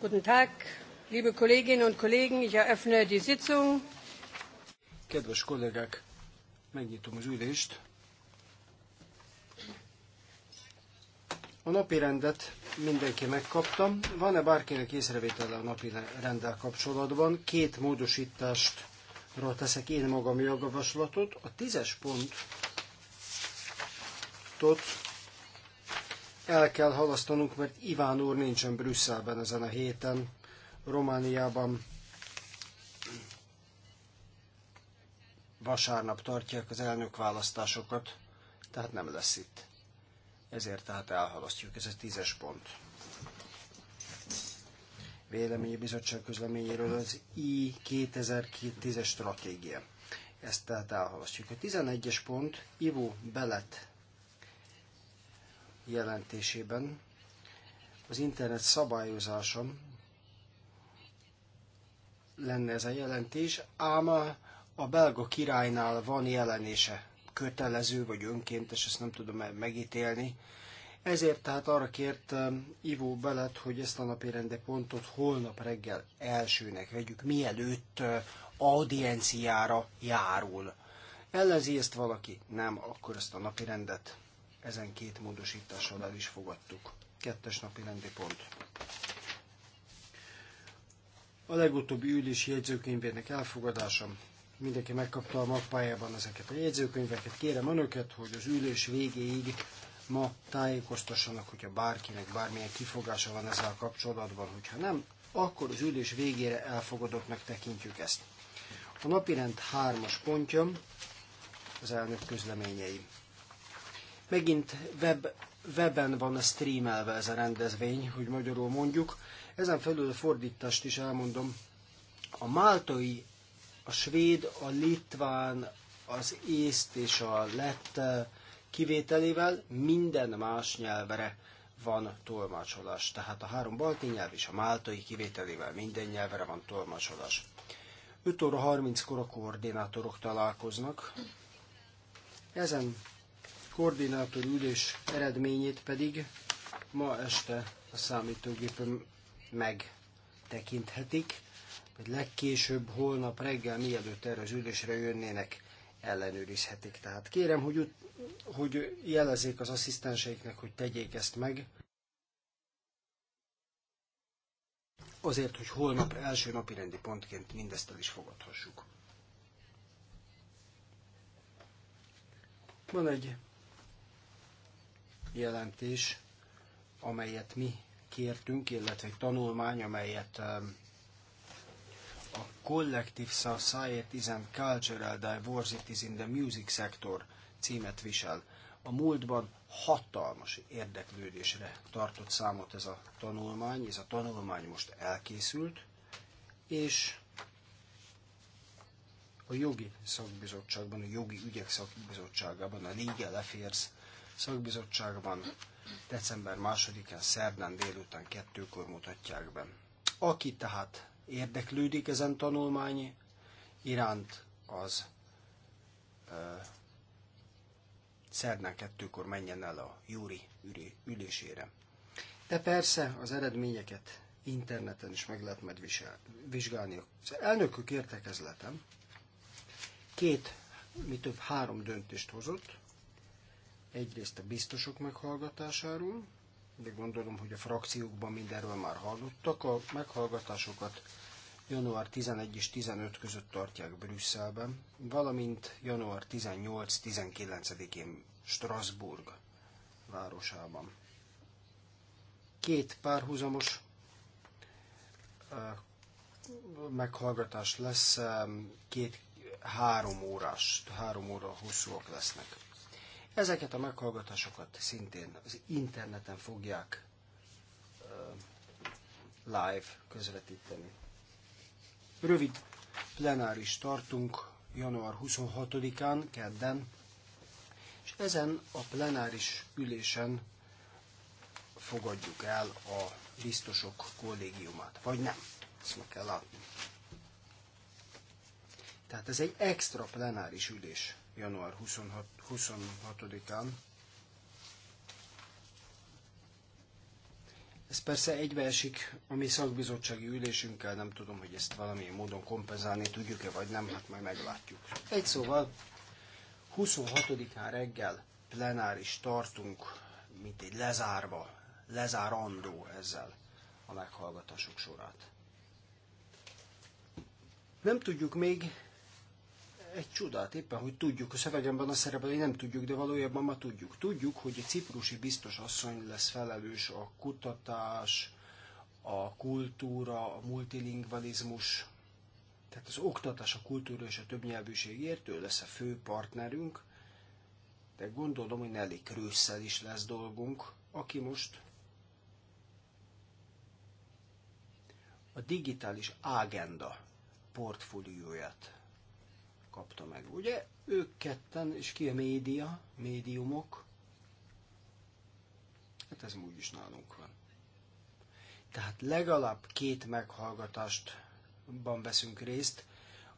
Guten Tag, liebe Kolleginnen und Kollegen, ich eröffne die Sitzung. Kedves kollégák, megnyitom az ülést. A napi rendet mindenki megkapta. Van-e bárkinek észrevétele a napi rendel kapcsolatban? Két módosításra teszek én magam javaslatot. A tízes pont tot el kell halasztanunk, mert Iván úr nincsen Brüsszelben ezen a héten, Romániában. Vasárnap tartják az választásokat, tehát nem lesz itt. Ezért tehát elhalasztjuk, ez egy tízes pont. Véleményi Bizottság közleményéről az I 2010-es stratégia. Ezt tehát elhalasztjuk. A 11-es pont Ivo Belet jelentésében az internet szabályozása lenne ez a jelentés, ám a belga királynál van jelenése, kötelező vagy önkéntes, ezt nem tudom megítélni. Ezért tehát arra kért um, Ivó Belet, hogy ezt a napi pontot holnap reggel elsőnek vegyük, mielőtt uh, audienciára járul. Ellenzi ezt valaki? Nem, akkor ezt a napi rendet ezen két módosítással el is fogadtuk. Kettes napi rendi pont. A legutóbbi ülési jegyzőkönyvének elfogadása. Mindenki megkapta a magpályában ezeket a jegyzőkönyveket. Kérem önöket, hogy az ülés végéig ma tájékoztassanak, hogyha bárkinek bármilyen kifogása van ezzel kapcsolatban. Hogyha nem, akkor az ülés végére elfogadottnak tekintjük ezt. A napirend hármas pontja az elnök közleményei. Megint web, weben van a streamelve ez a rendezvény, hogy magyarul mondjuk. Ezen felül a fordítást is elmondom. A máltai, a svéd, a litván, az észt és a lett kivételével minden más nyelvre van tolmácsolás. Tehát a három balti nyelv és a máltai kivételével minden nyelvre van tolmácsolás. 5 óra 30-kor a koordinátorok találkoznak. Ezen koordinátor ülés eredményét pedig ma este a számítógépön megtekinthetik, hogy legkésőbb holnap reggel, mielőtt erre az ülésre jönnének, ellenőrizhetik. Tehát kérem, hogy, hogy jelezzék az asszisztenseiknek, hogy tegyék ezt meg, azért, hogy holnap első napi rendi pontként mindezt el is fogadhassuk. Van egy jelentés, amelyet mi kértünk, illetve egy tanulmány, amelyet a Collective Societies and Cultural Diversities in the Music Sector címet visel. A múltban hatalmas érdeklődésre tartott számot ez a tanulmány, ez a tanulmány most elkészült, és a jogi szakbizottságban, a jogi ügyek szakbizottságában, a Legal Affairs szakbizottságban december 2-án szerdán délután kettőkor mutatják be. Aki tehát érdeklődik ezen tanulmány iránt, az uh, szerdán kettőkor menjen el a júri ülésére. De persze az eredményeket interneten is meg lehet majd vizsgálni. Az elnökök értekezletem két, mi több három döntést hozott. Egyrészt a biztosok meghallgatásáról, de gondolom, hogy a frakciókban mindenről már hallottak. A meghallgatásokat január 11 és 15 között tartják Brüsszelben, valamint január 18-19-én Strasbourg városában. Két párhuzamos meghallgatás lesz, két három órás, három óra hosszúak lesznek. Ezeket a meghallgatásokat szintén az interneten fogják live közvetíteni. Rövid plenáris tartunk január 26-án, kedden, és ezen a plenáris ülésen fogadjuk el a biztosok kollégiumát, vagy nem. Ezt meg kell látni. Tehát ez egy extra plenáris ülés január 26, 26-án. Ez persze egybeesik a mi szakbizottsági ülésünkkel, nem tudom, hogy ezt valamilyen módon kompenzálni tudjuk-e, vagy nem, hát majd meglátjuk. Egy szóval, 26-án reggel plenáris tartunk, mint egy lezárva, lezárandó ezzel a meghallgatások sorát. Nem tudjuk még, egy csodát, éppen, hogy tudjuk, a szövegemben a szerepel, hogy nem tudjuk, de valójában ma tudjuk. Tudjuk, hogy a ciprusi biztos asszony lesz felelős a kutatás, a kultúra, a multilingvalizmus, tehát az oktatás, a kultúra és a többnyelvűségért, ő lesz a fő partnerünk, de gondolom, hogy Nelly Krősszel is lesz dolgunk, aki most a digitális agenda portfólióját kapta meg. Ugye ők ketten, és ki a média, médiumok? Hát ez úgyis nálunk van. Tehát legalább két meghallgatástban veszünk részt,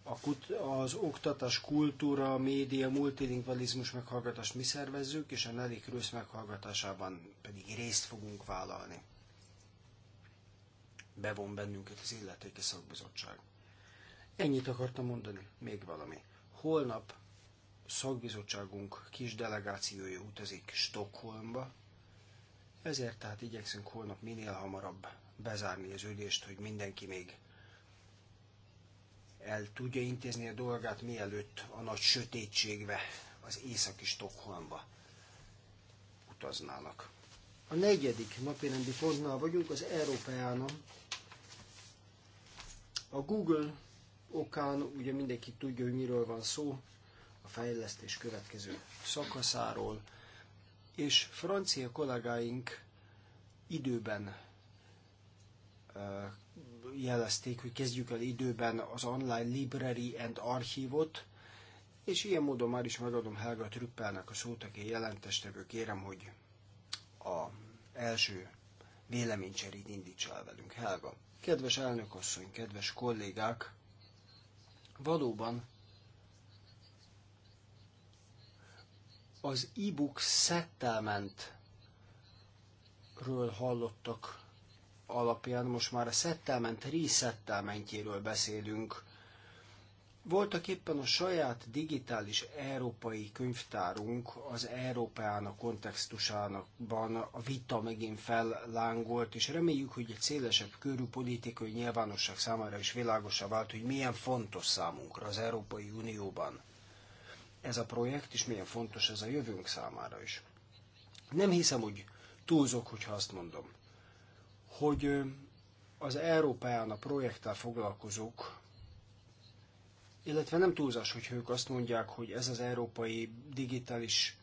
a kut- az oktatás, kultúra, média, multilingvalizmus meghallgatást mi szervezzük, és a Nelly Krősz meghallgatásában pedig részt fogunk vállalni. Bevon bennünket az illetékes szakbizottság. Ennyit akartam mondani, még valami. Holnap szakbizottságunk kis delegációja utazik Stockholmba, ezért tehát igyekszünk holnap minél hamarabb bezárni az ülést, hogy mindenki még el tudja intézni a dolgát, mielőtt a nagy sötétségbe, az északi Stockholmba utaznának. A negyedik napirendi pontnál vagyunk, az Európeánon. A Google okán ugye mindenki tudja, hogy miről van szó, a fejlesztés következő szakaszáról, és francia kollégáink időben jelezték, hogy kezdjük el időben az online library and archívot, és ilyen módon már is megadom Helga Trüppelnek a szót, aki jelentestevő, kérem, hogy a első véleménycserét indítsa el velünk. Helga, kedves elnökasszony, kedves kollégák, valóban az e-book ről hallottak alapján, most már a settlement resettlementjéről beszélünk, voltak éppen a saját digitális európai könyvtárunk az a kontextusánakban a vita megint fellángolt, és reméljük, hogy egy szélesebb körű politikai nyilvánosság számára is világosá vált, hogy milyen fontos számunkra az Európai Unióban ez a projekt, és milyen fontos ez a jövőnk számára is. Nem hiszem, hogy túlzok, hogyha azt mondom, hogy az Európán a projekttel foglalkozók illetve nem túlzás, hogyha ők azt mondják, hogy ez az európai digitális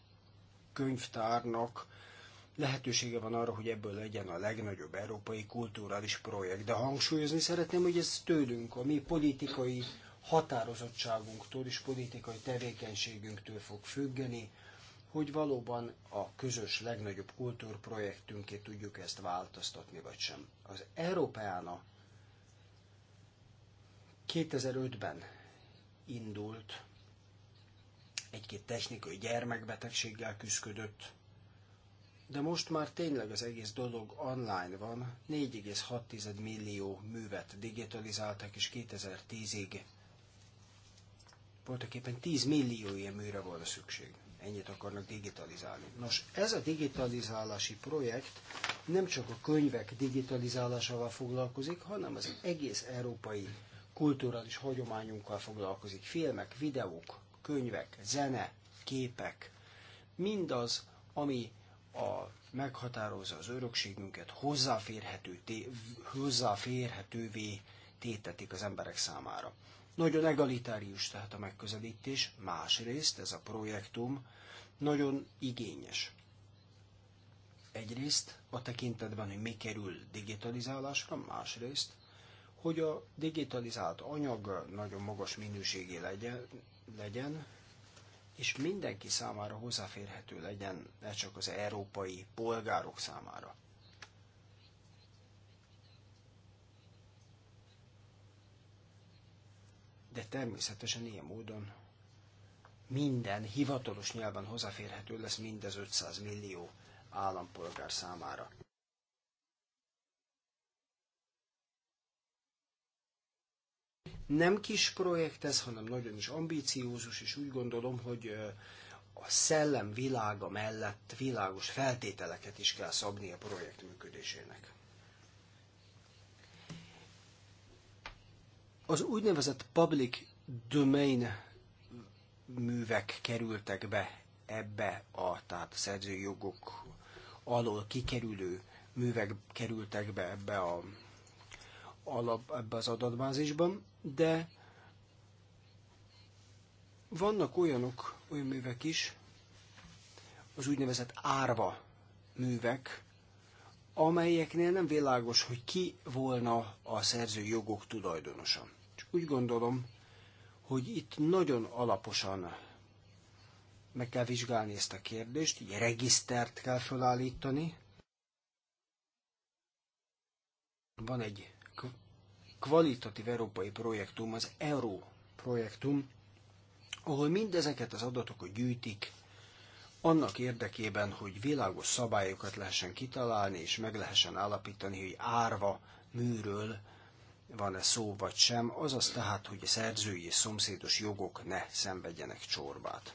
könyvtárnak lehetősége van arra, hogy ebből legyen a legnagyobb európai kulturális projekt. De hangsúlyozni szeretném, hogy ez tőlünk, a mi politikai határozottságunktól és politikai tevékenységünktől fog függeni, hogy valóban a közös legnagyobb kultúrprojektünké tudjuk ezt változtatni, vagy sem. Az Európeána 2005-ben indult, egy-két technikai gyermekbetegséggel küzdött, de most már tényleg az egész dolog online van, 4,6 millió művet digitalizáltak, és 2010-ig voltak éppen 10 millió ilyen műre volna szükség. Ennyit akarnak digitalizálni. Nos, ez a digitalizálási projekt nem csak a könyvek digitalizálásával foglalkozik, hanem az egész európai kulturális hagyományunkkal foglalkozik. Filmek, videók, könyvek, zene, képek, mindaz, ami a, meghatározza az örökségünket, hozzáférhető, té, hozzáférhetővé tétetik az emberek számára. Nagyon egalitárius tehát a megközelítés, másrészt ez a projektum nagyon igényes. Egyrészt a tekintetben, hogy mi kerül digitalizálásra, másrészt hogy a digitalizált anyag nagyon magas minőségé legyen, legyen és mindenki számára hozzáférhető legyen, ne csak az európai polgárok számára. De természetesen ilyen módon minden hivatalos nyelven hozzáférhető lesz mindez 500 millió állampolgár számára. Nem kis projekt ez, hanem nagyon is ambíciózus, és úgy gondolom, hogy a szellem világa mellett világos feltételeket is kell szabni a projekt működésének. Az úgynevezett public domain művek kerültek be ebbe a, tehát a szerzői jogok alól kikerülő művek kerültek be ebbe a alap ebbe az adatbázisban, de vannak olyanok, olyan művek is, az úgynevezett árva művek, amelyeknél nem világos, hogy ki volna a szerző jogok tulajdonosa. Csak úgy gondolom, hogy itt nagyon alaposan meg kell vizsgálni ezt a kérdést, egy regisztert kell felállítani. Van egy kvalitatív európai projektum, az Euró projektum, ahol mindezeket az adatokat gyűjtik, annak érdekében, hogy világos szabályokat lehessen kitalálni, és meg lehessen állapítani, hogy árva műről van-e szó vagy sem, azaz tehát, hogy a szerzői és szomszédos jogok ne szenvedjenek csorbát.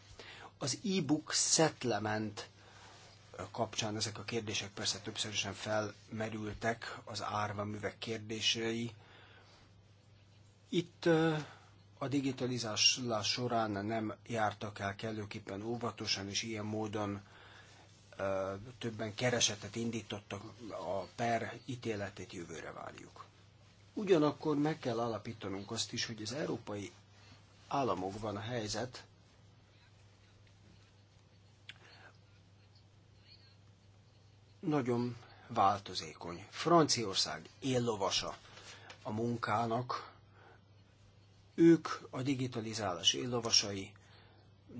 Az e-book settlement kapcsán ezek a kérdések persze többször is felmerültek, az árva művek kérdései. Itt a digitalizálás során nem jártak el kellőképpen óvatosan, és ilyen módon többen keresetet indítottak, a per ítéletét jövőre várjuk. Ugyanakkor meg kell alapítanunk azt is, hogy az európai államokban a helyzet nagyon változékony. Franciaország éllovasa a munkának, ők a digitalizálás éllovasai,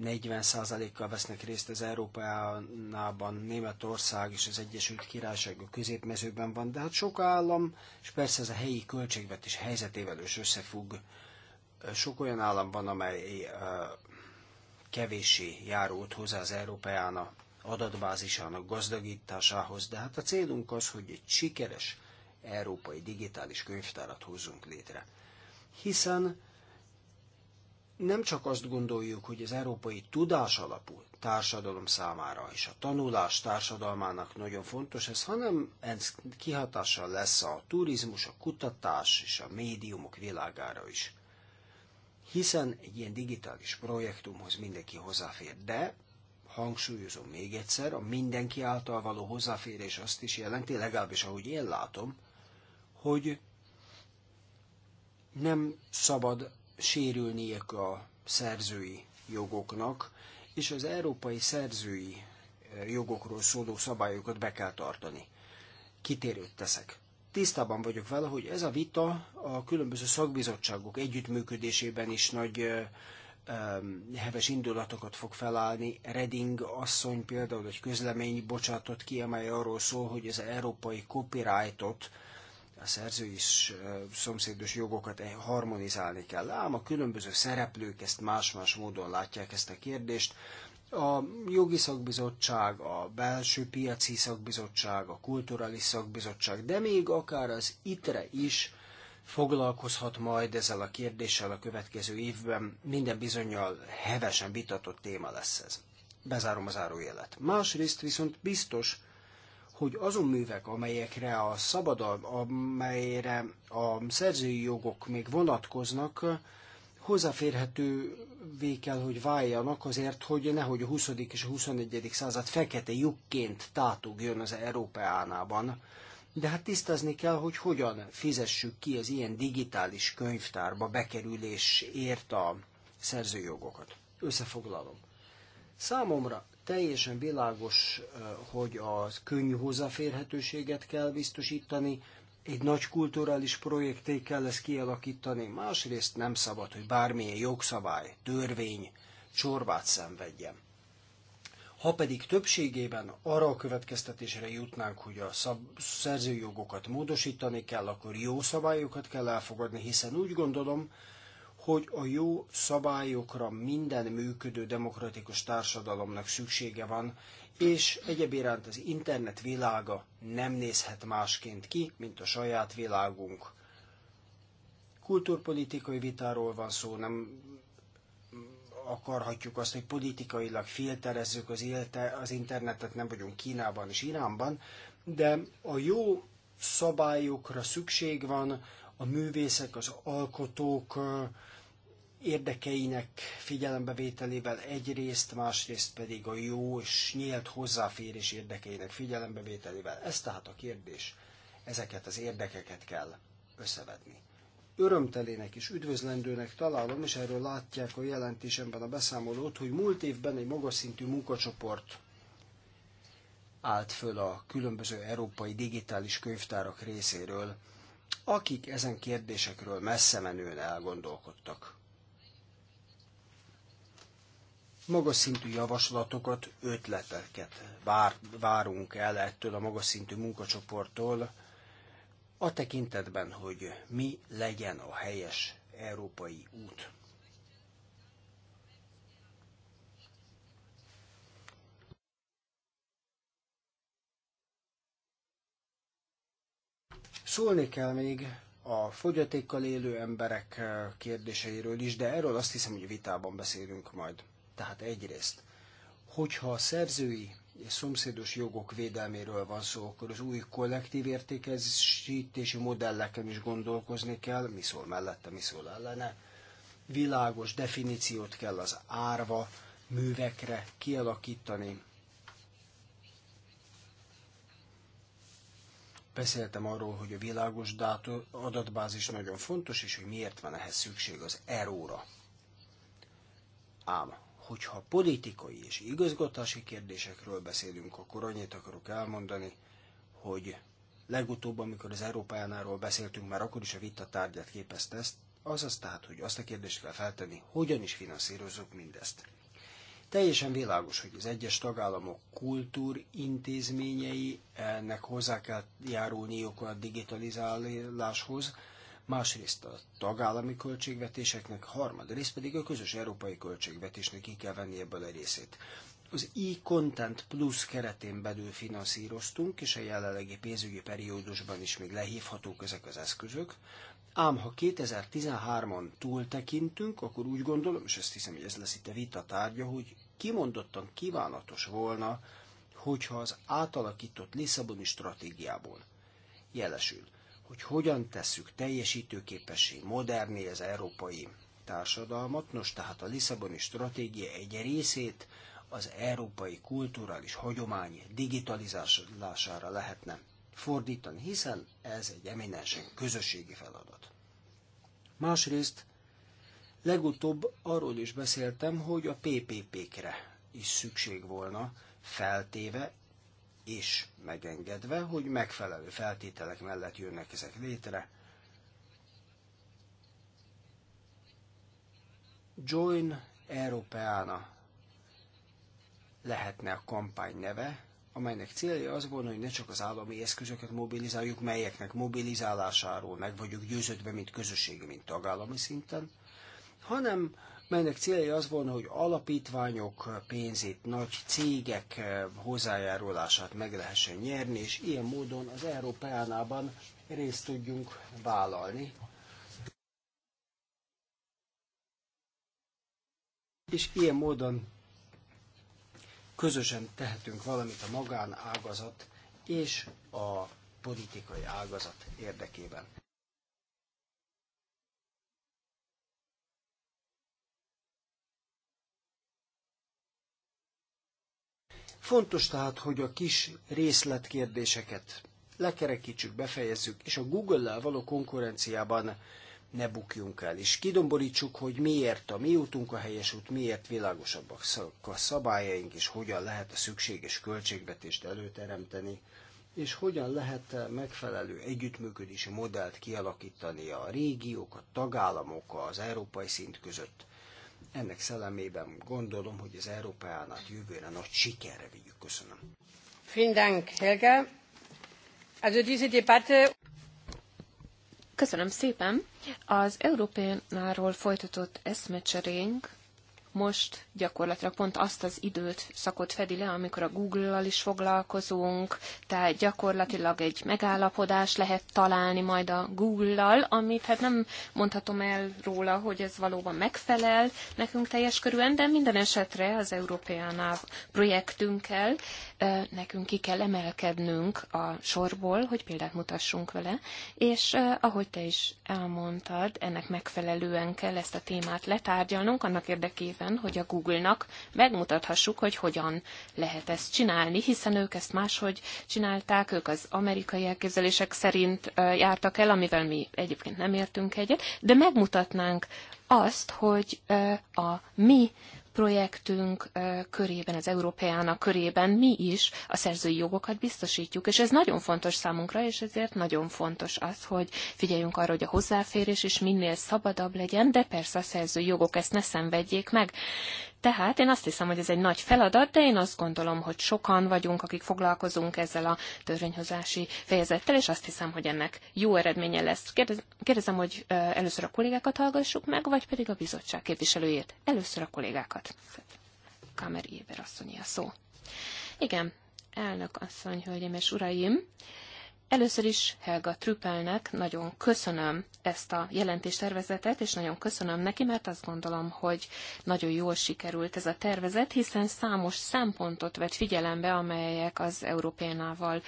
40%-kal vesznek részt az Európában, Németország és az Egyesült Királyság a középmezőben van, de hát sok állam, és persze ez a helyi költségvetés helyzetével is összefügg. Sok olyan állam van, amely eh, kevéssé járult hozzá az Európájána adatbázisának gazdagításához, de hát a célunk az, hogy egy sikeres európai digitális könyvtárat hozzunk létre. Hiszen nem csak azt gondoljuk, hogy az európai tudás alapú társadalom számára és a tanulás társadalmának nagyon fontos ez, hanem ez kihatással lesz a turizmus, a kutatás és a médiumok világára is. Hiszen egy ilyen digitális projektumhoz mindenki hozzáfér, de hangsúlyozom még egyszer, a mindenki által való hozzáférés azt is jelenti, legalábbis ahogy én látom, hogy nem szabad sérülniek a szerzői jogoknak, és az európai szerzői eh, jogokról szóló szabályokat be kell tartani. Kitérőt teszek. Tisztában vagyok vele, hogy ez a vita a különböző szakbizottságok együttműködésében is nagy eh, heves indulatokat fog felállni. Reding asszony például egy közlemény bocsátott ki, amely arról szól, hogy az európai copyrightot, a szerző is szomszédos jogokat e- harmonizálni kell. Ám a különböző szereplők ezt más-más módon látják ezt a kérdést. A jogi szakbizottság, a belső piaci szakbizottság, a kulturális szakbizottság, de még akár az ITRE is foglalkozhat majd ezzel a kérdéssel a következő évben. Minden bizonyal hevesen vitatott téma lesz ez. Bezárom az árójelet. Másrészt viszont biztos, hogy azon művek, amelyekre a szabadalm, amelyre a szerzői jogok még vonatkoznak, hozzáférhetővé kell, hogy váljanak azért, hogy nehogy a 20. és a 21. század fekete lyukként tátogjon az Európeánában de hát tisztázni kell, hogy hogyan fizessük ki az ilyen digitális könyvtárba bekerülésért a szerzőjogokat. Összefoglalom. Számomra teljesen világos, eh, hogy a könnyű hozzáférhetőséget kell biztosítani, egy nagy kulturális projekté kell ezt kialakítani, másrészt nem szabad, hogy bármilyen jogszabály, törvény csorbát szenvedjen. Ha pedig többségében arra a következtetésre jutnánk, hogy a szab- szerzőjogokat módosítani kell, akkor jó szabályokat kell elfogadni, hiszen úgy gondolom, hogy a jó szabályokra minden működő demokratikus társadalomnak szüksége van, és egyéb iránt az internet világa nem nézhet másként ki, mint a saját világunk. Kulturpolitikai vitáról van szó, nem akarhatjuk azt, hogy politikailag filterezzük az, élte, az internetet, nem vagyunk Kínában és Iránban, de a jó szabályokra szükség van, a művészek, az alkotók érdekeinek figyelembevételével egyrészt, másrészt pedig a jó és nyílt hozzáférés érdekeinek figyelembevételével. Ez tehát a kérdés. Ezeket az érdekeket kell összevetni örömtelének és üdvözlendőnek találom, és erről látják a jelentésemben a beszámolót, hogy múlt évben egy magas szintű munkacsoport állt föl a különböző európai digitális könyvtárak részéről, akik ezen kérdésekről messze menően elgondolkodtak. Magas szintű javaslatokat, ötleteket vár, várunk el ettől a magas szintű munkacsoporttól, a tekintetben, hogy mi legyen a helyes európai út. Szólni kell még a fogyatékkal élő emberek eh, kérdéseiről is, de erről azt hiszem, hogy vitában beszélünk majd. Tehát egyrészt, hogyha a szerzői szomszédos jogok védelméről van szó, akkor az új kollektív értékesítési modelleken is gondolkozni kell, mi szól mellette, mi szól ellene. Világos definíciót kell az árva művekre kialakítani. Beszéltem arról, hogy a világos dátor, adatbázis nagyon fontos, és hogy miért van ehhez szükség az eróra. Ám hogyha politikai és igazgatási kérdésekről beszélünk, akkor annyit akarok elmondani, hogy legutóbb, amikor az Európájánáról beszéltünk, már akkor is a vita tárgyát képezte ezt, azaz tehát, hogy azt a kérdést kell feltenni, hogyan is finanszírozzuk mindezt. Teljesen világos, hogy az egyes tagállamok kultúrintézményeinek hozzá kell járulniuk a digitalizáláshoz, másrészt a tagállami költségvetéseknek, harmadrészt pedig a közös európai költségvetésnek ki kell venni ebből a részét. Az e-Content Plus keretén belül finanszíroztunk, és a jelenlegi pénzügyi periódusban is még lehívhatók ezek az eszközök, ám ha 2013-on túl tekintünk, akkor úgy gondolom, és ezt hiszem, hogy ez lesz itt a vita tárgya, hogy kimondottan kívánatos volna, hogyha az átalakított Lisszaboni stratégiából jelesül hogy hogyan tesszük teljesítőképessé, moderné az európai társadalmat, nos tehát a Lisszaboni stratégia egy részét az európai kulturális hagyomány digitalizálására lehetne fordítani, hiszen ez egy eminensen közösségi feladat. Másrészt legutóbb arról is beszéltem, hogy a PPP-kre is szükség volna, feltéve és megengedve, hogy megfelelő feltételek mellett jönnek ezek létre. Join Europeana lehetne a kampány neve, amelynek célja az volna, hogy ne csak az állami eszközöket mobilizáljuk, melyeknek mobilizálásáról meg vagyunk győződve, mint közösségi, mint tagállami szinten, hanem melynek célja az volna, hogy alapítványok pénzét, nagy cégek eh, hozzájárulását meg lehessen nyerni, és ilyen módon az Európeánában részt tudjunk vállalni. És ilyen módon közösen tehetünk valamit a magánágazat és a politikai ágazat érdekében. Fontos tehát, hogy a kis részletkérdéseket lekerekítsük, befejezzük, és a Google-lel való konkurenciában ne bukjunk el, és kidomborítsuk, hogy miért a mi útunk a helyes út, miért világosabbak a szabályaink, és hogyan lehet a szükséges költségvetést előteremteni, és hogyan lehet megfelelő együttműködési modellt kialakítani a régiók, a tagállamok, az európai szint között. Ennek szellemében gondolom, hogy az Európának jövőre nagy sikerre vigyük. Köszönöm. Dank, Helga. Also diese Debatte Köszönöm szépen! Az Európánáról folytatott eszmecserénk most gyakorlatilag pont azt az időt szakott fedi le, amikor a Google-al is foglalkozunk, tehát gyakorlatilag egy megállapodás lehet találni majd a Google-al, amit hát nem mondhatom el róla, hogy ez valóban megfelel nekünk teljes körülön, de minden esetre az Európeánál projektünkkel nekünk ki kell emelkednünk a sorból, hogy példát mutassunk vele, és ahogy te is elmondtad, ennek megfelelően kell ezt a témát letárgyalnunk, annak érdekében, érdekében, hogy a Google-nak megmutathassuk, hogy hogyan lehet ezt csinálni, hiszen ők ezt máshogy csinálták, ők az amerikai elképzelések szerint jártak el, amivel mi egyébként nem értünk egyet, de megmutatnánk azt, hogy a mi projektünk körében, az Európeának körében mi is a szerzői jogokat biztosítjuk, és ez nagyon fontos számunkra, és ezért nagyon fontos az, hogy figyeljünk arra, hogy a hozzáférés is minél szabadabb legyen, de persze a szerzői jogok ezt ne szenvedjék meg. Tehát én azt hiszem, hogy ez egy nagy feladat, de én azt gondolom, hogy sokan vagyunk, akik foglalkozunk ezzel a törvényhozási fejezettel, és azt hiszem, hogy ennek jó eredménye lesz. Kérdezem, hogy először a kollégákat hallgassuk meg, vagy pedig a bizottság képviselőjét. Először a kollégákat. Kameri Éber asszonyi a szó. Igen, elnök asszony, hölgyeim és uraim, Először is Helga Trüppelnek nagyon köszönöm ezt a jelentéstervezetet, és nagyon köszönöm neki, mert azt gondolom, hogy nagyon jól sikerült ez a tervezet, hiszen számos szempontot vett figyelembe, amelyek az Európénával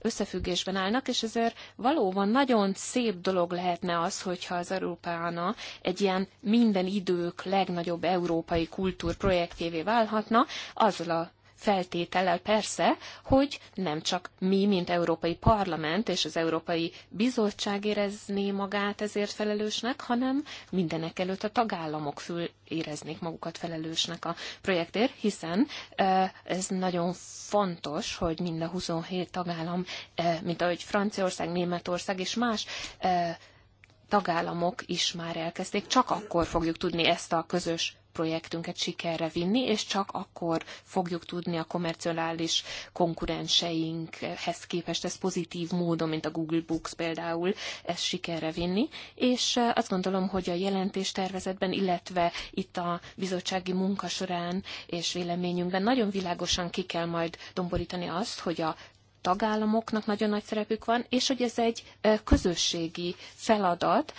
összefüggésben állnak, és ezért valóban nagyon szép dolog lehetne az, hogyha az Európána egy ilyen minden idők legnagyobb európai kultúrprojektjévé válhatna, azzal a feltétellel persze, hogy nem csak mi, mint Európai Parlament és az Európai Bizottság érezné magát ezért felelősnek, hanem mindenek előtt a tagállamok fül éreznék magukat felelősnek a projektért, hiszen ez nagyon fontos, hogy mind a 27 tagállam, mint ahogy Franciaország, Németország és más tagállamok is már elkezdték, csak akkor fogjuk tudni ezt a közös projektünket sikerre vinni, és csak akkor fogjuk tudni a komercionális konkurenseinkhez képest ezt pozitív módon, mint a Google Books például, ezt sikerre vinni. És azt gondolom, hogy a jelentéstervezetben, illetve itt a bizottsági munka során és véleményünkben nagyon világosan ki kell majd domborítani azt, hogy a tagállamoknak nagyon nagy szerepük van, és hogy ez egy közösségi feladat,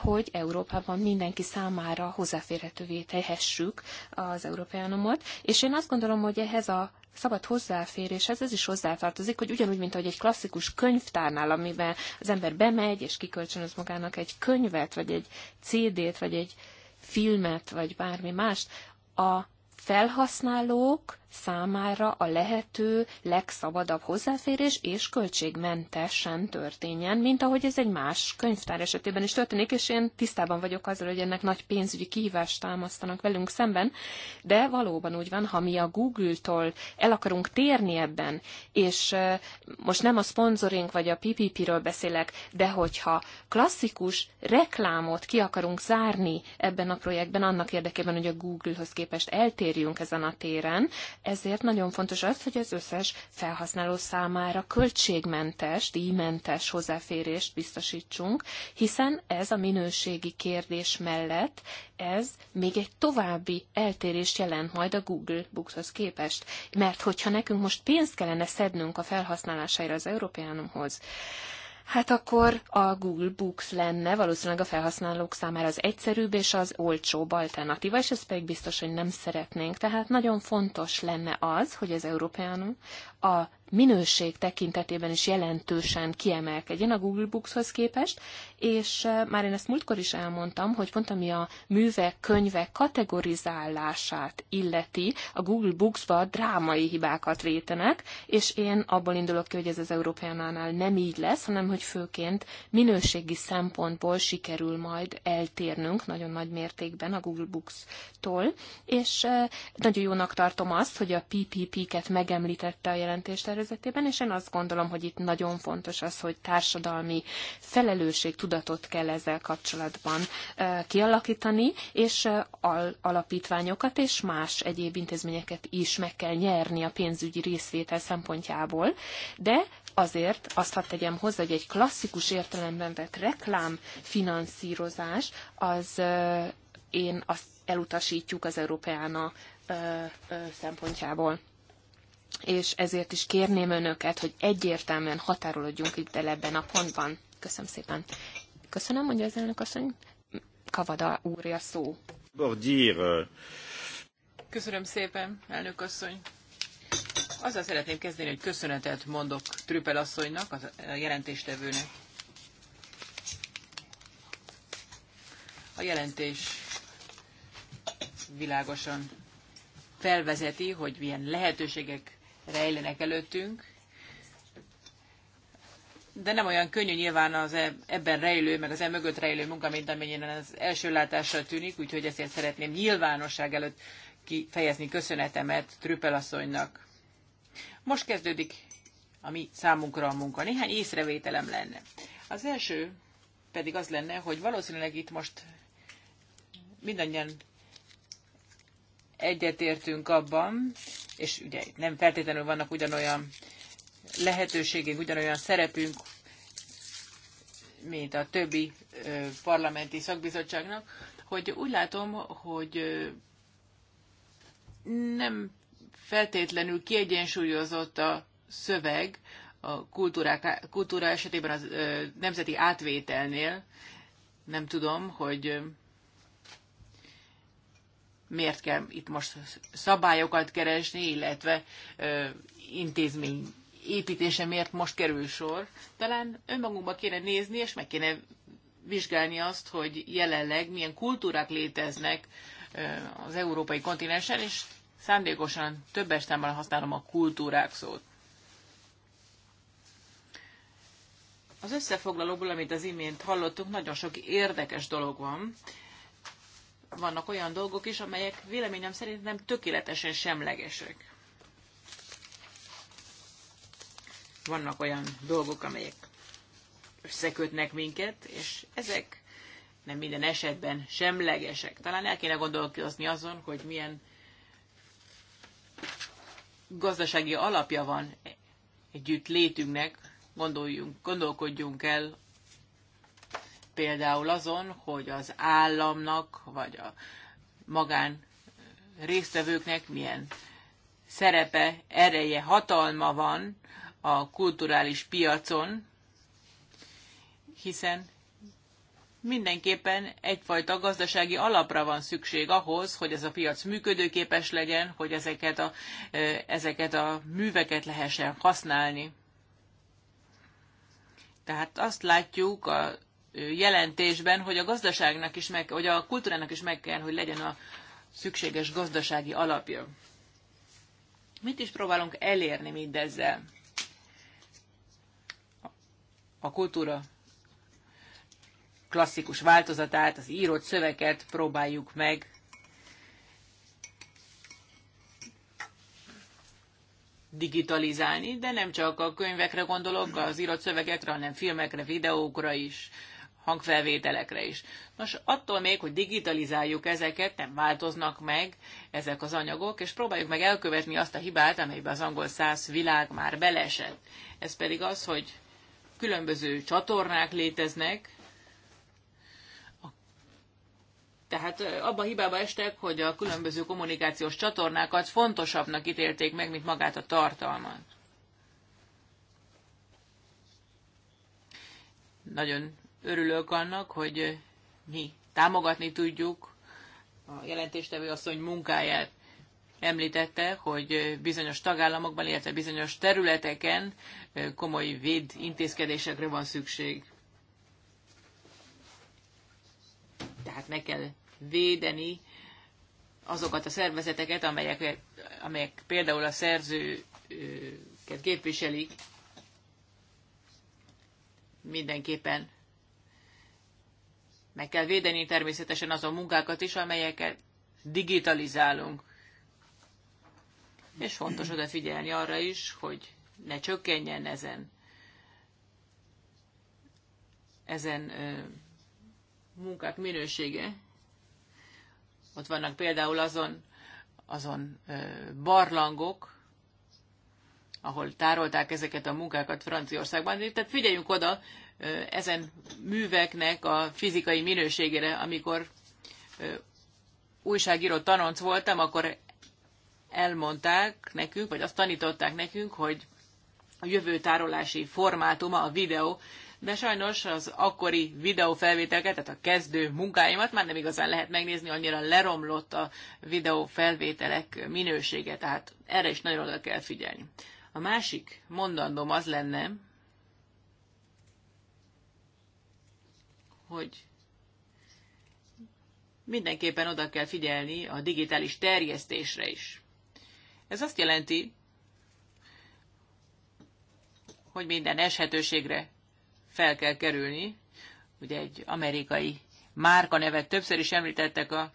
hogy Európában mindenki számára hozzáférhetővé tehessük az európeánumot, és én azt gondolom, hogy ehhez a szabad hozzáféréshez, ez is hozzátartozik, hogy ugyanúgy, mint ahogy egy klasszikus könyvtárnál, amiben az ember bemegy és kikölcsönöz magának egy könyvet, vagy egy CD-t, vagy egy filmet, vagy bármi mást, a felhasználók számára a lehető legszabadabb hozzáférés és költségmentesen történjen, mint ahogy ez egy más könyvtár esetében is történik, és én tisztában vagyok azzal, hogy ennek nagy pénzügyi kihívást támasztanak velünk szemben, de valóban úgy van, ha mi a Google-tól el akarunk térni ebben, és most nem a szponzorink vagy a PPP-ről beszélek, de hogyha klasszikus reklámot ki akarunk zárni ebben a projektben, annak érdekében, hogy a Google-höz képest eltérjünk ezen a téren, ezért nagyon fontos az, hogy az összes felhasználó számára költségmentes, díjmentes hozzáférést biztosítsunk, hiszen ez a minőségi kérdés mellett ez még egy további eltérést jelent majd a Google Bookshoz képest. Mert hogyha nekünk most pénzt kellene szednünk a felhasználásaira az Európeánumhoz, hát akkor a Google Books lenne valószínűleg a felhasználók számára az egyszerűbb és az olcsóbb alternatíva, és ezt pedig biztos, hogy nem szeretnénk. Tehát nagyon fontos lenne az, hogy az európai a minőség tekintetében is jelentősen kiemelkedjen a Google Bookshoz képest, és eh, már én ezt múltkor is elmondtam, hogy pont ami a művek, könyvek kategorizálását illeti, a Google Books-ba drámai hibákat vétenek, és én abból indulok ki, hogy ez az Európánál nem így lesz, hanem hogy főként minőségi szempontból sikerül majd eltérnünk nagyon nagy mértékben a Google Books-tól, és eh, nagyon jónak tartom azt, hogy a PPP-ket megemlítette a jelen jelentéstervezetében, és én azt gondolom, hogy itt nagyon fontos az, hogy társadalmi felelősségtudatot kell ezzel kapcsolatban kialakítani, és al- alapítványokat és más egyéb intézményeket is meg kell nyerni a pénzügyi részvétel szempontjából, de azért azt hadd tegyem hozzá, hogy egy klasszikus értelemben vett reklámfinanszírozás, az én azt elutasítjuk az Európeána szempontjából és ezért is kérném önöket, hogy egyértelműen határolódjunk itt el ebben a pontban. Köszönöm szépen. Köszönöm, mondja az elnök asszony. Kavada úrja szó. Köszönöm szépen, elnök asszony. Azzal szeretném kezdeni, hogy köszönetet mondok Trüppel asszonynak, a jelentéstevőnek. A jelentés világosan felvezeti, hogy milyen lehetőségek rejlenek előttünk, de nem olyan könnyű nyilván az e- ebben rejlő, meg az e mögött rejlő munka, mint amennyien az első látásra tűnik, úgyhogy ezért szeretném nyilvánosság előtt kifejezni köszönetemet Trüppel asszonynak. Most kezdődik a mi számunkra a munka. Néhány észrevételem lenne. Az első pedig az lenne, hogy valószínűleg itt most mindannyian egyetértünk abban, és ugye itt nem feltétlenül vannak ugyanolyan lehetőségünk, ugyanolyan szerepünk, mint a többi parlamenti szakbizottságnak, hogy úgy látom, hogy nem feltétlenül kiegyensúlyozott a szöveg a kultúrák, kultúra esetében az nemzeti átvételnél. Nem tudom, hogy miért kell itt most szabályokat keresni, illetve ö, intézmény építése miért most kerül sor. Talán önmagunkba kéne nézni, és meg kéne vizsgálni azt, hogy jelenleg milyen kultúrák léteznek az európai kontinensen, és szándékosan többes számmal használom a kultúrák szót. Az összefoglalóból, amit az imént hallottunk, nagyon sok érdekes dolog van, vannak olyan dolgok is, amelyek véleményem szerint nem tökéletesen semlegesek. Vannak olyan dolgok, amelyek összekötnek minket, és ezek nem minden esetben semlegesek. Talán el kéne gondolkozni azon, hogy milyen gazdasági alapja van együtt létünknek, gondoljunk, gondolkodjunk el például azon, hogy az államnak vagy a magán résztvevőknek milyen szerepe, ereje, hatalma van a kulturális piacon, hiszen mindenképpen egyfajta gazdasági alapra van szükség ahhoz, hogy ez a piac működőképes legyen, hogy ezeket a, ezeket a műveket lehessen használni. Tehát azt látjuk a jelentésben, hogy a gazdaságnak is meg, hogy a kultúrának is meg kell, hogy legyen a szükséges gazdasági alapja. Mit is próbálunk elérni mindezzel? A kultúra klasszikus változatát, az írott szöveget próbáljuk meg digitalizálni, de nem csak a könyvekre gondolok, az írott szövegekre, hanem filmekre, videókra is, hangfelvételekre is. Nos, attól még, hogy digitalizáljuk ezeket, nem változnak meg ezek az anyagok, és próbáljuk meg elkövetni azt a hibát, amelybe az angol száz világ már belesett. Ez pedig az, hogy különböző csatornák léteznek, tehát abba a hibába estek, hogy a különböző kommunikációs csatornákat fontosabbnak ítélték meg, mint magát a tartalmat. Nagyon Örülök annak, hogy mi támogatni tudjuk a jelentéstevő asszony munkáját. Említette, hogy bizonyos tagállamokban, illetve bizonyos területeken komoly véd intézkedésekre van szükség. Tehát meg kell védeni azokat a szervezeteket, amelyek, amelyek például a szerzőket képviselik, mindenképpen meg kell védeni természetesen azon munkákat is, amelyeket digitalizálunk. És fontos odafigyelni arra is, hogy ne csökkenjen ezen ezen ö, munkák minősége. Ott vannak például azon, azon ö, barlangok, ahol tárolták ezeket a munkákat Franciaországban. Tehát figyeljünk oda ezen műveknek a fizikai minőségére, amikor újságíró tanonc voltam, akkor elmondták nekünk, vagy azt tanították nekünk, hogy a jövő tárolási formátuma a videó, de sajnos az akkori videófelvételket, tehát a kezdő munkáimat már nem igazán lehet megnézni, annyira leromlott a videófelvételek minősége, tehát erre is nagyon oda kell figyelni. A másik mondandom az lenne, hogy mindenképpen oda kell figyelni a digitális terjesztésre is. Ez azt jelenti, hogy minden eshetőségre fel kell kerülni. Ugye egy amerikai márkanevet többször is említettek a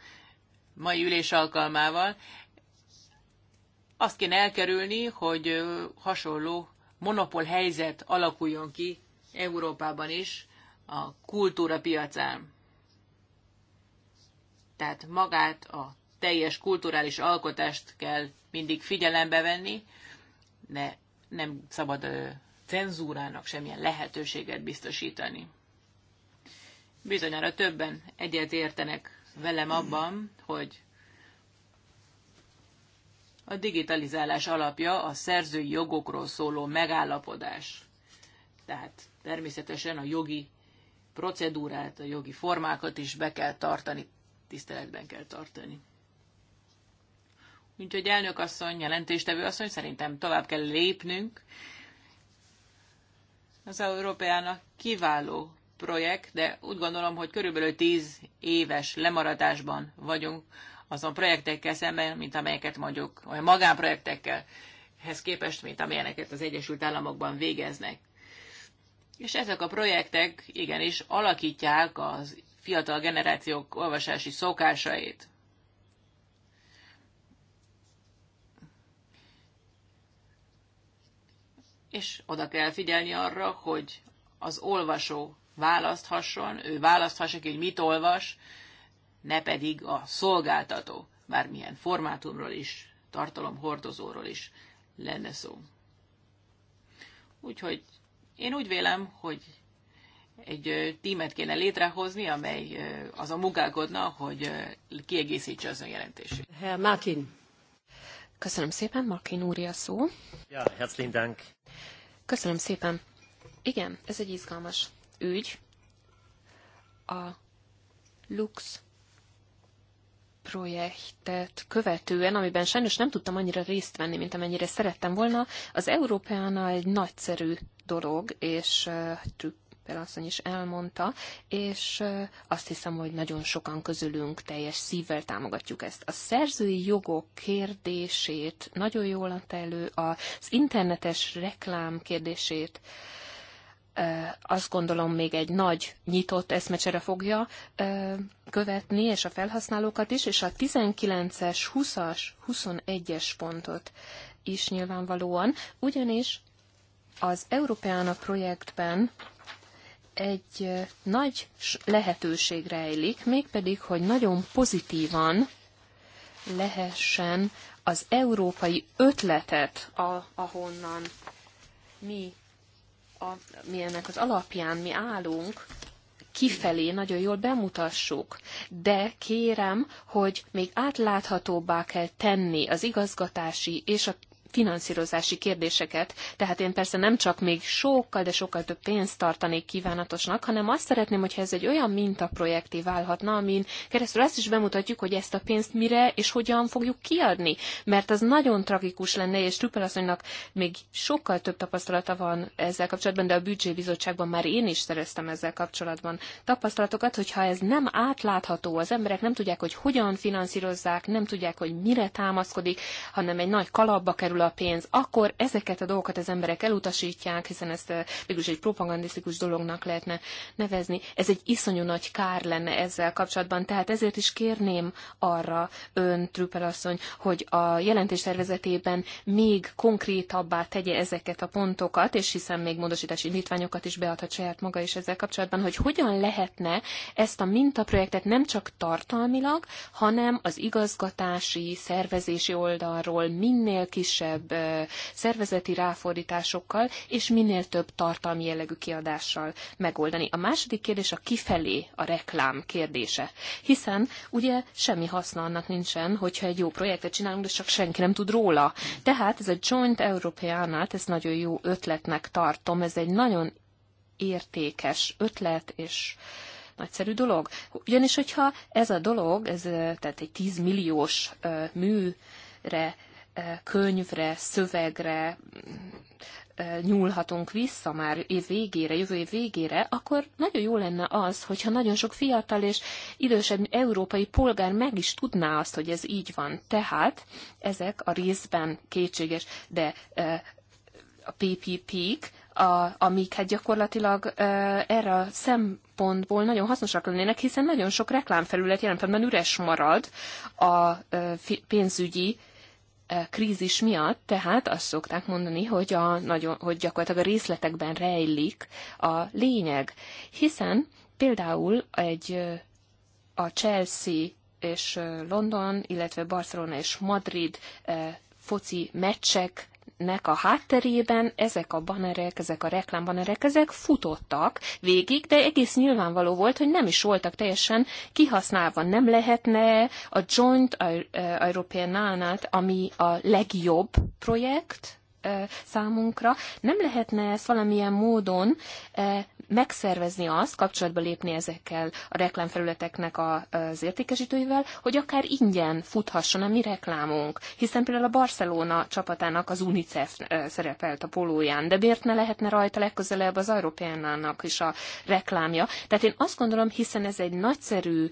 mai ülés alkalmával. Azt kéne elkerülni, hogy hasonló monopól helyzet alakuljon ki Európában is a kultúra piacán. Tehát magát a teljes kulturális alkotást kell mindig figyelembe venni, de nem szabad cenzúrának semmilyen lehetőséget biztosítani. Bizonyára többen egyet értenek velem abban, hogy a digitalizálás alapja a szerzői jogokról szóló megállapodás. Tehát természetesen a jogi procedúrát, a jogi formákat is be kell tartani, tiszteletben kell tartani. Úgyhogy elnök asszony, jelentéstevő asszony, szerintem tovább kell lépnünk. Az Európának kiváló projekt, de úgy gondolom, hogy körülbelül 10 éves lemaradásban vagyunk azon projektekkel szemben, mint amelyeket mondjuk olyan ehhez képest, mint amilyeneket az Egyesült Államokban végeznek. És ezek a projektek igenis alakítják az fiatal generációk olvasási szokásait. És oda kell figyelni arra, hogy az olvasó választhasson, ő választhassa ki, hogy mit olvas, ne pedig a szolgáltató, bármilyen formátumról is, tartalomhordozóról is lenne szó. Úgyhogy én úgy vélem, hogy egy tímet kéne létrehozni, amely az a munkálkodna, hogy kiegészítse az önjelentését. Herr Martin. Köszönöm szépen, Martin úr a szó. Ja, herzlichen Dank. Köszönöm szépen. Igen, ez egy izgalmas ügy. A Lux projektet követően, amiben sajnos nem tudtam annyira részt venni, mint amennyire szerettem volna, az Európeána egy nagyszerű dolog, és Trüppel asszony is elmondta, és azt hiszem, hogy nagyon sokan közülünk teljes szívvel támogatjuk ezt. A szerzői jogok kérdését nagyon jól adta elő, az internetes reklám kérdését, azt gondolom még egy nagy nyitott eszmecsere fogja követni, és a felhasználókat is, és a 19-es, 20-as, 21-es pontot is nyilvánvalóan, ugyanis az Európeána projektben egy nagy lehetőség rejlik, mégpedig, hogy nagyon pozitívan lehessen az európai ötletet, a, ahonnan mi a, mi ennek az alapján mi állunk, kifelé nagyon jól bemutassuk, de kérem, hogy még átláthatóbbá kell tenni az igazgatási és a finanszírozási kérdéseket. Tehát én persze nem csak még sokkal, de sokkal több pénzt tartanék kívánatosnak, hanem azt szeretném, hogyha ez egy olyan mintaprojekté válhatna, amin keresztül azt is bemutatjuk, hogy ezt a pénzt mire és hogyan fogjuk kiadni. Mert az nagyon tragikus lenne, és Trüppel asszonynak még sokkal több tapasztalata van ezzel kapcsolatban, de a büdzsébizottságban már én is szereztem ezzel kapcsolatban tapasztalatokat, hogyha ez nem átlátható, az emberek nem tudják, hogy hogyan finanszírozzák, nem tudják, hogy mire támaszkodik, hanem egy nagy kalapba kerül a pénz, akkor ezeket a dolgokat az emberek elutasítják, hiszen ezt eh, végülis egy propagandisztikus dolognak lehetne nevezni. Ez egy iszonyú nagy kár lenne ezzel kapcsolatban, tehát ezért is kérném arra ön, Trüppel asszony, hogy a jelentés tervezetében még konkrétabbá tegye ezeket a pontokat, és hiszen még módosítási indítványokat is beadhat saját maga is ezzel kapcsolatban, hogy hogyan lehetne ezt a mintaprojektet nem csak tartalmilag, hanem az igazgatási, szervezési oldalról minél kisebb kevesebb szervezeti ráfordításokkal, és minél több tartalmi jellegű kiadással megoldani. A második kérdés a kifelé a reklám kérdése. Hiszen ugye semmi haszna annak nincsen, hogyha egy jó projektet csinálunk, de csak senki nem tud róla. Tehát ez a Joint european ez nagyon jó ötletnek tartom, ez egy nagyon értékes ötlet, és nagyszerű dolog. Ugyanis, hogyha ez a dolog, ez tehát egy 10 milliós műre könyvre, szövegre nyúlhatunk vissza már év végére, jövő év végére, akkor nagyon jó lenne az, hogyha nagyon sok fiatal és idősebb európai polgár meg is tudná azt, hogy ez így van. Tehát ezek a részben kétséges, de a PPP-k, a, amik hát gyakorlatilag erre a szempontból nagyon hasznosak lennének, hiszen nagyon sok reklámfelület jelen pillanatban üres marad a pénzügyi krízis miatt, tehát azt szokták mondani, hogy, a, nagyon, hogy gyakorlatilag a részletekben rejlik a lényeg, hiszen például egy a Chelsea és London, illetve Barcelona és Madrid foci meccsek nek a hátterében ezek a banerek, ezek a reklámbanerek, ezek futottak végig, de egész nyilvánvaló volt, hogy nem is voltak teljesen kihasználva. Nem lehetne a Joint European Nanat, ami a legjobb projekt, számunkra. Nem lehetne ezt valamilyen módon megszervezni azt, kapcsolatba lépni ezekkel a reklámfelületeknek az értékesítőivel, hogy akár ingyen futhasson a mi reklámunk. Hiszen például a Barcelona csapatának az UNICEF szerepelt a polóján, de miért ne lehetne rajta legközelebb az Európánának is a reklámja. Tehát én azt gondolom, hiszen ez egy nagyszerű,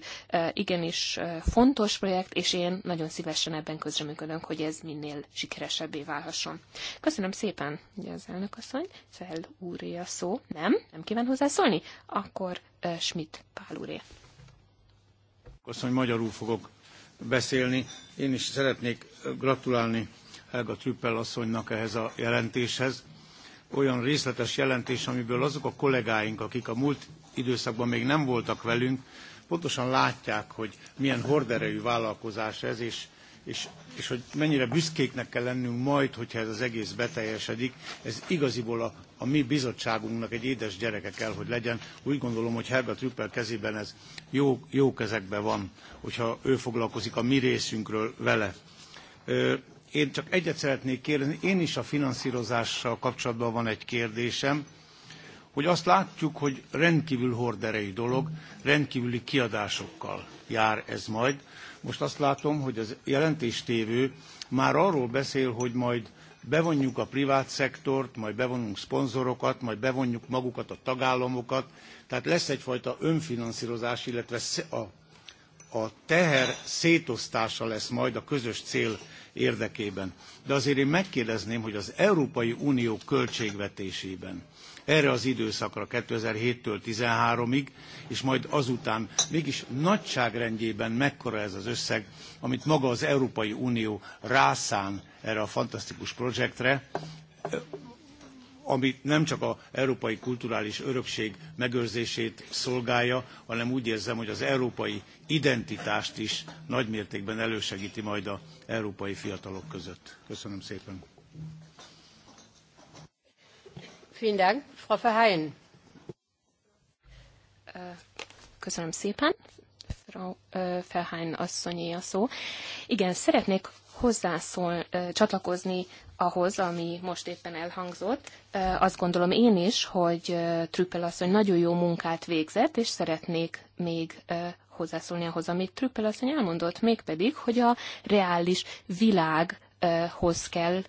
igenis fontos projekt, és én nagyon szívesen ebben közreműködöm, hogy ez minél sikeresebbé válhasson. Köszönöm szépen, ugye az elnökasszony, Cell úré a szó. Nem? Nem kíván hozzászólni? Akkor uh, Schmidt Pál úré. Köszönöm, magyarul fogok beszélni. Én is szeretnék gratulálni Helga Trüppel asszonynak ehhez a jelentéshez. Olyan részletes jelentés, amiből azok a kollégáink, akik a múlt időszakban még nem voltak velünk, pontosan látják, hogy milyen horderejű vállalkozás ez, és és, és hogy mennyire büszkéknek kell lennünk majd, hogyha ez az egész beteljesedik, ez igaziból a, a mi bizottságunknak egy édes gyereke kell, hogy legyen. Úgy gondolom, hogy Herbert Rüppel kezében ez jó, jó kezekben van, hogyha ő foglalkozik a mi részünkről vele. Ö, én csak egyet szeretnék kérdezni, én is a finanszírozással kapcsolatban van egy kérdésem, hogy azt látjuk, hogy rendkívül horderejű dolog, rendkívüli kiadásokkal jár ez majd. Most azt látom, hogy az jelentéstévő már arról beszél, hogy majd bevonjuk a privát szektort, majd bevonunk szponzorokat, majd bevonjuk magukat a tagállamokat, tehát lesz egyfajta önfinanszírozás, illetve a, a teher szétosztása lesz majd a közös cél érdekében. De azért én megkérdezném, hogy az Európai Unió költségvetésében erre az időszakra 2007-től 13-ig, és majd azután mégis nagyságrendjében mekkora ez az összeg, amit maga az Európai Unió rászán erre a fantasztikus projektre, amit nem csak az európai kulturális örökség megőrzését szolgálja, hanem úgy érzem, hogy az európai identitást is nagymértékben elősegíti majd az európai fiatalok között. Köszönöm szépen! Vielen Dank, Frau Verheyen. Köszönöm szépen. Frau Verheyen asszonyé a szó. Igen, szeretnék hozzászól, csatlakozni ahhoz, ami most éppen elhangzott. Azt gondolom én is, hogy Trüppel asszony nagyon jó munkát végzett, és szeretnék még hozzászólni ahhoz, amit Trüppel asszony elmondott, mégpedig, hogy a reális világhoz kell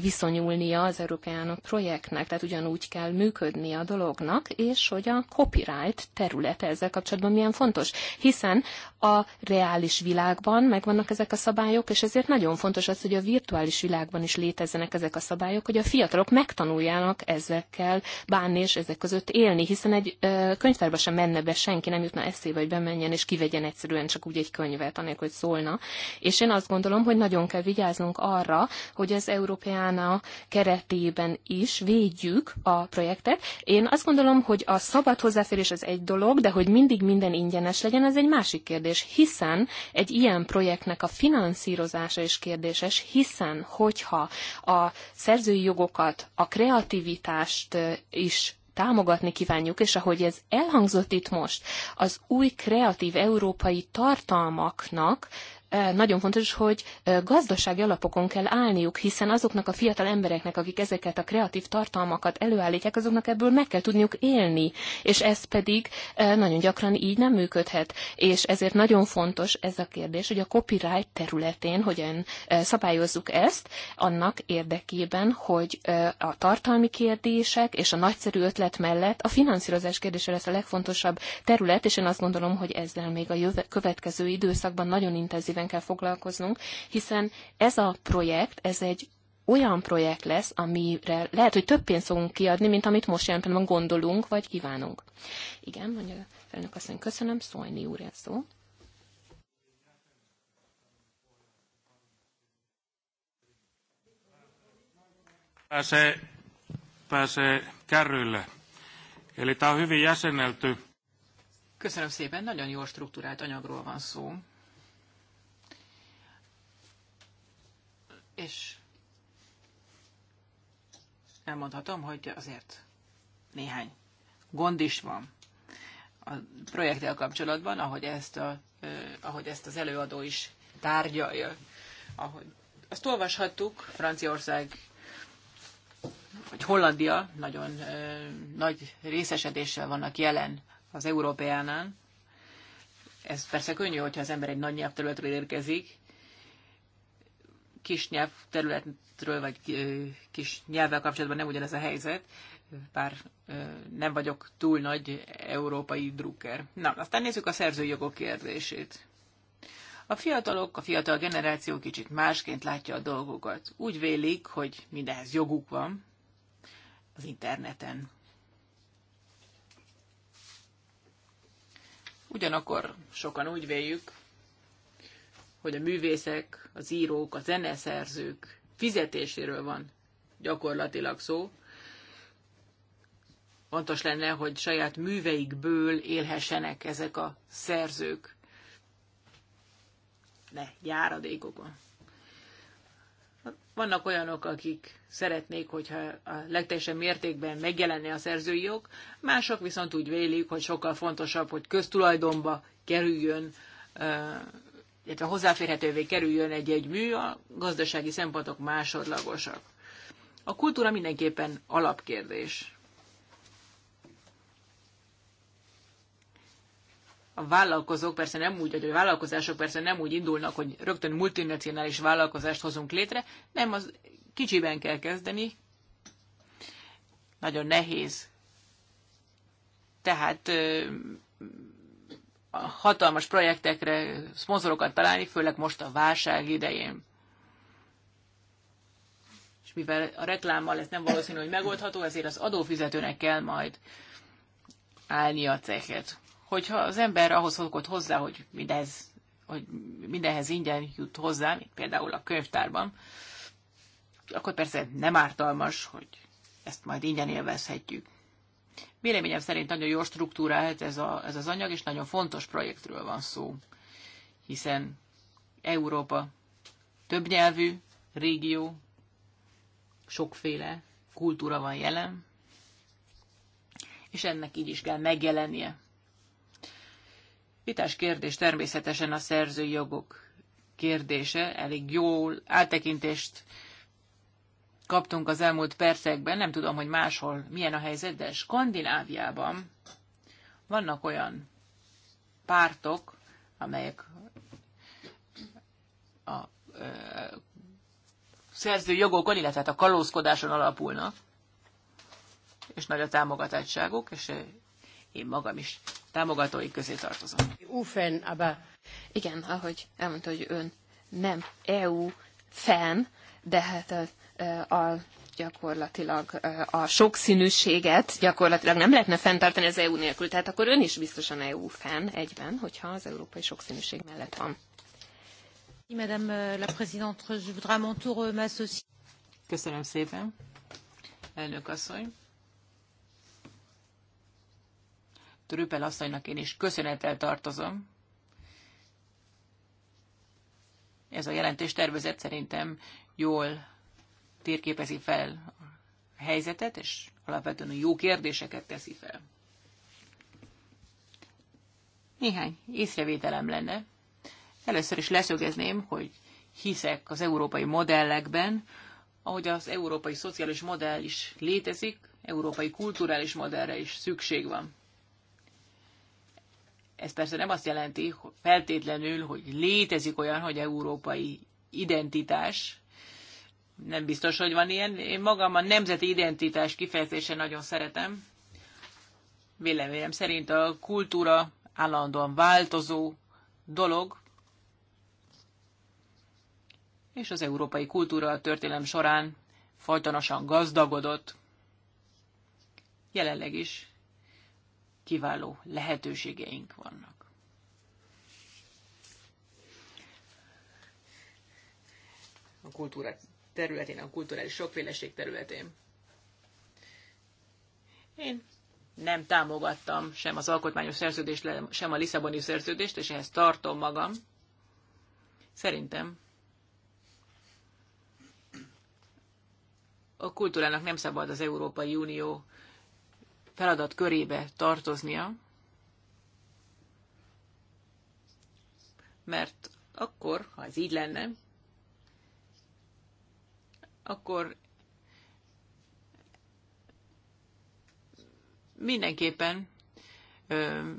viszonyulnia az Európeánok projektnek, tehát ugyanúgy kell működni a dolognak, és hogy a copyright területe ezzel kapcsolatban milyen fontos. Hiszen a reális világban megvannak ezek a szabályok, és ezért nagyon fontos az, hogy a virtuális világban is létezzenek ezek a szabályok, hogy a fiatalok megtanuljanak ezekkel bánni és ezek között élni, hiszen egy ö, könyvtárba sem menne be senki, nem jutna eszébe, hogy bemenjen és kivegyen egyszerűen csak úgy egy könyvet, anélkül, hogy szólna. És én azt gondolom, hogy nagyon kell vigyáznunk arra, hogy az Európa Európeána keretében is védjük a projektet. Én azt gondolom, hogy a szabad hozzáférés az egy dolog, de hogy mindig minden ingyenes legyen, az egy másik kérdés, hiszen egy ilyen projektnek a finanszírozása is kérdéses, hiszen hogyha a szerzői jogokat, a kreativitást is támogatni kívánjuk, és ahogy ez elhangzott itt most, az új kreatív európai tartalmaknak nagyon fontos, hogy gazdasági alapokon kell állniuk, hiszen azoknak a fiatal embereknek, akik ezeket a kreatív tartalmakat előállítják, azoknak ebből meg kell tudniuk élni, és ez pedig nagyon gyakran így nem működhet, és ezért nagyon fontos ez a kérdés, hogy a copyright területén hogyan szabályozzuk ezt, annak érdekében, hogy a tartalmi kérdések és a nagyszerű ötlet mellett a finanszírozás kérdése lesz a legfontosabb terület, és én azt gondolom, hogy ezzel még a jöve, következő időszakban nagyon intenzíven intenzíven kell foglalkoznunk, hiszen ez a projekt, ez egy olyan projekt lesz, amire lehet, hogy több pénzt fogunk kiadni, mint amit most jelen pillanatban gondolunk, vagy kívánunk. Igen, mondja a felnök asszony, köszönöm, Szolni úr, ez szó. Pääsee, pääsee kärrylle. Eli tämä on hyvin jäsennelty. Köszönöm szépen, nagyon jó struktúrált anyagról van szó. és elmondhatom, hogy azért néhány gond is van a projekttel kapcsolatban, ahogy ezt, a, ahogy ezt az előadó is tárgyalja. Ahogy azt olvashattuk, Franciaország vagy Hollandia nagyon nagy részesedéssel vannak jelen az Európeánán. Ez persze könnyű, hogyha az ember egy nagy nyelvterületről érkezik, kis nyelv területről, vagy kis nyelvvel kapcsolatban nem ugyanez a helyzet, bár nem vagyok túl nagy európai drucker. Na, aztán nézzük a szerzői jogok kérdését. A fiatalok, a fiatal generáció kicsit másként látja a dolgokat. Úgy vélik, hogy mindenhez joguk van az interneten. Ugyanakkor sokan úgy véljük, hogy a művészek, az írók, a zeneszerzők fizetéséről van gyakorlatilag szó. Fontos lenne, hogy saját műveikből élhessenek ezek a szerzők. Ne, járadékokon. Vannak olyanok, akik szeretnék, hogyha a legteljesebb mértékben megjelenne a szerzői jog, mások viszont úgy vélik, hogy sokkal fontosabb, hogy köztulajdonba kerüljön illetve hozzáférhetővé kerüljön egy-egy mű, a gazdasági szempontok másodlagosak. A kultúra mindenképpen alapkérdés. A vállalkozók persze nem úgy, hogy a vállalkozások persze nem úgy indulnak, hogy rögtön multinacionális vállalkozást hozunk létre, nem, az kicsiben kell kezdeni. Nagyon nehéz. Tehát hatalmas projektekre szponzorokat találni, főleg most a válság idején. És mivel a reklámmal ez nem valószínű, hogy megoldható, ezért az adófizetőnek kell majd állni a cehet. Hogyha az ember ahhoz szokott hozzá, hogy mindez, hogy mindenhez ingyen jut hozzá, mint például a könyvtárban, akkor persze nem ártalmas, hogy ezt majd ingyen élvezhetjük. Véleményem szerint nagyon jó struktúrált ez, a, ez az anyag, és nagyon fontos projektről van szó, hiszen Európa többnyelvű régió, sokféle kultúra van jelen, és ennek így is kell megjelennie. Vitás kérdés természetesen a szerzői jogok kérdése, elég jól áttekintést kaptunk az elmúlt percekben, nem tudom, hogy máshol milyen a helyzet, de Skandináviában vannak olyan pártok, amelyek a ö, szerző jogokon, illetve hát a kalózkodáson alapulnak, és nagy a támogatottságuk, és én magam is támogatói közé tartozom. Ufen, abba. Igen, ahogy elmondta, hogy ön nem EU fan, de hát a a gyakorlatilag a sokszínűséget gyakorlatilag nem lehetne fenntartani az EU nélkül. Tehát akkor ön is biztosan EU fenn egyben, hogyha az európai sokszínűség mellett van. Madame euh, la Présidente, je voudrais à mon tour euh, m'associer. Köszönöm szépen, elnök asszony. Trüppel asszonynak én is köszönettel tartozom. Ez a jelentés tervezet szerintem jól térképezi fel a helyzetet, és alapvetően jó kérdéseket teszi fel. Néhány észrevételem lenne. Először is leszögezném, hogy hiszek az európai modellekben, ahogy az európai szociális modell is létezik, európai kulturális modellre is szükség van. Ez persze nem azt jelenti hogy feltétlenül, hogy létezik olyan, hogy európai identitás, nem biztos, hogy van ilyen. Én magam a nemzeti identitás kifejezése nagyon szeretem. Véleményem szerint a kultúra állandóan változó dolog, és az európai kultúra a történelem során folytonosan gazdagodott. Jelenleg is kiváló lehetőségeink vannak. A kultúrát területén, a kulturális sokféleség területén. Én nem támogattam sem az alkotmányos szerződést, sem a Lisszaboni szerződést, és ehhez tartom magam. Szerintem a kultúrának nem szabad az Európai Unió feladat körébe tartoznia, mert akkor, ha ez így lenne, akkor mindenképpen ö,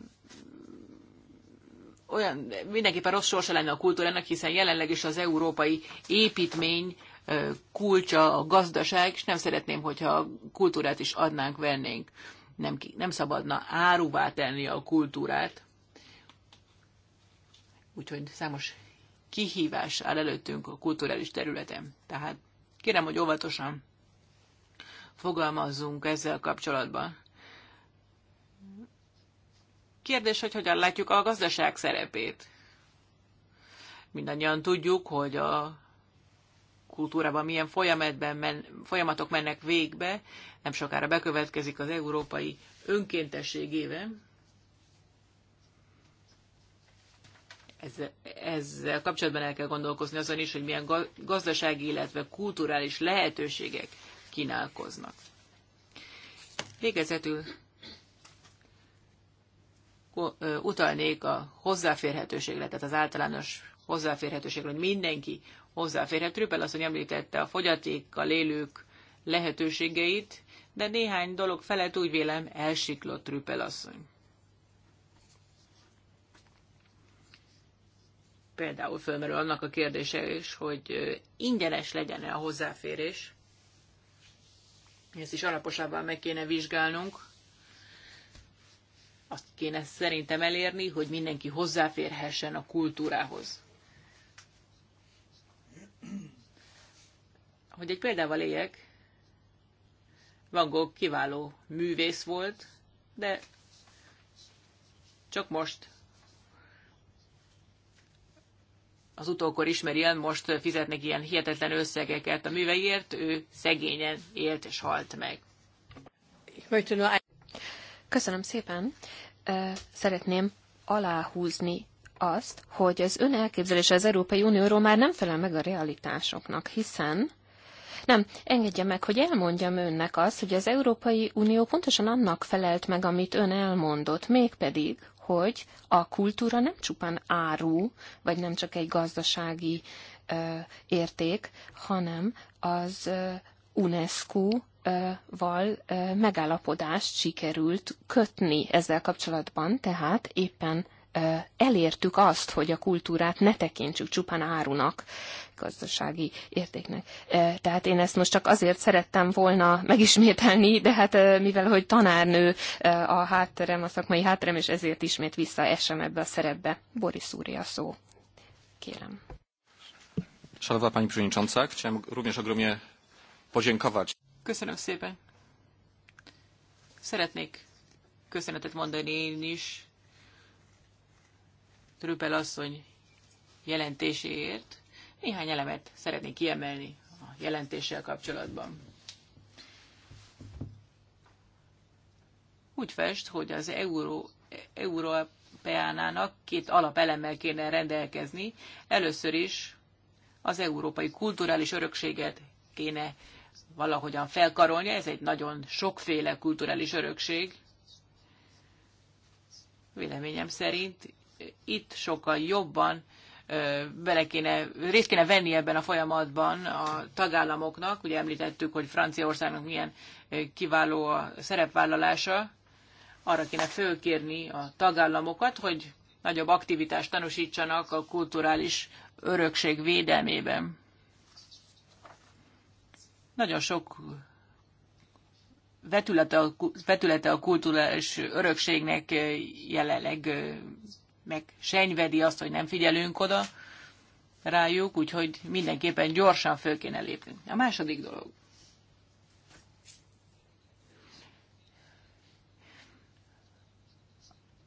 olyan, mindenképpen rossz sorsa lenne a kultúrának, hiszen jelenleg is az európai építmény ö, kulcsa a gazdaság, és nem szeretném, hogyha a kultúrát is adnánk, vennénk. Nem, nem szabadna áruvá tenni a kultúrát. Úgyhogy számos kihívás áll előttünk a kulturális területen. Tehát Kérem, hogy óvatosan fogalmazzunk ezzel kapcsolatban. Kérdés, hogy hogyan látjuk a gazdaság szerepét. Mindannyian tudjuk, hogy a kultúrában milyen folyamatban men, folyamatok mennek végbe, nem sokára bekövetkezik az európai önkéntességében. ezzel, kapcsolatban el kell gondolkozni azon is, hogy milyen gazdasági, illetve kulturális lehetőségek kínálkoznak. Végezetül utalnék a hozzáférhetőségre, tehát az általános hozzáférhetőségre, hogy mindenki hozzáférhet. Trüppel hogy említette a fogyatékkal élők lehetőségeit, de néhány dolog felett úgy vélem elsiklott Trüppel asszony. Például fölmerül annak a kérdése is, hogy ingyenes legyen-e a hozzáférés. Ezt is alaposabban meg kéne vizsgálnunk. Azt kéne szerintem elérni, hogy mindenki hozzáférhessen a kultúrához. Hogy egy példával éljek, Van Gogh kiváló művész volt, de csak most az utókor ismeri el, most fizetnek ilyen hihetetlen összegeket a műveiért, ő szegényen élt és halt meg. Köszönöm szépen. Szeretném aláhúzni azt, hogy az ön elképzelése az Európai Unióról már nem felel meg a realitásoknak, hiszen nem, engedje meg, hogy elmondjam önnek azt, hogy az Európai Unió pontosan annak felelt meg, amit ön elmondott, mégpedig, hogy a kultúra nem csupán áru, vagy nem csak egy gazdasági érték, hanem az UNESCO-val megállapodást sikerült kötni ezzel kapcsolatban, tehát éppen elértük azt, hogy a kultúrát ne tekintsük csupán árunak, gazdasági értéknek. Tehát én ezt most csak azért szerettem volna megismételni, de hát mivel, hogy tanárnő a hátterem, a szakmai hátterem, és ezért ismét visszaesem ebbe a szerepbe. Boris úr, a szó. Kérem. Szanowna Pani Przewodnicząca, chciałem również ogromnie podziękować. Köszönöm szépen. Szeretnék köszönetet mondani én is Trüppel asszony jelentéséért. Néhány elemet szeretnék kiemelni a jelentéssel kapcsolatban. Úgy fest, hogy az euró, Európeánának két alapelemmel kéne rendelkezni. Először is az európai kulturális örökséget kéne valahogyan felkarolni. Ez egy nagyon sokféle kulturális örökség. Véleményem szerint itt sokkal jobban bele kéne, részt kéne venni ebben a folyamatban a tagállamoknak. Ugye említettük, hogy Franciaországnak milyen kiváló a szerepvállalása. Arra kéne fölkérni a tagállamokat, hogy nagyobb aktivitást tanúsítsanak a kulturális örökség védelmében. Nagyon sok vetülete a, vetülete a kulturális örökségnek jelenleg meg senyvedi azt, hogy nem figyelünk oda rájuk, úgyhogy mindenképpen gyorsan föl kéne lépni. A második dolog.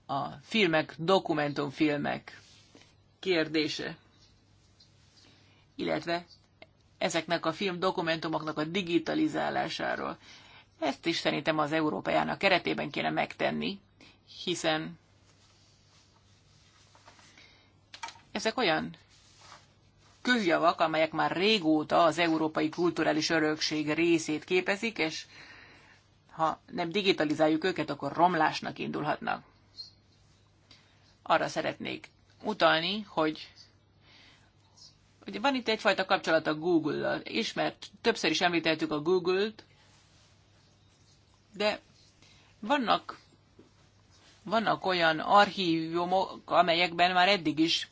A filmek, dokumentumfilmek kérdése, illetve ezeknek a film dokumentumoknak a digitalizálásáról. Ezt is szerintem az Európájának keretében kéne megtenni, hiszen Ezek olyan közjavak, amelyek már régóta az európai kulturális örökség részét képezik, és ha nem digitalizáljuk őket, akkor romlásnak indulhatnak. Arra szeretnék utalni, hogy Ugye van itt egyfajta kapcsolat a Google-lal, és mert többször is említettük a Google-t, de vannak, vannak olyan archívumok, amelyekben már eddig is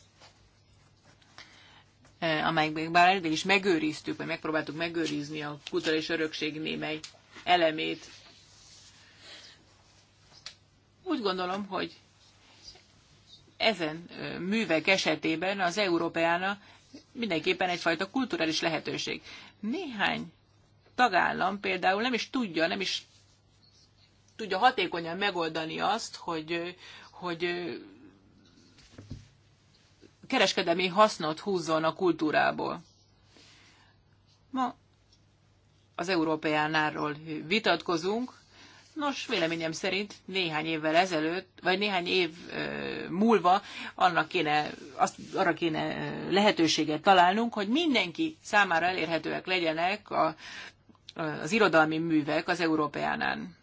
amelyekben bár eddig is megőriztük, vagy megpróbáltuk megőrizni a kulturális örökség némely elemét. Úgy gondolom, hogy ezen művek esetében az Európeána mindenképpen egyfajta kulturális lehetőség. Néhány tagállam például nem is tudja, nem is tudja hatékonyan megoldani azt, hogy, hogy kereskedelmi hasznot húzzon a kultúrából. Ma az árnáról vitatkozunk. Nos, véleményem szerint néhány évvel ezelőtt, vagy néhány év múlva annak kéne, azt, arra kéne lehetőséget találnunk, hogy mindenki számára elérhetőek legyenek a, az irodalmi művek az Európeánán.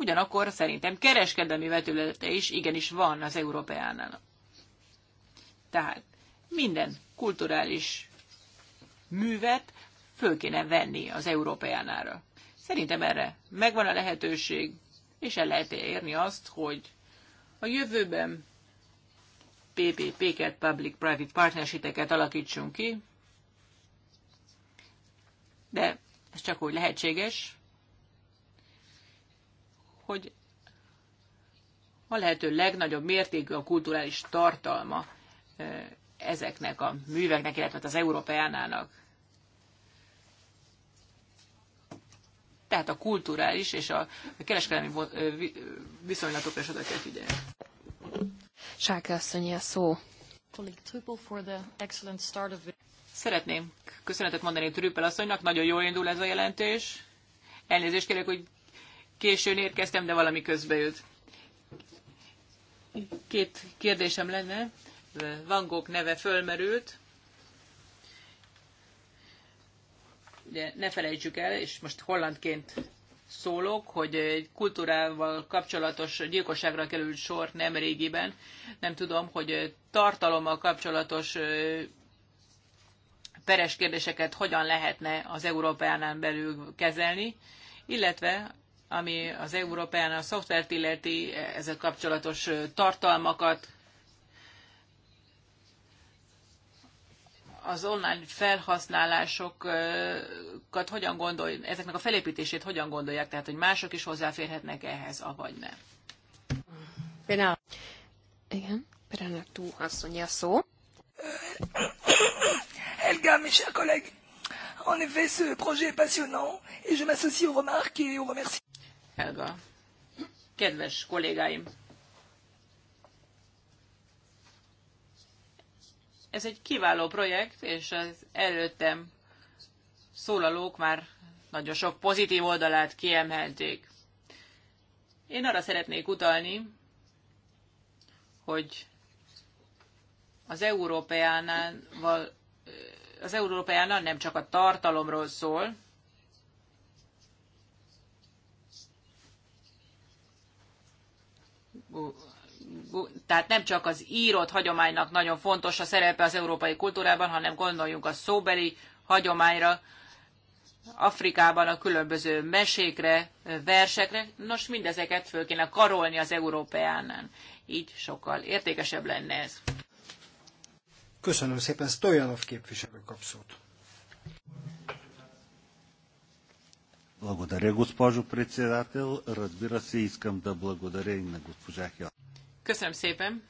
ugyanakkor szerintem kereskedelmi vetülete is igenis van az Európeánál. Tehát minden kulturális művet föl kéne venni az Európeánára. Szerintem erre megvan a lehetőség, és el lehet érni azt, hogy a jövőben PPP-ket, Public-Private Partnership-eket alakítsunk ki, de ez csak úgy lehetséges, hogy a lehető legnagyobb mértékű a kulturális tartalma ezeknek a műveknek, illetve hát az európeánának. Tehát a kulturális és a kereskedelmi viszonylatok is oda kell figyelni. Sáke asszonyi a szó. Szeretném köszönetet mondani Trüppel asszonynak, nagyon jól indul ez a jelentés. Elnézést kérek, hogy későn érkeztem, de valami közbe jött. Két kérdésem lenne. Van Gogh neve fölmerült. De ne felejtsük el, és most hollandként szólok, hogy egy kultúrával kapcsolatos gyilkosságra került sor nem régiben. Nem tudom, hogy tartalommal kapcsolatos peres kérdéseket hogyan lehetne az Európánál belül kezelni, illetve ami az Európán a szoftvert illeti, ezzel kapcsolatos tartalmakat, az online felhasználásokat hogyan gondolj ezeknek a felépítését hogyan gondolják, tehát hogy mások is hozzáférhetnek ehhez, avagy nem. Például. Igen, Például túl asszony a szó. Helga, mes chers collègues, en effet, ce projet est passionnant et je m'associe aux remarques et aux remerciements. Helga. Kedves kollégáim! Ez egy kiváló projekt, és az előttem szólalók már nagyon sok pozitív oldalát kiemelték. Én arra szeretnék utalni, hogy az Európeánál, az Európeánál nem csak a tartalomról szól, tehát nem csak az írott hagyománynak nagyon fontos a szerepe az európai kultúrában, hanem gondoljunk a szóbeli hagyományra, Afrikában a különböző mesékre, versekre, nos mindezeket föl kéne karolni az Európeánán. Így sokkal értékesebb lenne ez. Köszönöm szépen, Stojanov képviselő kapszót. Благодаря, госпожо председател. Разбира се, искам да благодаря и на госпожа Хел. Köszönöm szépen.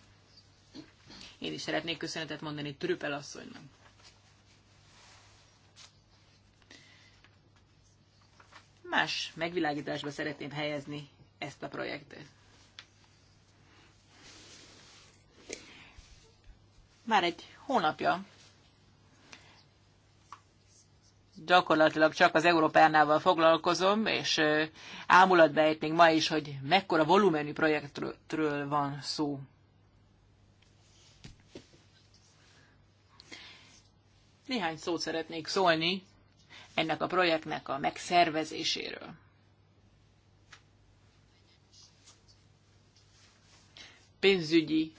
Én is szeretnék köszönetet mondani Trüppel asszonynak. Más megvilágításba szeretném helyezni ezt a projektet. Már egy hónapja gyakorlatilag csak az Európánával foglalkozom, és ámulatba bejtnénk ma is, hogy mekkora volumenű projektről van szó. Néhány szót szeretnék szólni ennek a projektnek a megszervezéséről. Pénzügyi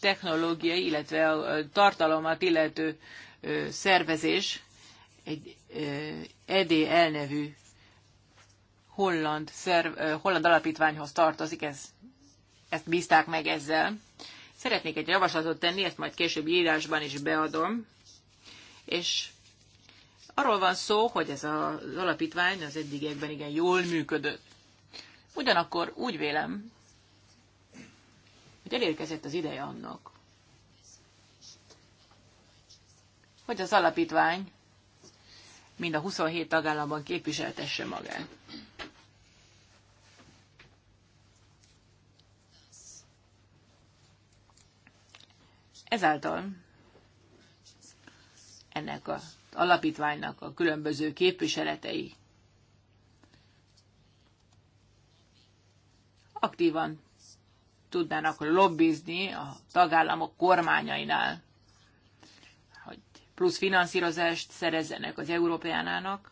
technológiai, illetve a tartalomat illető szervezés egy EDL nevű holland, szerv, holland alapítványhoz tartozik, ez, ezt bízták meg ezzel. Szeretnék egy javaslatot tenni, ezt majd később írásban is beadom, és arról van szó, hogy ez az alapítvány az eddigiekben igen jól működött. Ugyanakkor úgy vélem, hogy elérkezett az ideje annak, hogy az alapítvány mind a 27 tagállamban képviseltesse magát. Ezáltal ennek az alapítványnak a különböző képviseletei aktívan tudnának lobbizni a tagállamok kormányainál, hogy plusz finanszírozást szerezzenek az európeánának,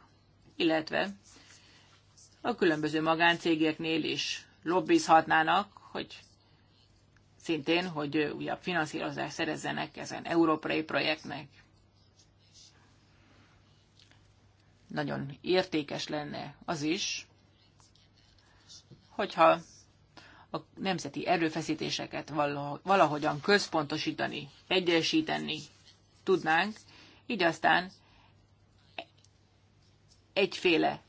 illetve a különböző magáncégeknél is lobbizhatnának, hogy szintén, hogy újabb finanszírozást szerezzenek ezen európai projektnek. Nagyon értékes lenne az is, hogyha a nemzeti erőfeszítéseket valahogyan központosítani, egyesíteni tudnánk, így aztán egyféle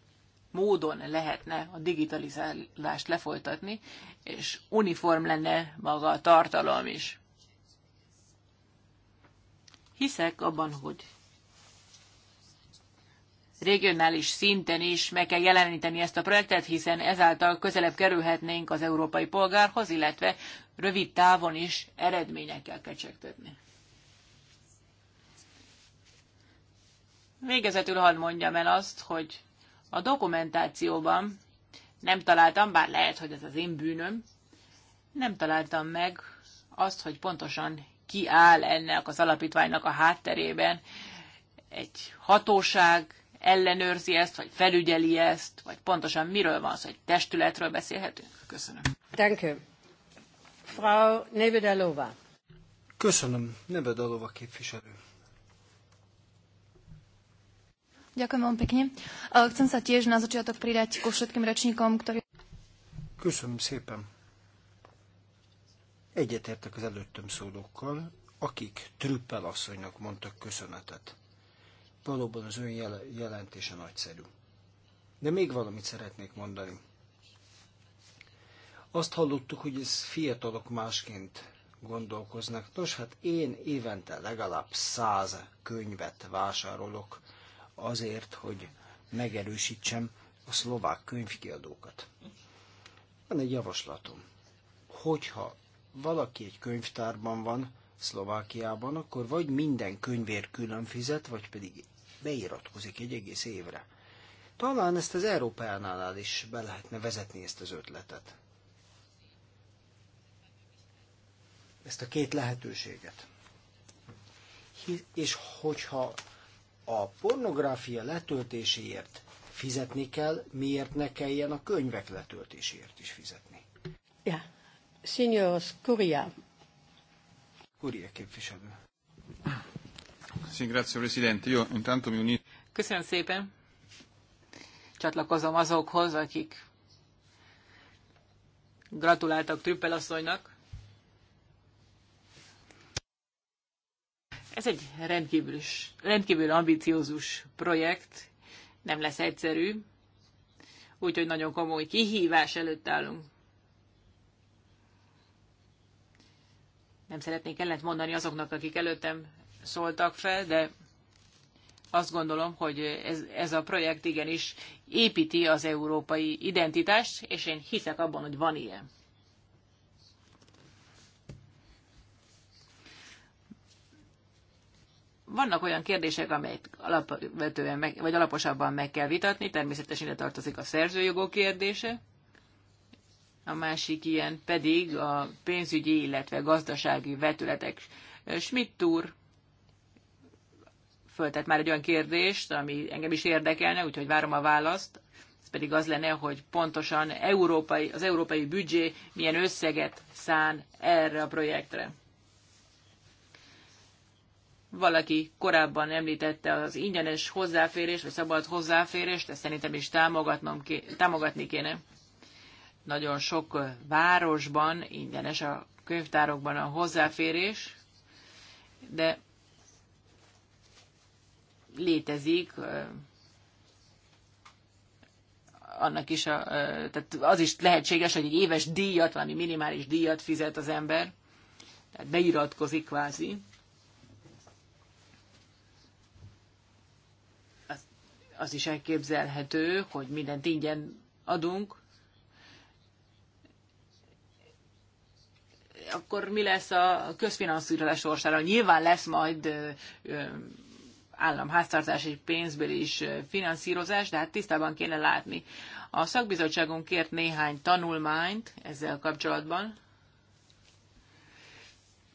módon lehetne a digitalizálást lefolytatni, és uniform lenne maga a tartalom is. Hiszek abban, hogy regionális szinten is meg kell jeleníteni ezt a projektet, hiszen ezáltal közelebb kerülhetnénk az európai polgárhoz, illetve rövid távon is eredményekkel kecsegtetni. Végezetül hadd mondjam el azt, hogy a dokumentációban nem találtam, bár lehet, hogy ez az én bűnöm, nem találtam meg azt, hogy pontosan ki áll ennek az alapítványnak a hátterében. Egy hatóság, ellenőrzi ezt, vagy felügyeli ezt, vagy pontosan miről van szó, egy testületről beszélhetünk? Köszönöm. Thank you, Frau Nevedalova. Köszönöm, Nevedalova képviselő. Ďakujem veľmi pekne. E, chcem sa tiež na začiatok pridať ku všetkým rečníkom, ktorí... Köszönöm szépen. Egyetértek az előttem szólókkal, akik Trüppel asszonynak mondtak köszönetet. Valóban az ön jelentése nagyszerű. De még valamit szeretnék mondani. Azt hallottuk, hogy ez fiatalok másként gondolkoznak. Nos, hát én évente legalább száz könyvet vásárolok azért, hogy megerősítsem a szlovák könyvkiadókat. Van egy javaslatom. Hogyha valaki egy könyvtárban van, Szlovákiában, akkor vagy minden könyvér külön fizet, vagy pedig beiratkozik egy egész évre. Talán ezt az Európánál is be lehetne vezetni ezt az ötletet. Ezt a két lehetőséget. És hogyha a pornográfia letöltéséért fizetni kell, miért ne kelljen a könyvek letöltéséért is fizetni? Ja, Signor Scuria. Scuria képviselő. Köszönöm szépen. Csatlakozom azokhoz, akik gratuláltak Trüppel asszonynak. Ez egy rendkívül, rendkívül ambiciózus projekt, nem lesz egyszerű, úgyhogy nagyon komoly kihívás előtt állunk. Nem szeretnék ellent mondani azoknak, akik előttem szóltak fel, de azt gondolom, hogy ez, ez a projekt igenis építi az európai identitást, és én hiszek abban, hogy van ilyen. Vannak olyan kérdések, amelyet alapvetően meg, vagy alaposabban meg kell vitatni, természetesen ide tartozik a szerzőjogok kérdése, a másik ilyen pedig a pénzügyi, illetve gazdasági vetületek. Schmidt úr föltett már egy olyan kérdést, ami engem is érdekelne, úgyhogy várom a választ. Ez pedig az lenne, hogy pontosan európai, az európai büdzsé milyen összeget szán erre a projektre. Valaki korábban említette az ingyenes hozzáférést, vagy szabad hozzáférést, ezt szerintem is támogatnom ké, támogatni kéne. Nagyon sok városban ingyenes a könyvtárokban a hozzáférés, de létezik annak is, a, tehát az is lehetséges, hogy egy éves díjat, valami minimális díjat fizet az ember, tehát beiratkozik kvázi. Az, az is elképzelhető, hogy mindent ingyen adunk, akkor mi lesz a közfinanszírozás sorsára? Nyilván lesz majd és pénzből is finanszírozás, de hát tisztában kéne látni. A szakbizottságunk kért néhány tanulmányt ezzel kapcsolatban,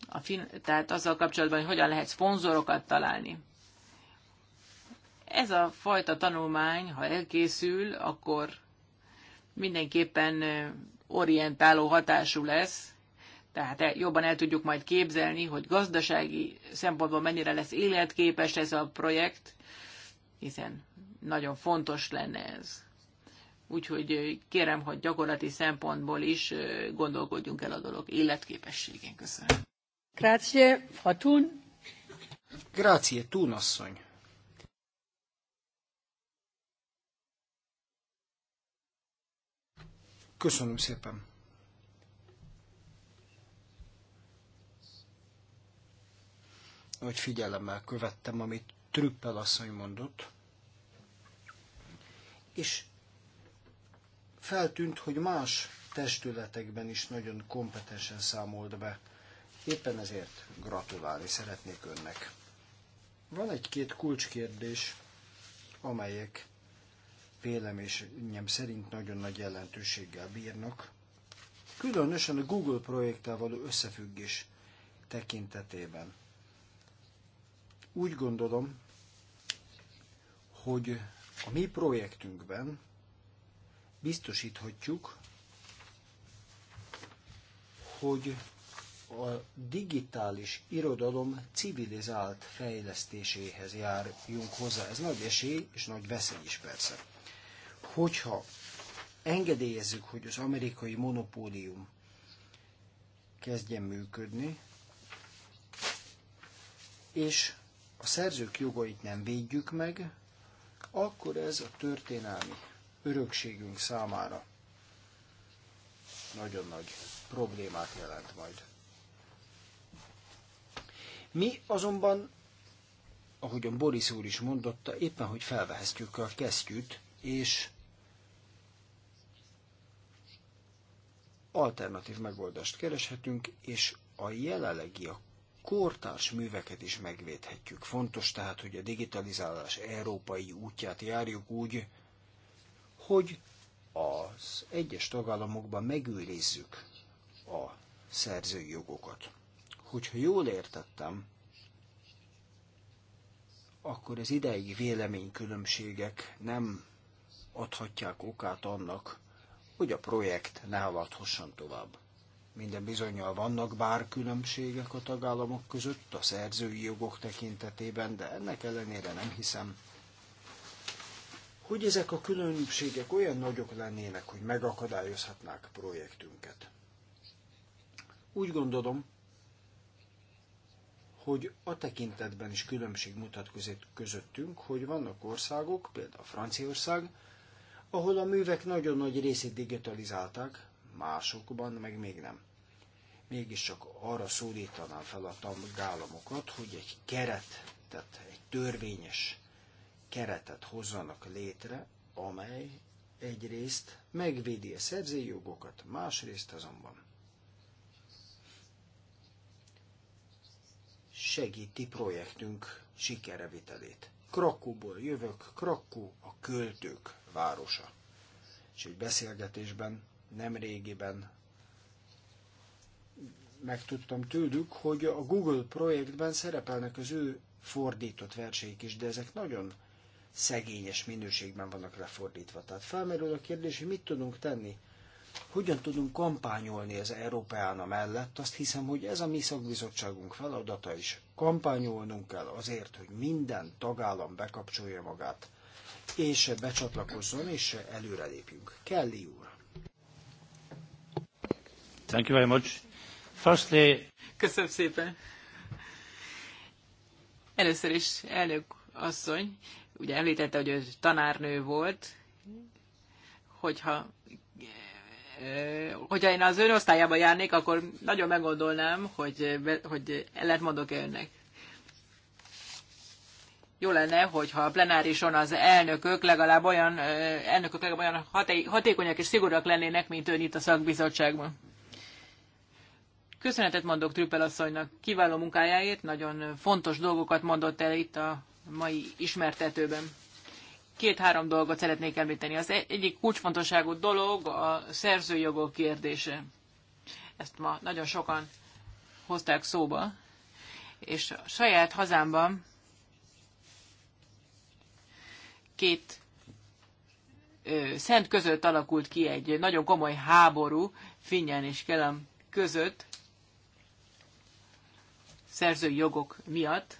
a fin- tehát azzal kapcsolatban, hogy hogyan lehet szponzorokat találni. Ez a fajta tanulmány, ha elkészül, akkor mindenképpen orientáló hatású lesz, tehát e, jobban el tudjuk majd képzelni, hogy gazdasági szempontból mennyire lesz életképes ez a projekt, hiszen nagyon fontos lenne ez. Úgyhogy kérem, hogy gyakorlati szempontból is gondolkodjunk el a dolog életképességén. Köszönöm. Grazie, Fatun. Grazie, Tunasszony. asszony. Köszönöm szépen. hogy figyelemmel követtem, amit Trüppel asszony mondott, és feltűnt, hogy más testületekben is nagyon kompetensen számolt be. Éppen ezért gratulálni szeretnék önnek. Van egy-két kulcskérdés, amelyek véleményem szerint nagyon nagy jelentőséggel bírnak, különösen a Google projekttel való összefüggés tekintetében. Úgy gondolom, hogy a mi projektünkben biztosíthatjuk, hogy a digitális irodalom civilizált fejlesztéséhez járjunk hozzá. Ez nagy esély és nagy veszély is persze. Hogyha engedélyezzük, hogy az amerikai monopólium kezdjen működni, és a szerzők jogait nem védjük meg, akkor ez a történelmi örökségünk számára nagyon nagy problémát jelent majd. Mi azonban, ahogyan Boris úr is mondotta, éppen hogy felvehetjük a kesztyűt, és alternatív megoldást kereshetünk, és a jelenlegi, a kortárs műveket is megvédhetjük. Fontos tehát, hogy a digitalizálás európai útját járjuk úgy, hogy az egyes tagállamokban megőrizzük a szerzői jogokat. Hogyha jól értettem, akkor az ideig véleménykülönbségek nem adhatják okát annak, hogy a projekt ne haladhasson tovább minden bizonyal vannak bár különbségek a tagállamok között a szerzői jogok tekintetében, de ennek ellenére nem hiszem, hogy ezek a különbségek olyan nagyok lennének, hogy megakadályozhatnák projektünket. Úgy gondolom, hogy a tekintetben is különbség mutatkozik közöttünk, hogy vannak országok, például Franciaország, ahol a művek nagyon nagy részét digitalizálták, másokban meg még nem. Mégiscsak arra szólítanám fel a tagállamokat, hogy egy keretet, egy törvényes keretet hozzanak létre, amely egyrészt megvédi a szerzői jogokat, másrészt azonban segíti projektünk sikerevitelét. Krakóból jövök, Krakó a költők városa. És egy beszélgetésben nem régiben megtudtam tőlük, hogy a Google projektben szerepelnek az ő fordított verseik is, de ezek nagyon szegényes minőségben vannak lefordítva. Tehát felmerül a kérdés, hogy mit tudunk tenni, hogyan tudunk kampányolni az Európeána mellett, azt hiszem, hogy ez a mi szakbizottságunk feladata is. Kampányolnunk kell azért, hogy minden tagállam bekapcsolja magát, és becsatlakozzon, és előrelépjünk. Kelly úr. Thank you very much. Firstly... Köszönöm szépen. Először is elnök asszony, ugye említette, hogy ő tanárnő volt, hogyha eh, hogyha én az ön osztályába járnék, akkor nagyon meggondolnám, hogy, hogy ellent mondok-e önnek. Jó lenne, hogyha a plenárison az elnökök legalább olyan, eh, elnökök legalább olyan haté hatékonyak és szigorúak lennének, mint ön itt a szakbizottságban. Köszönetet mondok Trüppel asszonynak kiváló munkájáért, nagyon fontos dolgokat mondott el itt a mai ismertetőben. Két-három dolgot szeretnék említeni. Az e- egyik kulcsfontosságú dolog a szerzőjogok kérdése. Ezt ma nagyon sokan hozták szóba, és a saját hazámban két ö, szent között alakult ki egy nagyon komoly háború Finnyán és Kelem között, szerzői jogok miatt,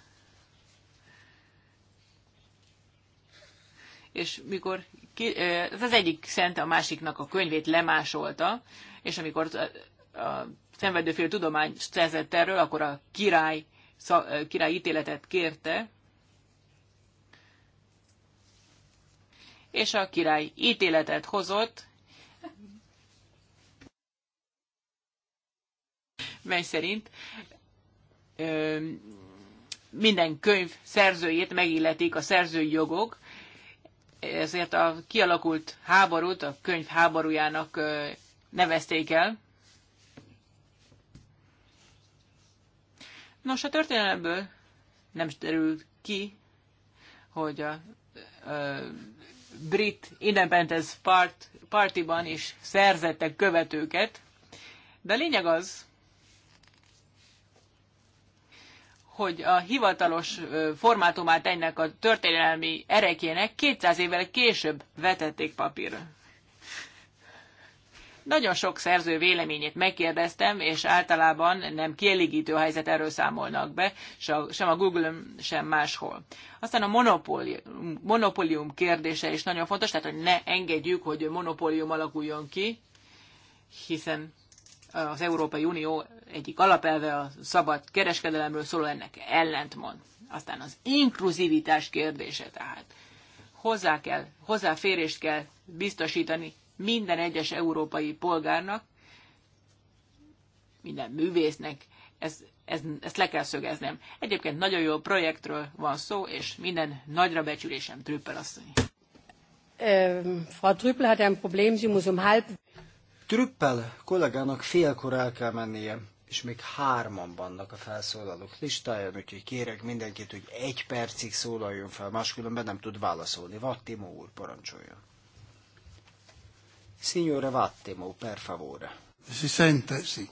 és mikor ki, ez az egyik szent a másiknak a könyvét lemásolta, és amikor a szenvedőfél tudomány szerzett erről, akkor a király, király ítéletet kérte, és a király ítéletet hozott, mely szerint minden könyv szerzőjét megilletik a szerzői jogok, ezért a kialakult háborút a könyv háborújának nevezték el. Nos, a történelemből nem derült ki, hogy a, a brit Independence Part, partiban is szerzettek követőket, de a lényeg az, hogy a hivatalos formátumát ennek a történelmi erekének 200 évvel később vetették papírra. Nagyon sok szerző véleményét megkérdeztem, és általában nem kielégítő helyzet erről számolnak be, sem a google sem máshol. Aztán a monopólium, monopólium kérdése is nagyon fontos, tehát hogy ne engedjük, hogy monopólium alakuljon ki, hiszen az Európai Unió egyik alapelve a szabad kereskedelemről szóló ennek ellentmond. Aztán az inkluzivitás kérdése tehát. Hozzá kell, hozzáférést kell biztosítani minden egyes európai polgárnak, minden művésznek, ez, ez, ezt le kell szögeznem. Egyébként nagyon jó projektről van szó, és minden nagyra becsülésem Trüppel asszony. Frau Trüppel hat ein Problem, sie muss um halb... Trüppel kollégának félkor el kell mennie és még hárman vannak a felszólalók listáján, úgyhogy kérek mindenkit, hogy egy percig szólaljon fel, máskülönben nem tud válaszolni. Vattimo úr, parancsoljon. Signore Vattimo, per favore. Si sente, si.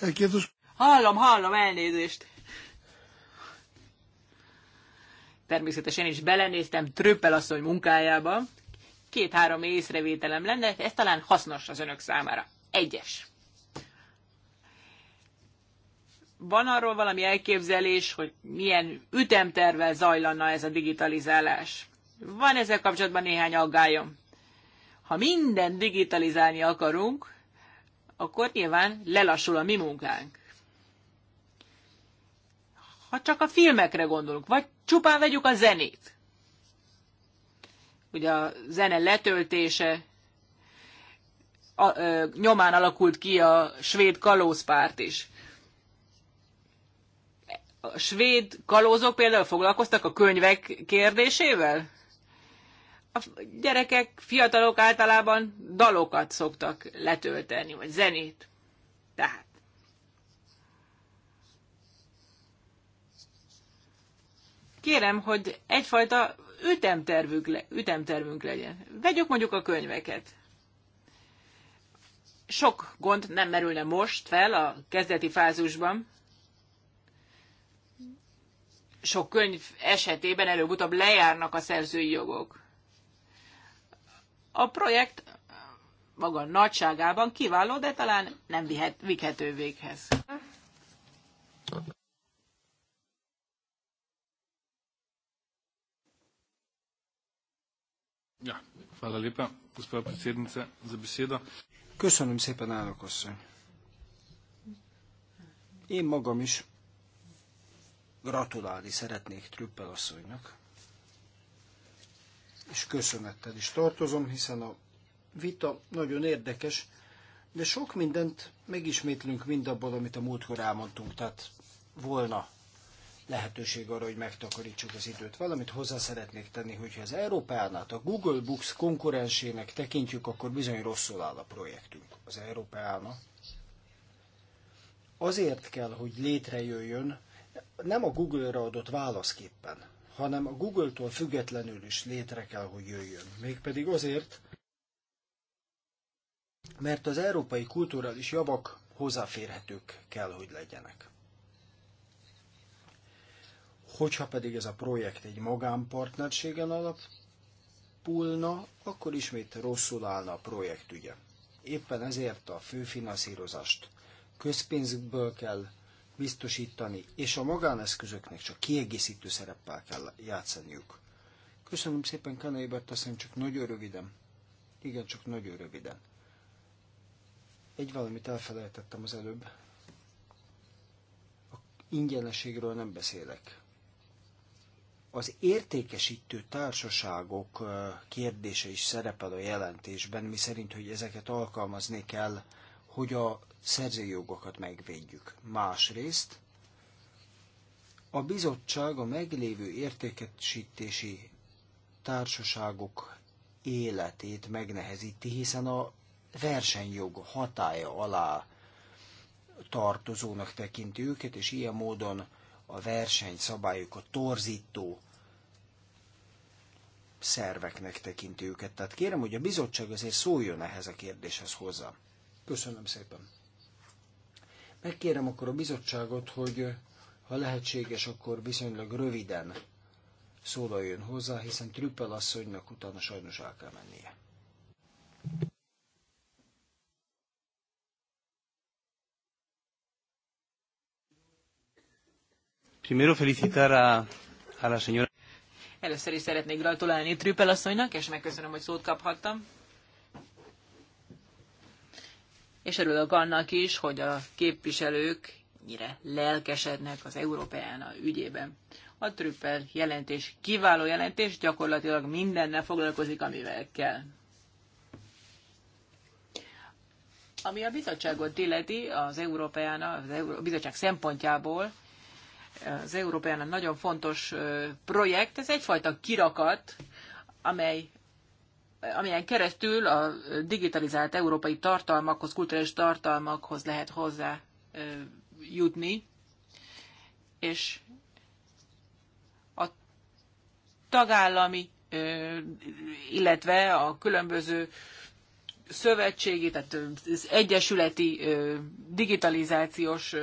Eh, Kérdés... Hallom, hallom, elnézést. Természetesen is belenéztem Tröppel asszony munkájába. Két-három észrevételem lenne, ez talán hasznos az önök számára. Egyes van arról valami elképzelés, hogy milyen ütemtervel zajlana ez a digitalizálás? Van ezzel kapcsolatban néhány aggályom. Ha mindent digitalizálni akarunk, akkor nyilván lelassul a mi munkánk. Ha csak a filmekre gondolunk, vagy csupán vegyük a zenét. Ugye a zene letöltése a, ö, nyomán alakult ki a svéd kalózpárt is a svéd kalózok például foglalkoztak a könyvek kérdésével? A gyerekek, fiatalok általában dalokat szoktak letölteni, vagy zenét. Tehát. Kérem, hogy egyfajta ütemtervünk, le, ütemtervünk legyen. Vegyük mondjuk a könyveket. Sok gond nem merülne most fel a kezdeti fázisban, sok könyv esetében előbb-utóbb lejárnak a szerzői jogok. A projekt maga nagyságában kiváló, de talán nem vihet, vihető véghez. Ja, hvala lepa, gospa predsednica, za besedo. Köszönöm szépen, állok asszony. Én magam is Gratulálni szeretnék Trüppel asszonynak. És köszönettel is tartozom, hiszen a vita nagyon érdekes, de sok mindent megismétlünk mindabból, amit a múltkor elmondtunk, tehát volna lehetőség arra, hogy megtakarítsuk az időt. Valamit hozzá szeretnék tenni, hogyha az Európánát a Google Books konkurensének tekintjük, akkor bizony rosszul áll a projektünk, az Európána. Azért kell, hogy létrejöjjön, nem a Google-ra adott válaszképpen, hanem a Google-tól függetlenül is létre kell, hogy jöjjön. Mégpedig azért, mert az európai kulturális javak hozzáférhetők kell, hogy legyenek. Hogyha pedig ez a projekt egy magánpartnerségen alapulna, akkor ismét rosszul állna a projekt ügye. Éppen ezért a főfinanszírozást közpénzből kell biztosítani, és a magáneszközöknek csak kiegészítő szereppel kell játszaniuk. Köszönöm szépen, Kanaibert, azt csak nagyon röviden. Igen, csak nagyon röviden. Egy valamit elfelejtettem az előbb. A ingyenességről nem beszélek. Az értékesítő társaságok kérdése is szerepel a jelentésben, mi szerint, hogy ezeket alkalmazni kell, hogy a szerzői jogokat megvédjük. Másrészt a bizottság a meglévő értékesítési társaságok életét megnehezíti, hiszen a versenyjog hatája alá tartozónak tekinti őket, és ilyen módon a versenyszabályokat torzító szerveknek tekinti őket. Tehát kérem, hogy a bizottság azért szóljon ehhez a kérdéshez hozzá. Köszönöm szépen. Megkérem akkor a bizottságot, hogy eh, ha lehetséges, akkor viszonylag röviden szólaljon hozzá, hiszen Trüppel asszonynak utána sajnos el kell mennie. Primero felicitar a, a la señora. Először is szeretnék gratulálni Trüppel asszonynak, és megköszönöm, hogy szót kaphattam. és örülök annak is, hogy a képviselők nyire lelkesednek az a ügyében. A Trüppel jelentés kiváló jelentés, gyakorlatilag mindennel foglalkozik, amivel kell. Ami a bizottságot illeti, az európaián az Euró- bizottság szempontjából, az a nagyon fontos projekt, ez egyfajta kirakat, amely amilyen keresztül a digitalizált európai tartalmakhoz, kulturális tartalmakhoz lehet hozzá jutni, és a tagállami, illetve a különböző szövetségi, tehát az egyesületi digitalizációs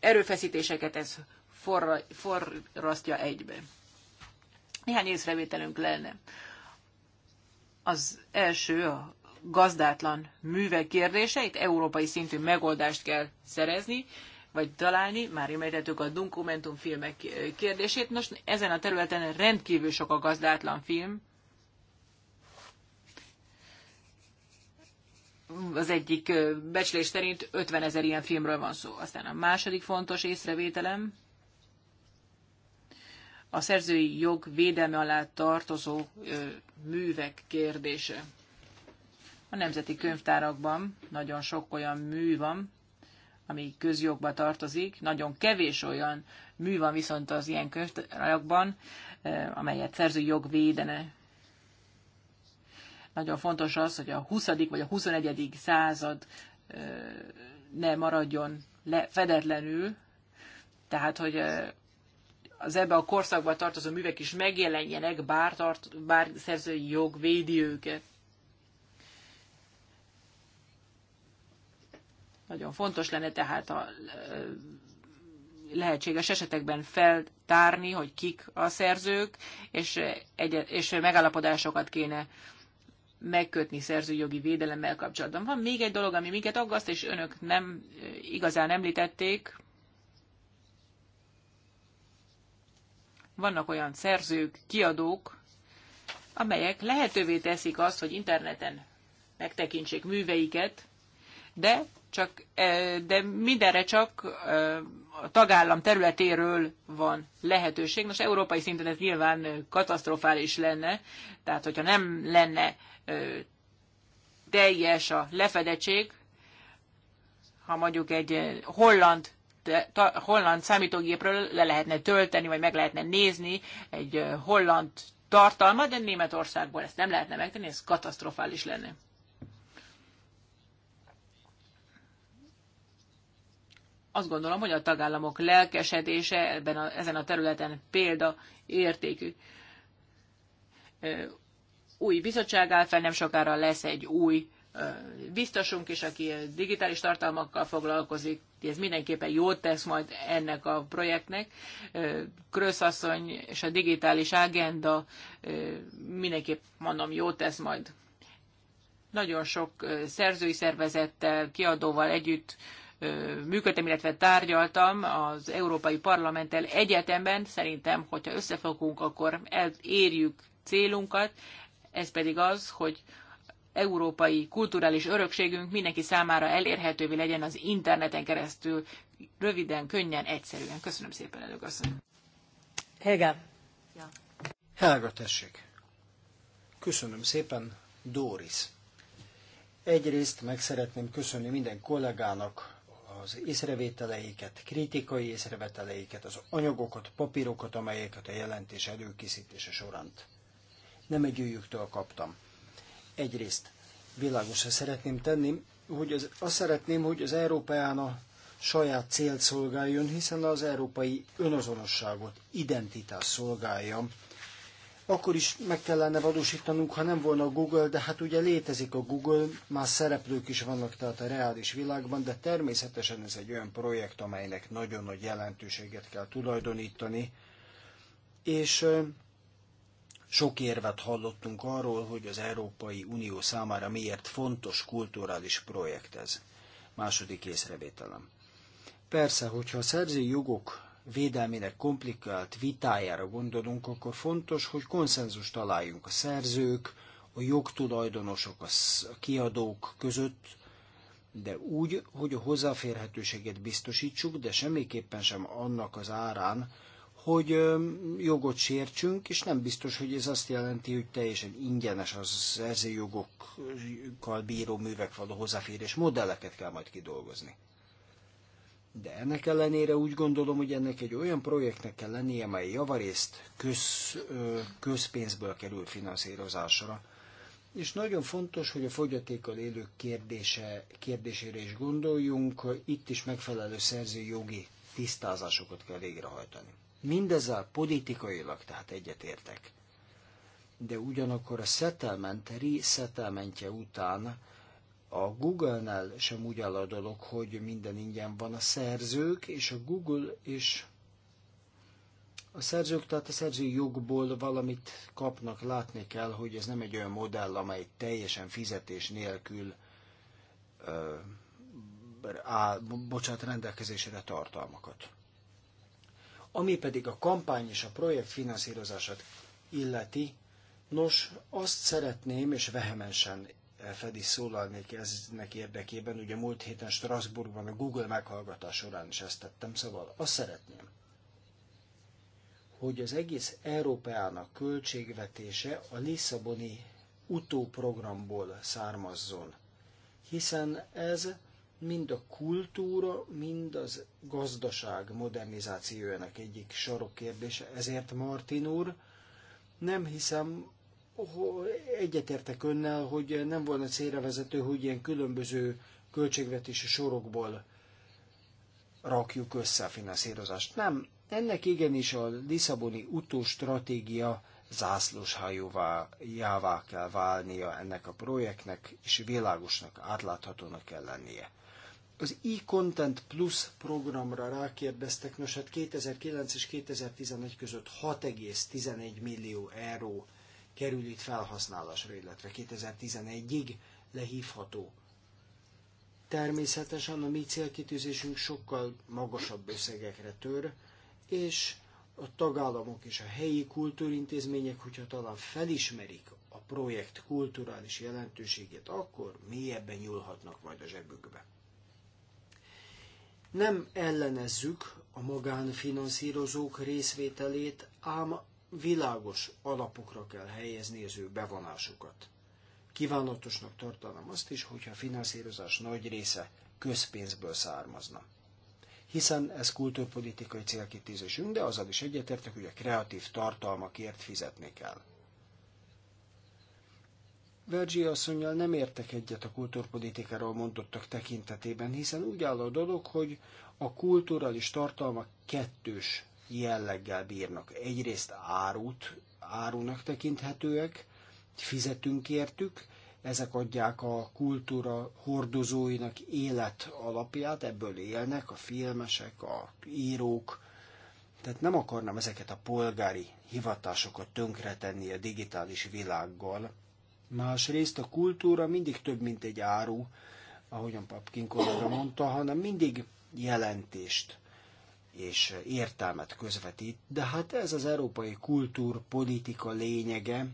erőfeszítéseket ez forrasztja egybe. Néhány észrevételünk lenne. Az első a gazdátlan művek kérdése, itt európai szintű megoldást kell szerezni, vagy találni, már említettük a dokumentumfilmek kérdését, nos ezen a területen rendkívül sok a gazdátlan film, az egyik becslés szerint 50 ezer ilyen filmről van szó. Aztán a második fontos észrevételem, a szerzői jog védelme alá tartozó művek kérdése. A nemzeti könyvtárakban nagyon sok olyan mű van, ami közjogba tartozik. Nagyon kevés olyan mű van viszont az ilyen könyvtárakban, amelyet szerzői jog védene. Nagyon fontos az, hogy a 20. vagy a 21. század ne maradjon le, fedetlenül, tehát hogy az ebbe a korszakba tartozó művek is megjelenjenek, bár, tart, bár szerzői jog védi őket. Nagyon fontos lenne tehát a lehetséges esetekben feltárni, hogy kik a szerzők, és, egy, és megállapodásokat kéne megkötni szerzőjogi védelemmel kapcsolatban. Van még egy dolog, ami minket aggaszt, és önök nem igazán említették, vannak olyan szerzők, kiadók, amelyek lehetővé teszik azt, hogy interneten megtekintsék műveiket, de, csak, e, de mindenre csak e, a tagállam területéről van lehetőség. Most európai szinten ez nyilván katasztrofális lenne, tehát hogyha nem lenne e, teljes a lefedettség, ha mondjuk egy holland holland számítógépről le lehetne tölteni, vagy meg lehetne nézni egy holland tartalmat, de Németországból ezt nem lehetne megtenni, ez katasztrofális lenne. Azt gondolom, hogy a tagállamok lelkesedése ebben a, ezen a területen példa értékű. Új bizottság áll fel, nem sokára lesz egy új biztosunk is, aki digitális tartalmakkal foglalkozik, ez mindenképpen jót tesz majd ennek a projektnek. Krösz asszony és a digitális agenda mindenképp mondom jót tesz majd. Nagyon sok szerzői szervezettel, kiadóval együtt működtem, illetve tárgyaltam az Európai Parlamenttel egyetemben. Szerintem, hogyha összefogunk, akkor elérjük célunkat, ez pedig az, hogy európai kulturális örökségünk mindenki számára elérhetővé legyen az interneten keresztül, röviden, könnyen, egyszerűen. Köszönöm szépen, elnök asszony. Helga. Ja. Helga, tessék. Köszönöm szépen, Doris. Egyrészt meg szeretném köszönni minden kollégának az észrevételeiket, kritikai észrevételeiket, az anyagokat, papírokat, amelyeket a jelentés előkészítése során nem egy kaptam. Egyrészt világosra szeretném tenni, hogy az, azt szeretném, hogy az Európán a saját célt szolgáljon, hiszen az európai önazonosságot, identitás szolgálja. Akkor is meg kellene valósítanunk, ha nem volna a Google, de hát ugye létezik a Google, más szereplők is vannak tehát a reális világban, de természetesen ez egy olyan projekt, amelynek nagyon nagy jelentőséget kell tulajdonítani, és sok érvet hallottunk arról, hogy az Európai Unió számára miért fontos kulturális projekt ez. Második észrevételem. Persze, hogyha a szerzői jogok védelmének komplikált vitájára gondolunk, akkor fontos, hogy konszenzus találjunk a szerzők, a jogtulajdonosok, a kiadók között, de úgy, hogy a hozzáférhetőséget biztosítsuk, de semmiképpen sem annak az árán, hogy jogot sértsünk, és nem biztos, hogy ez azt jelenti, hogy teljesen ingyenes az szerző jogokkal bíró művek való hozzáférés. Modelleket kell majd kidolgozni. De ennek ellenére úgy gondolom, hogy ennek egy olyan projektnek kell lennie, mely javarészt köz, közpénzből kerül finanszírozásra. És nagyon fontos, hogy a fogyatékkal élők kérdése, kérdésére is gondoljunk, itt is megfelelő szerzői jogi tisztázásokat kell végrehajtani. Mindezzel politikailag tehát egyetértek. De ugyanakkor a settlement, resettlementje után a Google-nál sem úgy áll a dolog, hogy minden ingyen van a szerzők, és a Google is a szerzők, tehát a szerzői jogból valamit kapnak, látni kell, hogy ez nem egy olyan modell, amely teljesen fizetés nélkül ö, á, bocsánat, rendelkezésére tartalmakat. Ami pedig a kampány és a projekt finanszírozását illeti, nos, azt szeretném, és vehemensen fel is szólalnék eznek érdekében, ugye múlt héten Strasbourgban a Google meghallgatás során is ezt tettem, szóval azt szeretném, hogy az egész Európának költségvetése a Lisszaboni utóprogramból származzon, hiszen ez mind a kultúra, mind az gazdaság modernizációjának egyik kérdése. Ezért, Martin úr, nem hiszem, egyetértek önnel, hogy nem volna célra vezető, hogy ilyen különböző költségvetési sorokból rakjuk össze a finanszírozást. Nem, ennek igenis a Lisszaboni utóstratégia zászlóshajóvá kell válnia ennek a projektnek, és világosnak, átláthatónak kell lennie. Az e-Content Plus programra rákérdeztek, nos hát 2009 és 2011 között 6,11 millió euró kerül itt felhasználásra, illetve 2011-ig lehívható. Természetesen a mi célkitűzésünk sokkal magasabb összegekre tör, és a tagállamok és a helyi kultúrintézmények, hogyha talán felismerik a projekt kulturális jelentőségét, akkor mélyebben nyúlhatnak majd a zsebükbe. Nem ellenezzük a magánfinanszírozók részvételét, ám világos alapokra kell helyezni az ő bevonásukat. Kívánatosnak tartanám azt is, hogyha a finanszírozás nagy része közpénzből származna. Hiszen ez kultúrpolitikai célkitűzésünk, de azzal is egyetértek, hogy a kreatív tartalmakért fizetni kell. Vergyi asszonynal nem értek egyet a kultúrpolitikáról mondottak tekintetében, hiszen úgy áll a dolog, hogy a kulturális tartalmak kettős jelleggel bírnak. Egyrészt árut, árunak tekinthetőek, fizetünk értük, ezek adják a kultúra hordozóinak élet alapját, ebből élnek a filmesek, a írók, tehát nem akarnám ezeket a polgári hivatásokat tönkretenni a digitális világgal, Másrészt a kultúra mindig több, mint egy áru, ahogyan Papkin kollega mondta, hanem mindig jelentést és értelmet közvetít, de hát ez az európai kultúrpolitika lényege,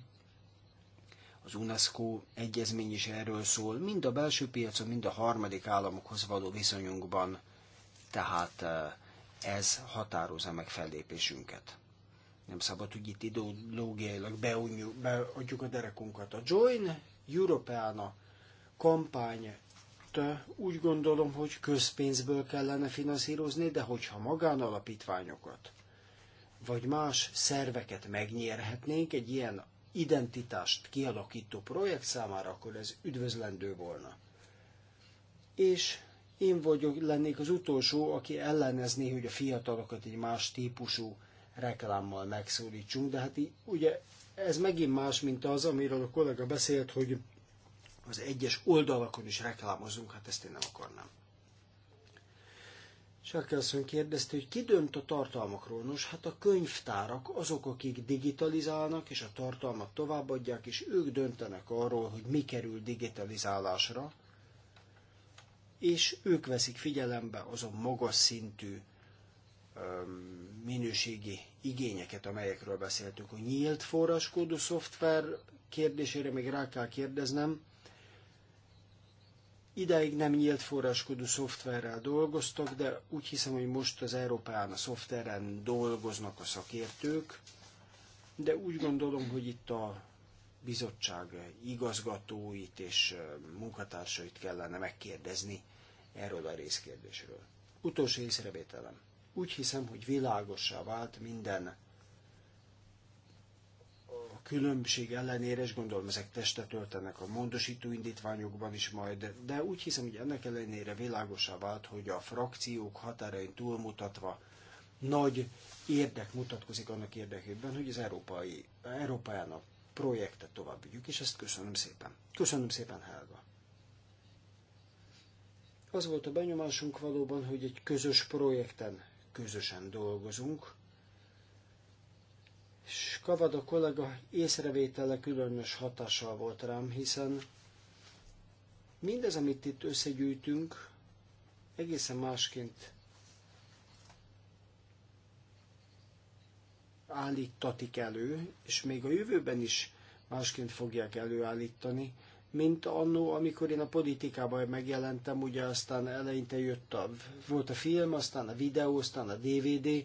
az UNESCO egyezmény is erről szól, mind a belső piacon, mind a harmadik államokhoz való viszonyunkban, tehát eh, ez határozza meg fellépésünket. Nem szabad, hogy itt ideológiailag beadjuk a derekunkat. A Join Europeana kampány úgy gondolom, hogy közpénzből kellene finanszírozni, de hogyha magánalapítványokat vagy más szerveket megnyerhetnénk egy ilyen identitást kialakító projekt számára, akkor ez üdvözlendő volna. És én vagyok, lennék az utolsó, aki ellenezné, hogy a fiatalokat egy más típusú reklámmal megszólítsunk, de hát így, ugye ez megint más, mint az, amiről a kollega beszélt, hogy az egyes oldalakon is reklámozunk, hát ezt én nem akarnám. Sarkelson kérdezte, hogy ki dönt a tartalmakról? Nos, hát a könyvtárak azok, akik digitalizálnak, és a tartalmat továbbadják, és ők döntenek arról, hogy mi kerül digitalizálásra, és ők veszik figyelembe azon magas szintű minőségi igényeket, amelyekről beszéltünk. A nyílt forráskódú szoftver kérdésére még rá kell kérdeznem. Ideig nem nyílt forráskódú szoftverrel dolgoztak, de úgy hiszem, hogy most az Európán a szoftveren dolgoznak a szakértők, de úgy gondolom, hogy itt a bizottság igazgatóit és munkatársait kellene megkérdezni erről a részkérdésről. Utolsó észrevételem. Úgy hiszem, hogy világosá vált minden a különbség ellenére, és gondolom ezek testet töltenek a módosító indítványokban is majd, de úgy hiszem, hogy ennek ellenére világosá vált, hogy a frakciók határain túlmutatva nagy érdek mutatkozik annak érdekében, hogy az európai, Európájának projektet tovább vigyük, és ezt köszönöm szépen. Köszönöm szépen, Helga. Az volt a benyomásunk valóban, hogy egy közös projekten közösen dolgozunk. És a kollega észrevétele különös hatással volt rám, hiszen mindez, amit itt összegyűjtünk, egészen másként állítatik elő, és még a jövőben is másként fogják előállítani, mint annó, amikor én a politikában megjelentem, ugye aztán eleinte jött a, volt a film, aztán a videó, aztán a DVD,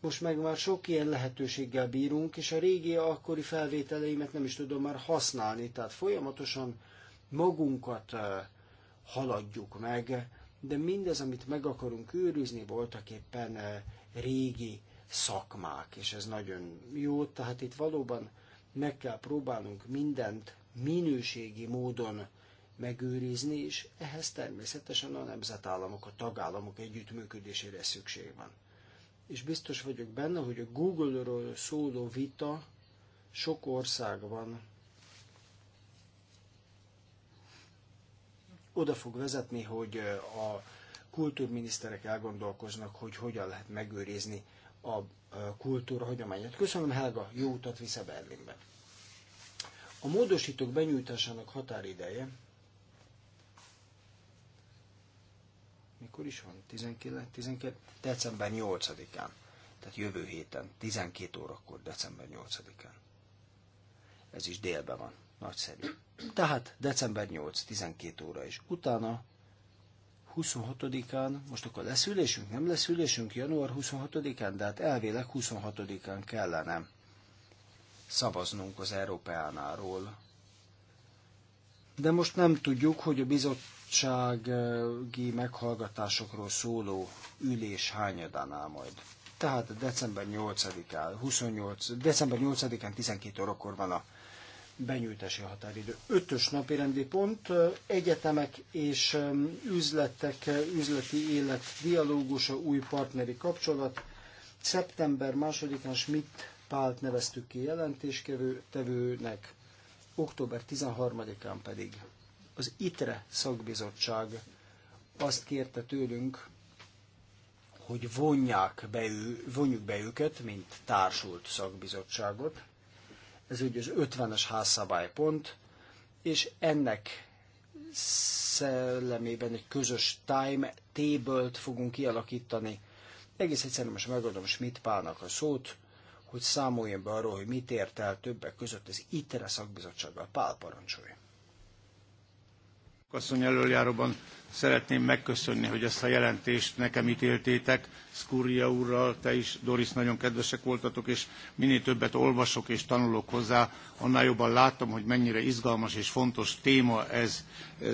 most meg már sok ilyen lehetőséggel bírunk, és a régi akkori felvételeimet nem is tudom már használni, tehát folyamatosan magunkat eh, haladjuk meg, de mindez, amit meg akarunk őrizni, voltak éppen eh, régi szakmák, és ez nagyon jó, tehát itt valóban meg kell próbálnunk mindent minőségi módon megőrizni, és ehhez természetesen a nemzetállamok, a tagállamok együttműködésére szükség van. És biztos vagyok benne, hogy a Google-ről szóló vita sok országban oda fog vezetni, hogy a kultúrminiszterek elgondolkoznak, hogy hogyan lehet megőrizni a kultúra hagyományát. Köszönöm, Helga, jó utat vissza Berlinbe! A módosítók benyújtásának határideje mikor is van? 19, 12, december 8-án. Tehát jövő héten, 12 órakor, december 8-án. Ez is délben van, nagyszerű. Tehát december 8, 12 óra is. Utána 26-án, most akkor lesz ülésünk, nem lesz ülésünk január 26-án, de hát elvileg 26-án kellene szavaznunk az Európeánáról. De most nem tudjuk, hogy a bizottsági meghallgatásokról szóló ülés hányadán áll majd. Tehát december 8-án, 28, december 8-án 12 órakor van a benyújtási határidő. Ötös napi rendi pont, egyetemek és um, üzletek, üzleti élet dialógusa, új partneri kapcsolat. Szeptember 2-án Schmidt Pált neveztük ki jelentéstevőnek, október 13-án pedig az ITRE szakbizottság azt kérte tőlünk, hogy vonják be ő, vonjuk be őket, mint társult szakbizottságot. Ez ugye az 50-es házszabálypont, és ennek szellemében egy közös time table-t fogunk kialakítani. Egész egyszerűen most megadom Schmidt pálnak a szót, hogy számoljon be arról, hogy mit ért el többek között az ITERE szakbizottsággal. Pál parancsolja. Köszönj elöljáróban szeretném megköszönni, hogy ezt a jelentést nekem ítéltétek. Skúria úrral, te is, Doris, nagyon kedvesek voltatok, és minél többet olvasok és tanulok hozzá, annál jobban látom, hogy mennyire izgalmas és fontos téma ez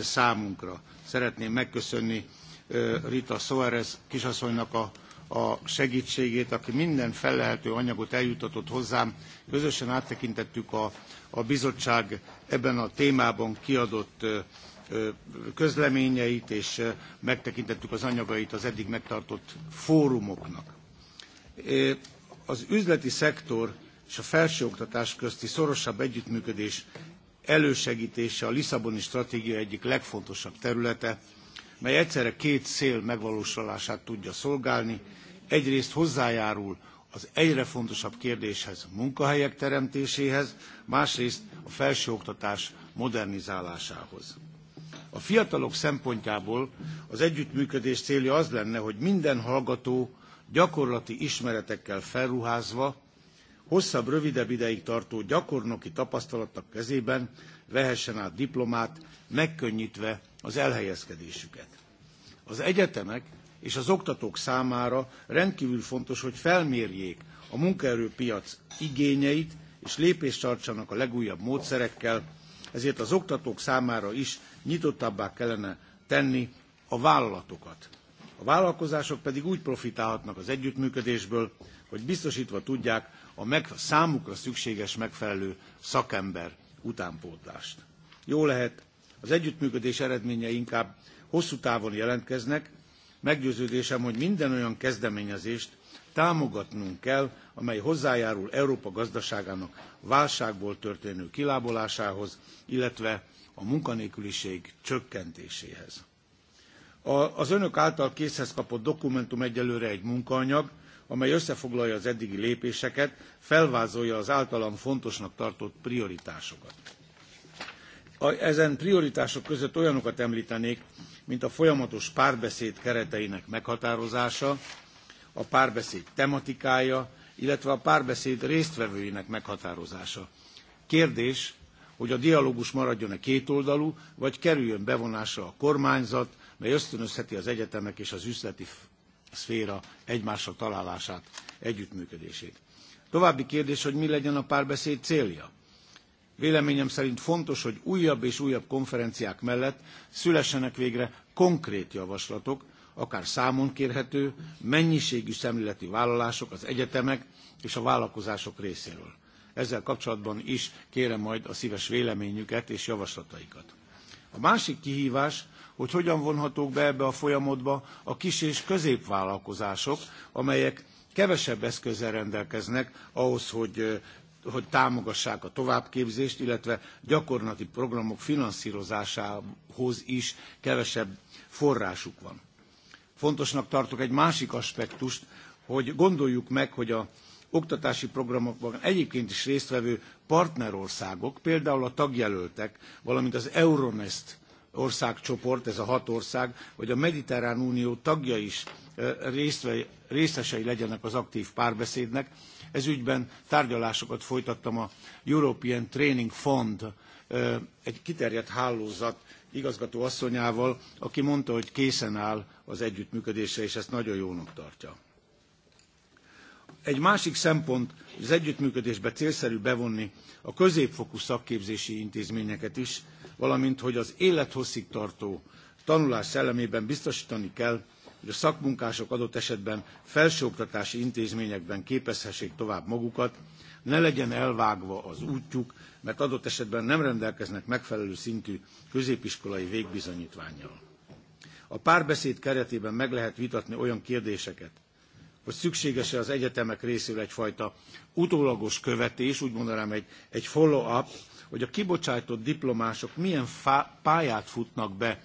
számunkra. Szeretném megköszönni Rita Soares kisasszonynak a a segítségét, aki minden fellehető anyagot eljutatott hozzám. Közösen áttekintettük a, a bizottság ebben a témában kiadott közleményeit, és megtekintettük az anyagait az eddig megtartott fórumoknak. Az üzleti szektor és a felsőoktatás közti szorosabb együttműködés elősegítése a Lisszaboni stratégia egyik legfontosabb területe, mely egyszerre két cél megvalósulását tudja szolgálni, egyrészt hozzájárul az egyre fontosabb kérdéshez, munkahelyek teremtéséhez, másrészt a felsőoktatás modernizálásához. A fiatalok szempontjából az együttműködés célja az lenne, hogy minden hallgató gyakorlati ismeretekkel felruházva, hosszabb, rövidebb ideig tartó gyakornoki tapasztalatok kezében vehessen át diplomát, megkönnyítve az elhelyezkedésüket. Az egyetemek és az oktatók számára rendkívül fontos, hogy felmérjék a munkaerőpiac igényeit, és lépést tartsanak a legújabb módszerekkel, ezért az oktatók számára is nyitottabbá kellene tenni a vállalatokat. A vállalkozások pedig úgy profitálhatnak az együttműködésből, hogy biztosítva tudják a meg, számukra szükséges megfelelő szakember utánpótlást. Jó lehet, az együttműködés eredményei inkább hosszú távon jelentkeznek, meggyőződésem, hogy minden olyan kezdeményezést támogatnunk kell, amely hozzájárul Európa gazdaságának válságból történő kilábalásához, illetve a munkanélküliség csökkentéséhez. A, az önök által készhez kapott dokumentum egyelőre egy munkaanyag, amely összefoglalja az eddigi lépéseket, felvázolja az általam fontosnak tartott prioritásokat. A, ezen prioritások között olyanokat említenék, mint a folyamatos párbeszéd kereteinek meghatározása, a párbeszéd tematikája, illetve a párbeszéd résztvevőinek meghatározása. Kérdés, hogy a dialógus maradjon-e kétoldalú, vagy kerüljön bevonásra a kormányzat, mely ösztönözheti az egyetemek és az üzleti szféra egymásra találását, együttműködését. További kérdés, hogy mi legyen a párbeszéd célja. Véleményem szerint fontos, hogy újabb és újabb konferenciák mellett szülessenek végre konkrét javaslatok, akár számon kérhető, mennyiségű szemléleti vállalások az egyetemek és a vállalkozások részéről. Ezzel kapcsolatban is kérem majd a szíves véleményüket és javaslataikat. A másik kihívás, hogy hogyan vonhatók be ebbe a folyamatba a kis és középvállalkozások, amelyek kevesebb eszközzel rendelkeznek ahhoz, hogy hogy támogassák a továbbképzést, illetve gyakorlati programok finanszírozásához is kevesebb forrásuk van. Fontosnak tartok egy másik aspektust, hogy gondoljuk meg, hogy a oktatási programokban egyébként is résztvevő partnerországok, például a tagjelöltek, valamint az Euronest országcsoport, ez a hat ország, hogy a Mediterrán Unió tagja is részesei legyenek az aktív párbeszédnek, ez ügyben tárgyalásokat folytattam a European Training Fund egy kiterjedt hálózat igazgató asszonyával, aki mondta, hogy készen áll az együttműködésre, és ezt nagyon jónak tartja. Egy másik szempont, hogy az együttműködésbe célszerű bevonni a középfokú szakképzési intézményeket is, valamint hogy az élethosszig tartó tanulás szellemében biztosítani kell, hogy a szakmunkások adott esetben felsőoktatási intézményekben képezhessék tovább magukat, ne legyen elvágva az útjuk, mert adott esetben nem rendelkeznek megfelelő szintű középiskolai végbizonyítványjal. A párbeszéd keretében meg lehet vitatni olyan kérdéseket, hogy szükséges-e az egyetemek részéről egyfajta utólagos követés, úgy mondanám egy, egy follow-up, hogy a kibocsátott diplomások milyen pályát futnak be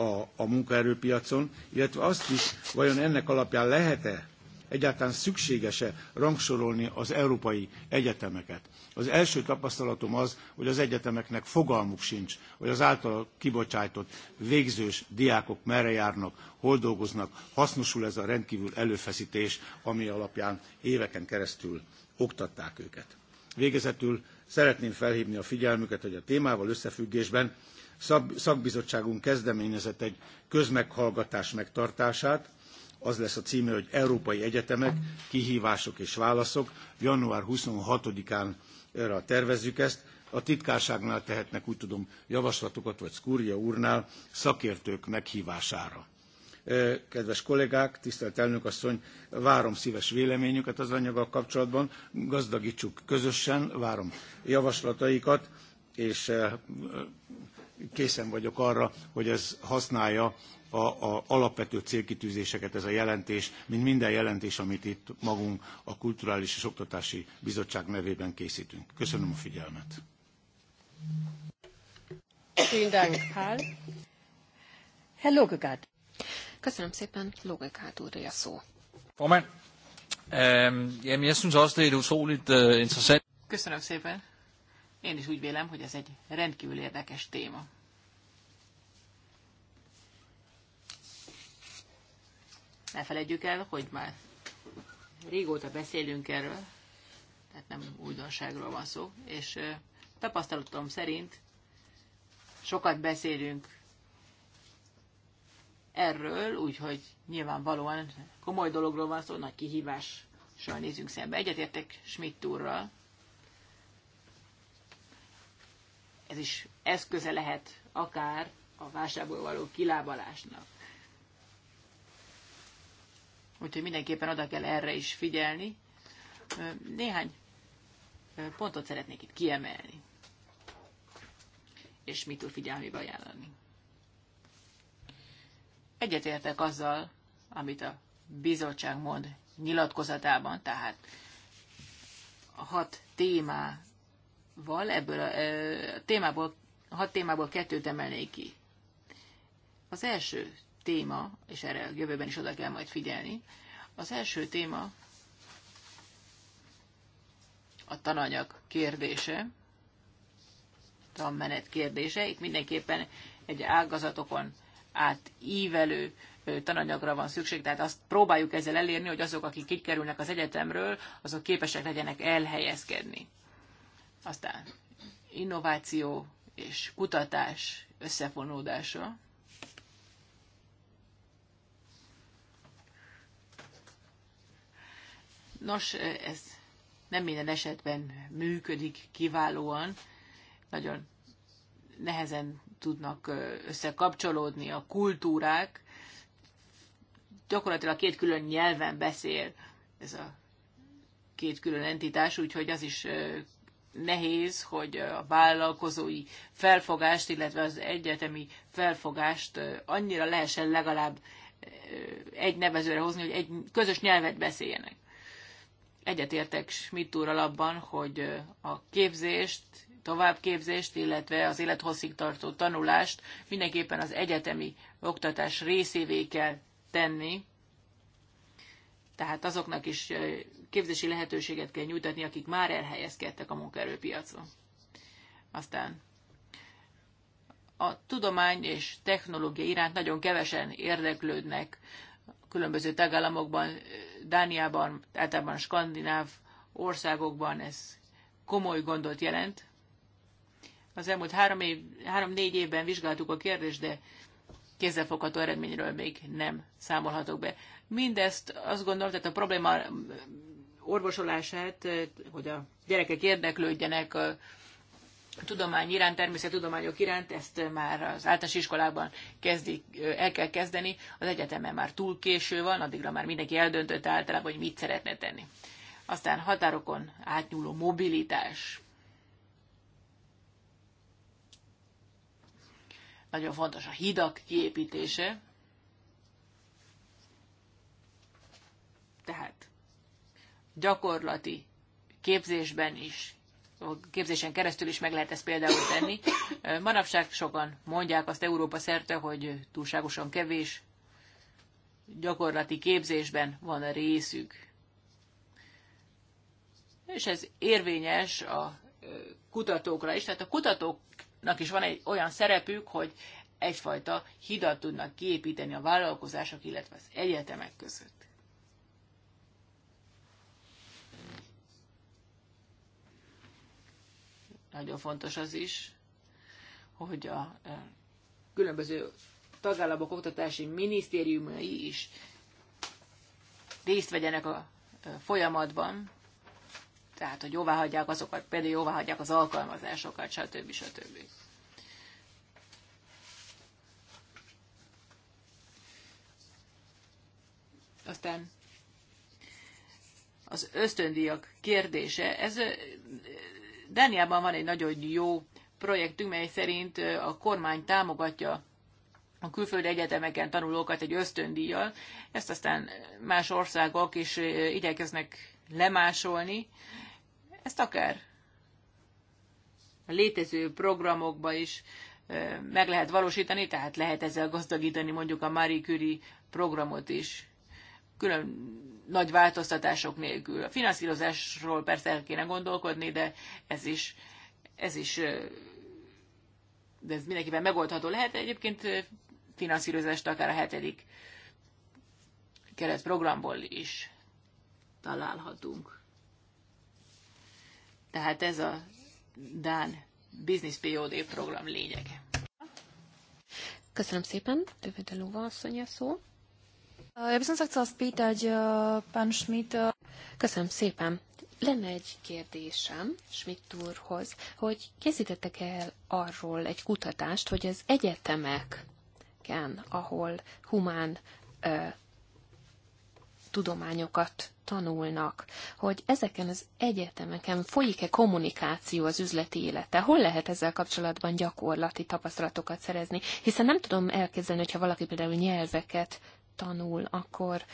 a, a munkaerőpiacon, illetve azt is, vajon ennek alapján lehet-e, egyáltalán szükséges-e rangsorolni az európai egyetemeket. Az első tapasztalatom az, hogy az egyetemeknek fogalmuk sincs, hogy az által kibocsájtott végzős diákok merre járnak, hol dolgoznak, hasznosul ez a rendkívül előfeszítés, ami alapján éveken keresztül oktatták őket. Végezetül szeretném felhívni a figyelmüket, hogy a témával összefüggésben szakbizottságunk kezdeményezett egy közmeghallgatás megtartását, az lesz a címe, hogy Európai Egyetemek, kihívások és válaszok. Január 26-án erre tervezzük ezt. A titkárságnál tehetnek, úgy tudom, javaslatokat, vagy Skúria úrnál szakértők meghívására. Kedves kollégák, tisztelt elnök asszony, várom szíves véleményüket az anyaggal kapcsolatban, gazdagítsuk közösen, várom javaslataikat, és készen vagyok arra, hogy ez használja a, a alapvető célkitűzéseket ez a jelentés, mint minden jelentés, amit itt magunk a Kulturális és Oktatási Bizottság nevében készítünk. Köszönöm a figyelmet. Köszönöm szépen, Logegard úr, a szó. Formand, øhm, jamen jeg synes også, det er et utroligt øh, interessant... Köszönöm szépen. Én is úgy vélem, hogy ez egy rendkívül érdekes téma. Ne felejtjük el, hogy már régóta beszélünk erről, tehát nem újdonságról van szó, és tapasztalatom szerint sokat beszélünk erről, úgyhogy nyilvánvalóan komoly dologról van szó, nagy kihívással nézünk szembe. Egyetértek Schmidt úrral, ez is eszköze lehet akár a vásárból való kilábalásnak. Úgyhogy mindenképpen oda kell erre is figyelni. Néhány pontot szeretnék itt kiemelni, és mitől figyelmi ajánlani. Egyetértek azzal, amit a bizottság mond nyilatkozatában, tehát a hat témá val ebből a témából, a hat témából kettőt emelnék ki. Az első téma, és erre a jövőben is oda kell majd figyelni, az első téma a tananyag kérdése, menet kérdése. Itt mindenképpen egy ágazatokon átívelő tananyagra van szükség, tehát azt próbáljuk ezzel elérni, hogy azok, akik kikerülnek az egyetemről, azok képesek legyenek elhelyezkedni. Aztán innováció és kutatás összefonódása. Nos, ez nem minden esetben működik kiválóan, nagyon nehezen tudnak összekapcsolódni a kultúrák. Gyakorlatilag két külön nyelven beszél ez a két külön entitás, úgyhogy az is nehéz, hogy a vállalkozói felfogást, illetve az egyetemi felfogást annyira lehessen legalább egy nevezőre hozni, hogy egy közös nyelvet beszéljenek. Egyetértek Schmidt úrral abban, hogy a képzést, továbbképzést, illetve az élethosszig tartó tanulást mindenképpen az egyetemi oktatás részévé kell tenni, tehát azoknak is képzési lehetőséget kell nyújtani, akik már elhelyezkedtek a munkaerőpiacon. Aztán a tudomány és technológia iránt nagyon kevesen érdeklődnek a különböző tagállamokban, Dániában, általában a skandináv országokban ez komoly gondot jelent. Az elmúlt három-négy év, három, évben vizsgáltuk a kérdést, de kézzelfogható eredményről még nem számolhatok be. Mindezt azt gondolom, tehát a probléma orvosolását, eh, hogy a gyerekek érdeklődjenek a tudomány iránt, természettudományok iránt, ezt eh, már az általános iskolában kezdik, eh, el kell kezdeni, az egyetemen már túl késő van, addigra már mindenki eldöntötte általában, hogy mit szeretne tenni. Aztán határokon átnyúló mobilitás. Nagyon fontos a hidak kiépítése. Tehát gyakorlati képzésben is, képzésen keresztül is meg lehet ezt például tenni. Manapság sokan mondják azt Európa szerte, hogy túlságosan kevés gyakorlati képzésben van a részük. És ez érvényes a kutatókra is, tehát a kutatóknak is van egy olyan szerepük, hogy egyfajta hidat tudnak kiépíteni a vállalkozások, illetve az egyetemek között. Nagyon fontos az is, hogy a e, különböző tagállamok oktatási minisztériumai is részt vegyenek a e, folyamatban, tehát, hogy jóvá hagyják azokat, például jóvá hagyják az alkalmazásokat, stb. stb. Aztán az ösztöndíjak kérdése, ez e, Dániában van egy nagyon jó projektünk, mely szerint a kormány támogatja a külföldi egyetemeken tanulókat egy ösztöndíjjal. Ezt aztán más országok is igyekeznek lemásolni. Ezt akár a létező programokba is meg lehet valósítani, tehát lehet ezzel gazdagítani mondjuk a Marie Curie programot is külön nagy változtatások nélkül. A finanszírozásról persze el kéne gondolkodni, de ez is, ez is de ez mindenképpen megoldható lehet. Egyébként finanszírozást akár a hetedik keretprogramból is találhatunk. Tehát ez a Dán Business POD program lényege. Köszönöm szépen, Dövedelóva asszony a szó. Ja by som sa chcela spýtať, pán Schmidt. Köszönöm szépen. Lenne egy kérdésem Schmidt úrhoz, hogy készítettek el arról egy kutatást, hogy az egyetemeken, ahol humán ö, tudományokat tanulnak, hogy ezeken az egyetemeken folyik-e kommunikáció az üzleti élete, hol lehet ezzel kapcsolatban gyakorlati tapasztalatokat szerezni, hiszen nem tudom elképzelni, hogyha valaki például nyelveket tanul, akkor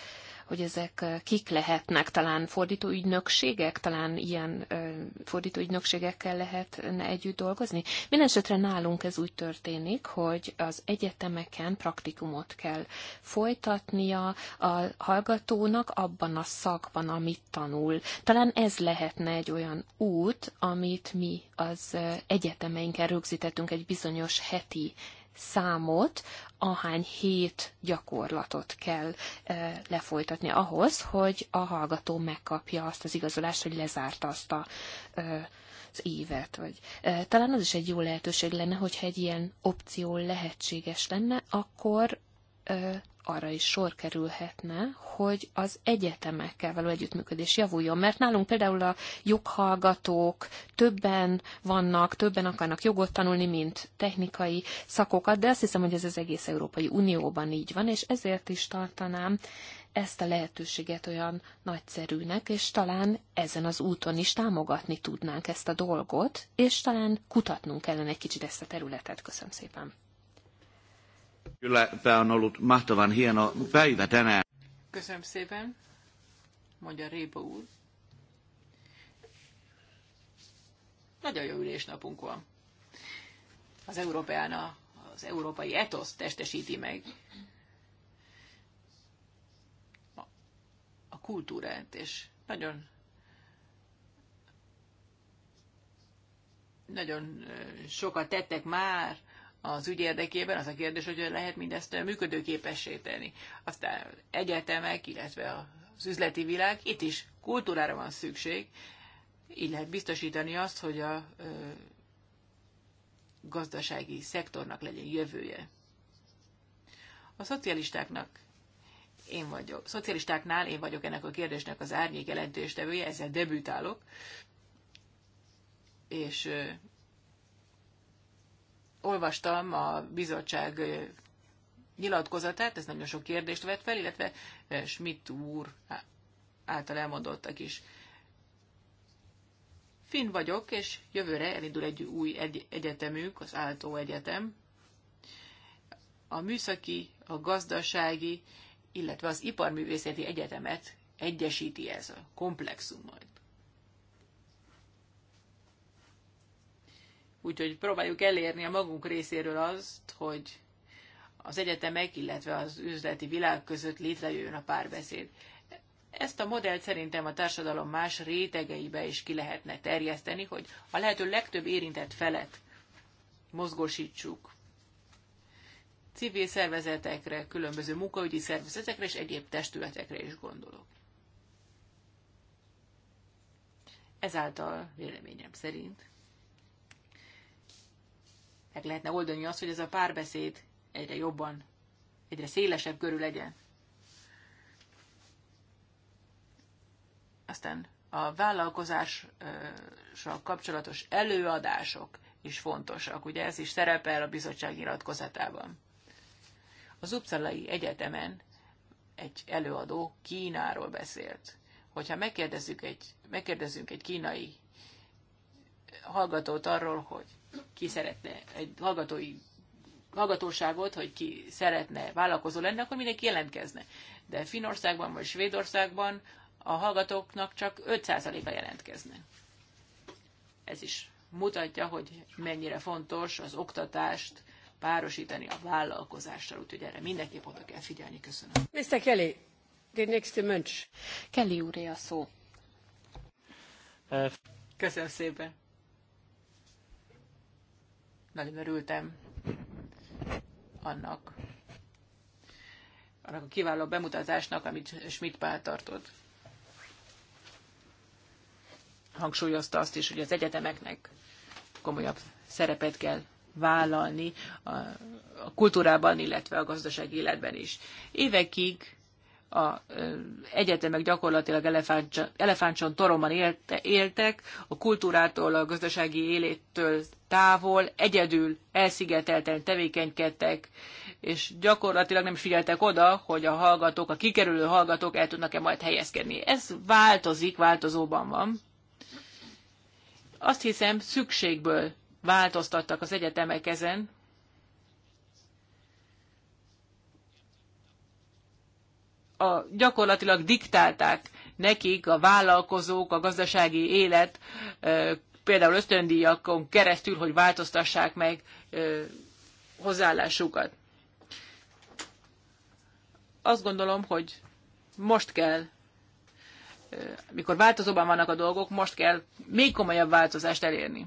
hogy ezek kik lehetnek, talán fordítóügynökségek, talán ilyen fordítóügynökségekkel lehet együtt dolgozni. Mindenesetre nálunk ez úgy történik, hogy az egyetemeken praktikumot kell folytatnia a hallgatónak abban a szakban, amit tanul. Talán ez lehetne egy olyan út, amit mi az egyetemeinken rögzítettünk egy bizonyos heti számot, ahány hét gyakorlatot kell e, lefolytatni ahhoz, hogy a hallgató megkapja azt az igazolást, hogy lezárta azt a, e, az évet. Vagy. E, talán az is egy jó lehetőség lenne, hogyha egy ilyen opció lehetséges lenne, akkor arra is sor kerülhetne, hogy az egyetemekkel való együttműködés javuljon, mert nálunk például a joghallgatók többen vannak, többen akarnak jogot tanulni, mint technikai szakokat, de azt hiszem, hogy ez az egész Európai Unióban így van, és ezért is tartanám ezt a lehetőséget olyan nagyszerűnek, és talán ezen az úton is támogatni tudnánk ezt a dolgot, és talán kutatnunk kellene egy kicsit ezt a területet. Köszönöm szépen! Kyllä, tämä on ollut mahtavan hieno päivä tänään. Köszönöm szépen, mondja Réba úr. Nagyon jó ülésnapunk van. Az Európeán az európai etosz testesíti meg a kultúrát, és nagyon nagyon sokat tettek már az ügy érdekében, az a kérdés, hogy lehet mindezt működőképessé tenni. Aztán egyetemek, illetve az üzleti világ, itt is kultúrára van szükség, így lehet biztosítani azt, hogy a ö, gazdasági szektornak legyen jövője. A szocialistáknak én vagyok, szocialistáknál én vagyok ennek a kérdésnek az árnyék jelentéstevője, ezzel debütálok, és olvastam a bizottság nyilatkozatát, ez nagyon sok kérdést vett fel, illetve Schmidt úr által elmondottak is. Finn vagyok, és jövőre elindul egy új egy- egyetemünk, az Áltó Egyetem. A műszaki, a gazdasági, illetve az iparművészeti egyetemet egyesíti ez a komplexum majd. úgyhogy próbáljuk elérni a magunk részéről azt, hogy az egyetemek, illetve az üzleti világ között létrejön a párbeszéd. Ezt a modellt szerintem a társadalom más rétegeibe is ki lehetne terjeszteni, hogy a lehető legtöbb érintett felet mozgósítsuk civil szervezetekre, különböző munkaügyi szervezetekre és egyéb testületekre is gondolok. Ezáltal véleményem szerint meg lehetne oldani azt, hogy ez a párbeszéd egyre jobban, egyre szélesebb körül legyen. Aztán a vállalkozással kapcsolatos előadások is fontosak. Ugye ez is szerepel a bizottság nyilatkozatában. Az Uppsalai Egyetemen egy előadó Kínáról beszélt. Hogyha megkérdezünk egy, megkérdezünk egy kínai hallgatót arról, hogy ki szeretne, egy hallgatói hallgatóságot, hogy ki szeretne vállalkozó lenni, akkor mindenki jelentkezne. De Finországban vagy Svédországban a hallgatóknak csak 5%-a jelentkezne. Ez is mutatja, hogy mennyire fontos az oktatást párosítani a vállalkozással, úgyhogy erre mindenképp oda kell figyelni. Köszönöm. Mr. Kelly, the next Mönch. Kelly úré a szó. Köszönöm szépen. Nagyon örültem annak, annak a kiváló bemutatásnak, amit Schmidt Pál tartott. Hangsúlyozta azt is, hogy az egyetemeknek komolyabb szerepet kell vállalni a, a kultúrában, illetve a gazdasági életben is. Évekig a egyetemek gyakorlatilag elefántson, toromban éltek, a kultúrától, a gazdasági élettől távol, egyedül, elszigetelten tevékenykedtek, és gyakorlatilag nem figyeltek oda, hogy a hallgatók, a kikerülő hallgatók el tudnak-e majd helyezkedni. Ez változik, változóban van. Azt hiszem, szükségből változtattak az egyetemek ezen, a, gyakorlatilag diktálták nekik a vállalkozók, a gazdasági élet, például ösztöndíjakon keresztül, hogy változtassák meg hozzáállásukat. Azt gondolom, hogy most kell, mikor változóban vannak a dolgok, most kell még komolyabb változást elérni.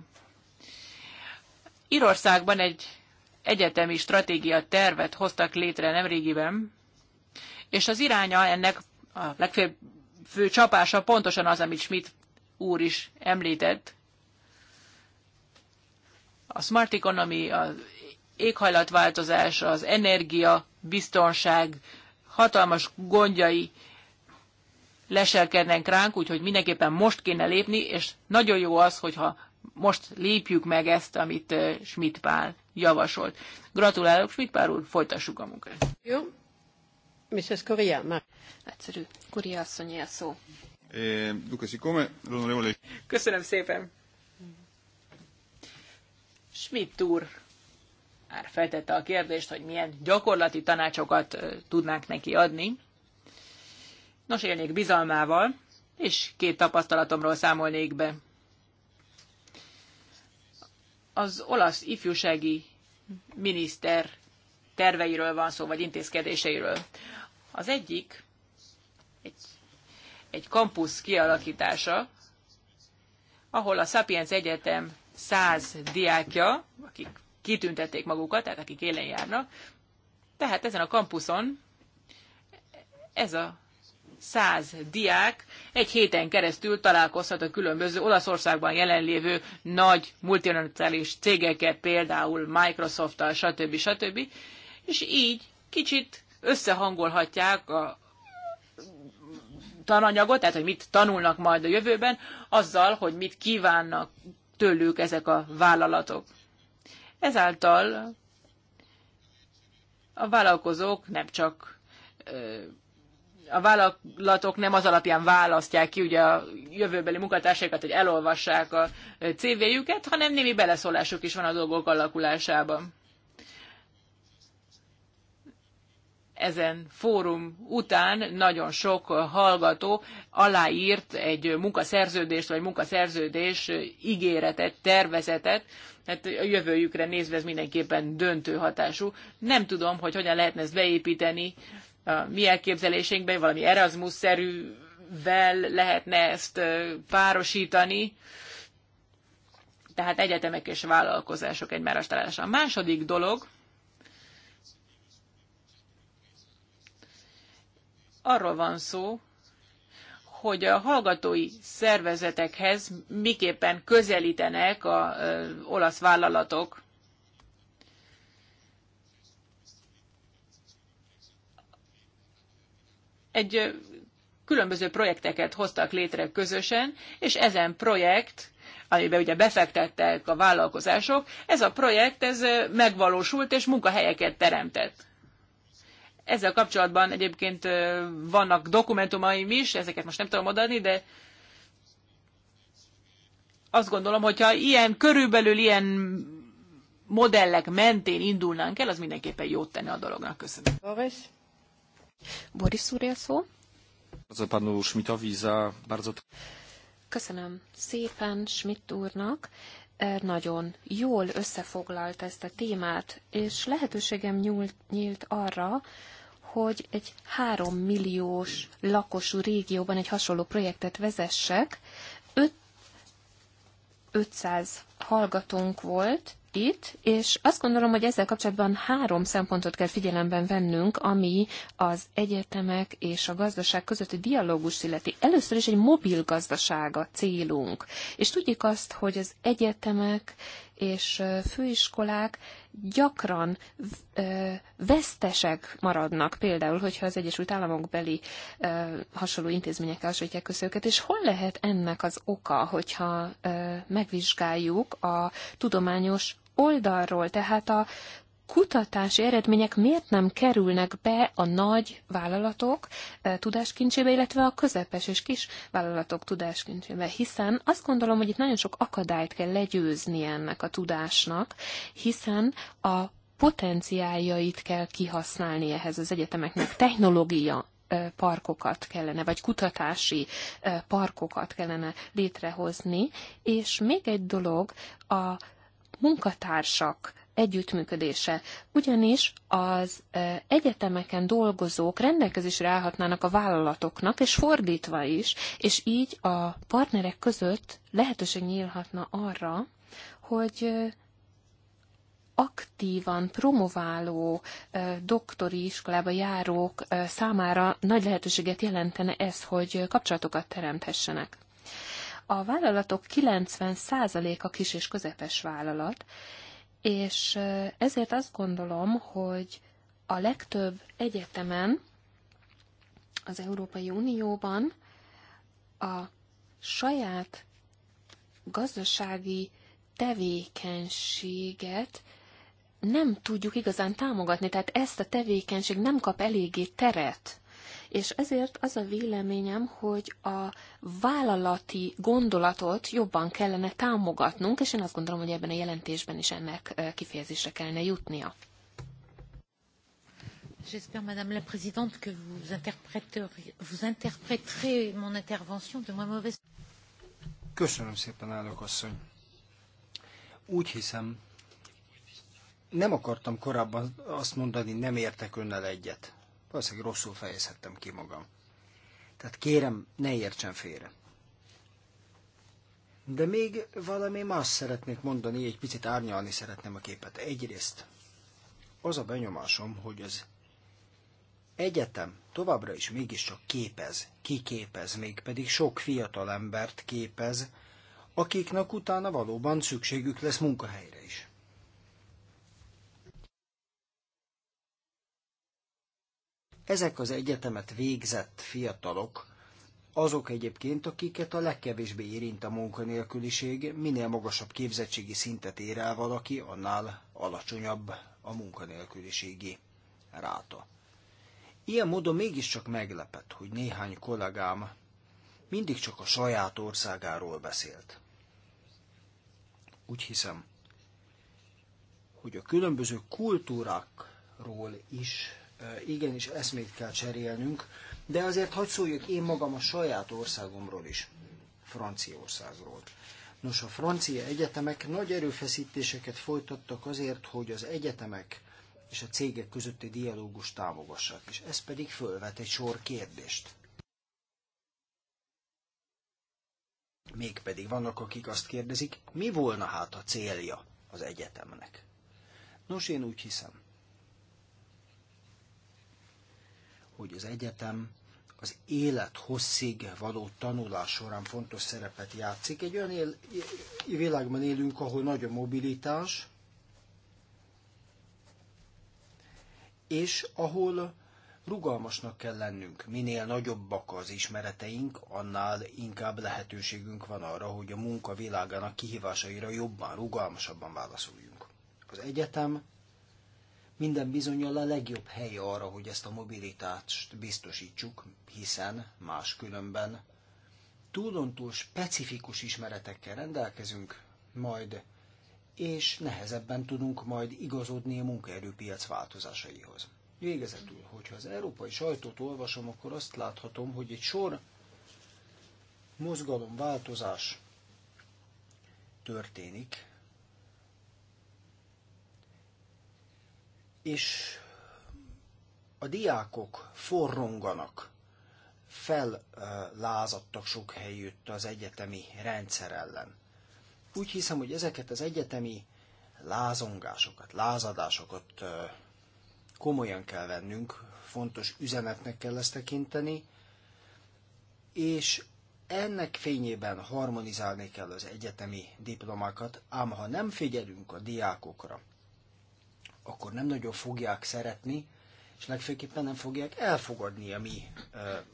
Írországban egy egyetemi stratégia tervet hoztak létre nemrégiben, és az iránya ennek a legfőbb fő csapása pontosan az, amit Schmidt úr is említett. A smart economy, az éghajlatváltozás, az energia, biztonság hatalmas gondjai leselkednek ránk, úgyhogy mindenképpen most kéne lépni, és nagyon jó az, hogyha most lépjük meg ezt, amit Schmidt Pál javasolt. Gratulálok, Schmidt Pál úr, folytassuk a munkát. Jó, Mrs. Correa, ma... Egyszerű. Correa asszony a szó. E, Köszönöm szépen. Schmidt úr már feltette a kérdést, hogy milyen gyakorlati tanácsokat tudnánk neki adni. Nos, élnék bizalmával, és két tapasztalatomról számolnék be. Az olasz ifjúsági miniszter terveiről van szó, vagy intézkedéseiről. Az egyik egy, egy kampusz kialakítása, ahol a Sapiens Egyetem száz diákja, akik kitüntették magukat, tehát akik élen járnak, tehát ezen a kampuszon ez a száz diák egy héten keresztül találkozhat a különböző Olaszországban jelenlévő nagy multinacionális cégeket, például Microsoft-tal, stb. stb és így kicsit összehangolhatják a tananyagot, tehát hogy mit tanulnak majd a jövőben, azzal, hogy mit kívánnak tőlük ezek a vállalatok. Ezáltal a vállalkozók nem csak a vállalatok nem az alapján választják ki ugye a jövőbeli munkatársaikat, hogy elolvassák a CV-jüket, hanem némi beleszólásuk is van a dolgok alakulásában. ezen fórum után nagyon sok hallgató aláírt egy munkaszerződést, vagy munkaszerződés ígéretet, tervezetet, tehát a jövőjükre nézve ez mindenképpen döntő hatású. Nem tudom, hogy hogyan lehetne ezt beépíteni a mi elképzelésénkbe, valami Erasmus-szerűvel lehetne ezt párosítani, tehát egyetemek és vállalkozások egymásra találása. A második dolog, arról van szó, hogy a hallgatói szervezetekhez miképpen közelítenek az olasz vállalatok. Egy különböző projekteket hoztak létre közösen, és ezen projekt, amiben ugye befektettek a vállalkozások, ez a projekt ez megvalósult és munkahelyeket teremtett. Ezzel kapcsolatban egyébként vannak dokumentumaim is, ezeket most nem tudom adni, de azt gondolom, hogyha ilyen körülbelül ilyen modellek mentén indulnánk el, az mindenképpen jót tenne a dolognak. Köszönöm. Boris? Boris úr, szó. Panu Köszönöm szépen Schmidt úrnak. Nagyon jól összefoglalt ezt a témát, és lehetőségem nyúlt, nyílt arra, hogy egy három milliós lakosú régióban egy hasonló projektet vezessek. 5, 500 hallgatónk volt itt, és azt gondolom, hogy ezzel kapcsolatban három szempontot kell figyelemben vennünk, ami az egyetemek és a gazdaság közötti dialógus illeti. Először is egy mobil gazdasága célunk, és tudjuk azt, hogy az egyetemek és főiskolák gyakran vesztesek maradnak, például, hogyha az Egyesült Államok beli hasonló intézményekkel hasonlítják össze őket, és hol lehet ennek az oka, hogyha megvizsgáljuk a tudományos oldalról, tehát a kutatási eredmények miért nem kerülnek be a nagy vállalatok eh, tudáskincsébe, illetve a közepes és kis vállalatok tudáskincsébe, hiszen azt gondolom, hogy itt nagyon sok akadályt kell legyőzni ennek a tudásnak, hiszen a potenciáljait kell kihasználni ehhez az egyetemeknek. Technológia eh, parkokat kellene, vagy kutatási eh, parkokat kellene létrehozni. És még egy dolog, a munkatársak együttműködése. Ugyanis az egyetemeken dolgozók rendelkezésre állhatnának a vállalatoknak, és fordítva is, és így a partnerek között lehetőség nyílhatna arra, hogy aktívan promováló doktori iskolába járók számára nagy lehetőséget jelentene ez, hogy kapcsolatokat teremthessenek. A vállalatok 90%-a kis és közepes vállalat, és ezért azt gondolom, hogy a legtöbb egyetemen az Európai Unióban a saját gazdasági tevékenységet nem tudjuk igazán támogatni, tehát ezt a tevékenység nem kap eléggé teret és ezért az a véleményem, hogy a vállalati gondolatot jobban kellene támogatnunk, és én azt gondolom, hogy ebben a jelentésben is ennek kifejezésre kellene jutnia. J'espère, Madame la Présidente, que vous vous interpréterez mon intervention de moins mauvaise. Köszönöm szépen, állok asszony. Úgy hiszem, nem akartam korábban azt mondani, nem értek önnel egyet. Valószínűleg rosszul fejezhettem ki magam. Tehát kérem, ne értsen félre. De még valami más szeretnék mondani, egy picit árnyalni szeretném a képet. Egyrészt az a benyomásom, hogy az egyetem továbbra is mégiscsak képez, kiképez, mégpedig sok fiatal embert képez, akiknek utána valóban szükségük lesz munkahelyre is. Ezek az egyetemet végzett fiatalok, azok egyébként, akiket a legkevésbé érint a munkanélküliség, minél magasabb képzettségi szintet ér el valaki, annál alacsonyabb a munkanélküliségi ráta. Ilyen módon mégiscsak meglepett, hogy néhány kollégám mindig csak a saját országáról beszélt. Úgy hiszem, hogy a különböző kultúrákról is igenis eszmét kell cserélnünk, de azért hagy szóljak én magam a saját országomról is, Franciaországról. Nos, a francia egyetemek nagy erőfeszítéseket folytattak azért, hogy az egyetemek és a cégek közötti dialógus támogassák, és ez pedig fölvet egy sor kérdést. Mégpedig vannak, akik azt kérdezik, mi volna hát a célja az egyetemnek? Nos, én úgy hiszem, hogy az egyetem az élet hosszig való tanulás során fontos szerepet játszik. Egy olyan él, világban élünk, ahol nagy a mobilitás, és ahol rugalmasnak kell lennünk. Minél nagyobbak az ismereteink, annál inkább lehetőségünk van arra, hogy a munka világának kihívásaira jobban, rugalmasabban válaszoljunk. Az egyetem minden bizonyal a legjobb hely arra, hogy ezt a mobilitást biztosítsuk, hiszen máskülönben túlontúl specifikus ismeretekkel rendelkezünk, majd és nehezebben tudunk majd igazodni a munkaerőpiac változásaihoz. Végezetül, hogyha az európai sajtót olvasom, akkor azt láthatom, hogy egy sor mozgalomváltozás történik, és a diákok forronganak, fellázadtak sok helyütt az egyetemi rendszer ellen. Úgy hiszem, hogy ezeket az egyetemi lázongásokat, lázadásokat komolyan kell vennünk, fontos üzenetnek kell ezt tekinteni, és ennek fényében harmonizálni kell az egyetemi diplomákat, ám ha nem figyelünk a diákokra, akkor nem nagyon fogják szeretni, és legfőképpen nem fogják elfogadni a mi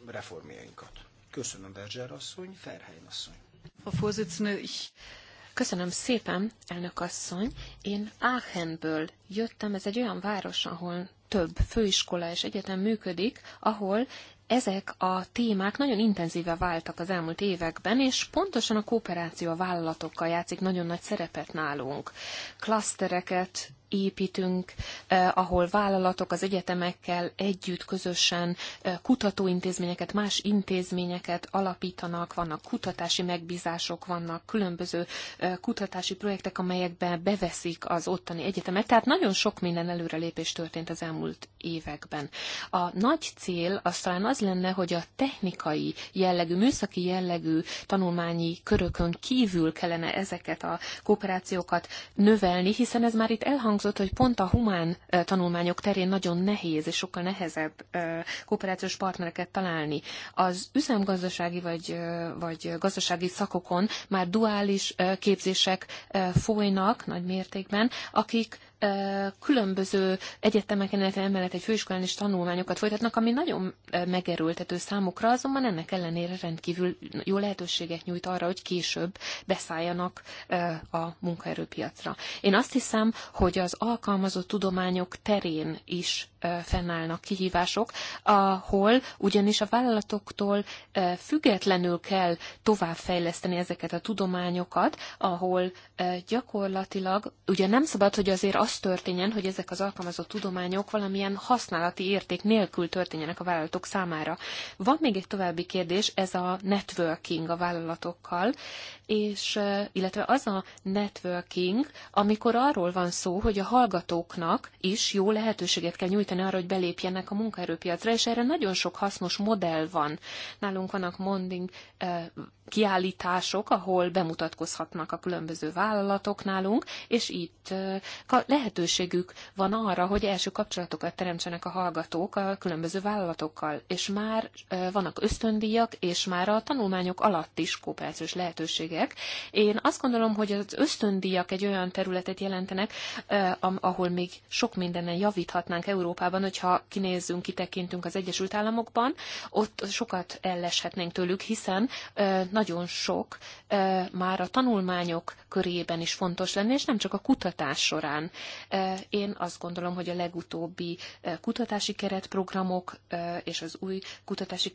reformjainkat. Köszönöm, Verzser asszony, Ferhelyen asszony. A Vorsitzende, is. Köszönöm szépen, elnök asszony. Én Aachenből jöttem, ez egy olyan város, ahol több főiskola és egyetem működik, ahol ezek a témák nagyon intenzíve váltak az elmúlt években, és pontosan a kooperáció a vállalatokkal játszik nagyon nagy szerepet nálunk. Klasztereket építünk, eh, ahol vállalatok az egyetemekkel együtt közösen eh, kutatóintézményeket, más intézményeket alapítanak, vannak kutatási megbízások, vannak különböző eh, kutatási projektek, amelyekben beveszik az ottani egyetemet. Tehát nagyon sok minden előrelépés történt az elmúlt években. A nagy cél az talán az lenne, hogy a technikai jellegű, műszaki jellegű tanulmányi körökön kívül kellene ezeket a kooperációkat növelni, hiszen ez már itt elhangzott, elhangzott, hogy pont a humán tanulmányok terén nagyon nehéz és sokkal nehezebb kooperációs partnereket találni. Az üzemgazdasági vagy, vagy gazdasági szakokon már duális képzések folynak nagy mértékben, akik különböző egyetemeken, illetve emellett egy főiskolán is tanulmányokat folytatnak, ami nagyon megerőltető számukra, azonban ennek ellenére rendkívül jó lehetőséget nyújt arra, hogy később beszálljanak a munkaerőpiacra. Én azt hiszem, hogy az alkalmazott tudományok terén is fennállnak kihívások, ahol ugyanis a vállalatoktól függetlenül kell továbbfejleszteni ezeket a tudományokat, ahol gyakorlatilag ugye nem szabad, hogy azért az történjen, hogy ezek az alkalmazott tudományok valamilyen használati érték nélkül történjenek a vállalatok számára. Van még egy további kérdés, ez a networking a vállalatokkal és illetve az a networking, amikor arról van szó, hogy a hallgatóknak is jó lehetőséget kell nyújtani arra, hogy belépjenek a munkaerőpiacra, és erre nagyon sok hasznos modell van. Nálunk vannak mondink, kiállítások, ahol bemutatkozhatnak a különböző vállalatok nálunk, és itt lehetőségük van arra, hogy első kapcsolatokat teremtsenek a hallgatók a különböző vállalatokkal, és már vannak ösztöndíjak, és már a tanulmányok alatt is kooperációs lehetőségek. Én azt gondolom, hogy az ösztöndíjak egy olyan területet jelentenek, ahol még sok mindenen javíthatnánk Európában, hogyha kinézzünk, kitekintünk az Egyesült Államokban, ott sokat elleshetnénk tőlük, hiszen nagyon sok már a tanulmányok körében is fontos lenne, és nem csak a kutatás során. Én azt gondolom, hogy a legutóbbi kutatási keretprogramok és az új kutatási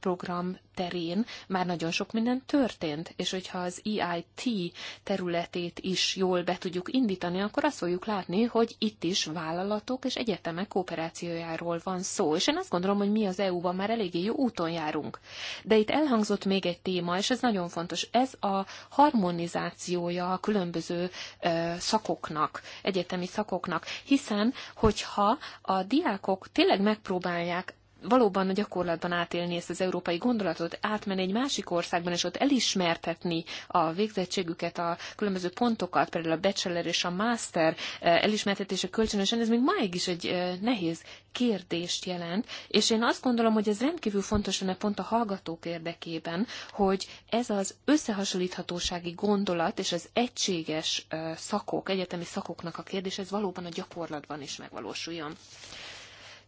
program terén már nagyon sok minden történt, és hogyha az EIT területét is jól be tudjuk indítani, akkor azt fogjuk látni, hogy itt is vállalatok és egyetemek kooperációjáról van szó, és én azt gondolom, hogy mi az EU-ban már eléggé jó úton járunk. De itt elhangzott még egy téma, és ez nagyon fontos, ez a harmonizációja a különböző ö, szakoknak, egyetemi szakoknak, hiszen hogyha a diákok tényleg megpróbálják valóban a gyakorlatban átélni ezt az európai gondolatot, átmenni egy másik országban, és ott elismertetni a végzettségüket, a különböző pontokat, például a bachelor és a master eh, elismertetése kölcsönösen, ez még máig is egy eh, nehéz kérdést jelent, és én azt gondolom, hogy ez rendkívül fontos lenne pont a hallgatók érdekében, hogy ez az összehasonlíthatósági gondolat és az egységes eh, szakok, egyetemi szakoknak a kérdés, ez valóban a gyakorlatban is megvalósuljon.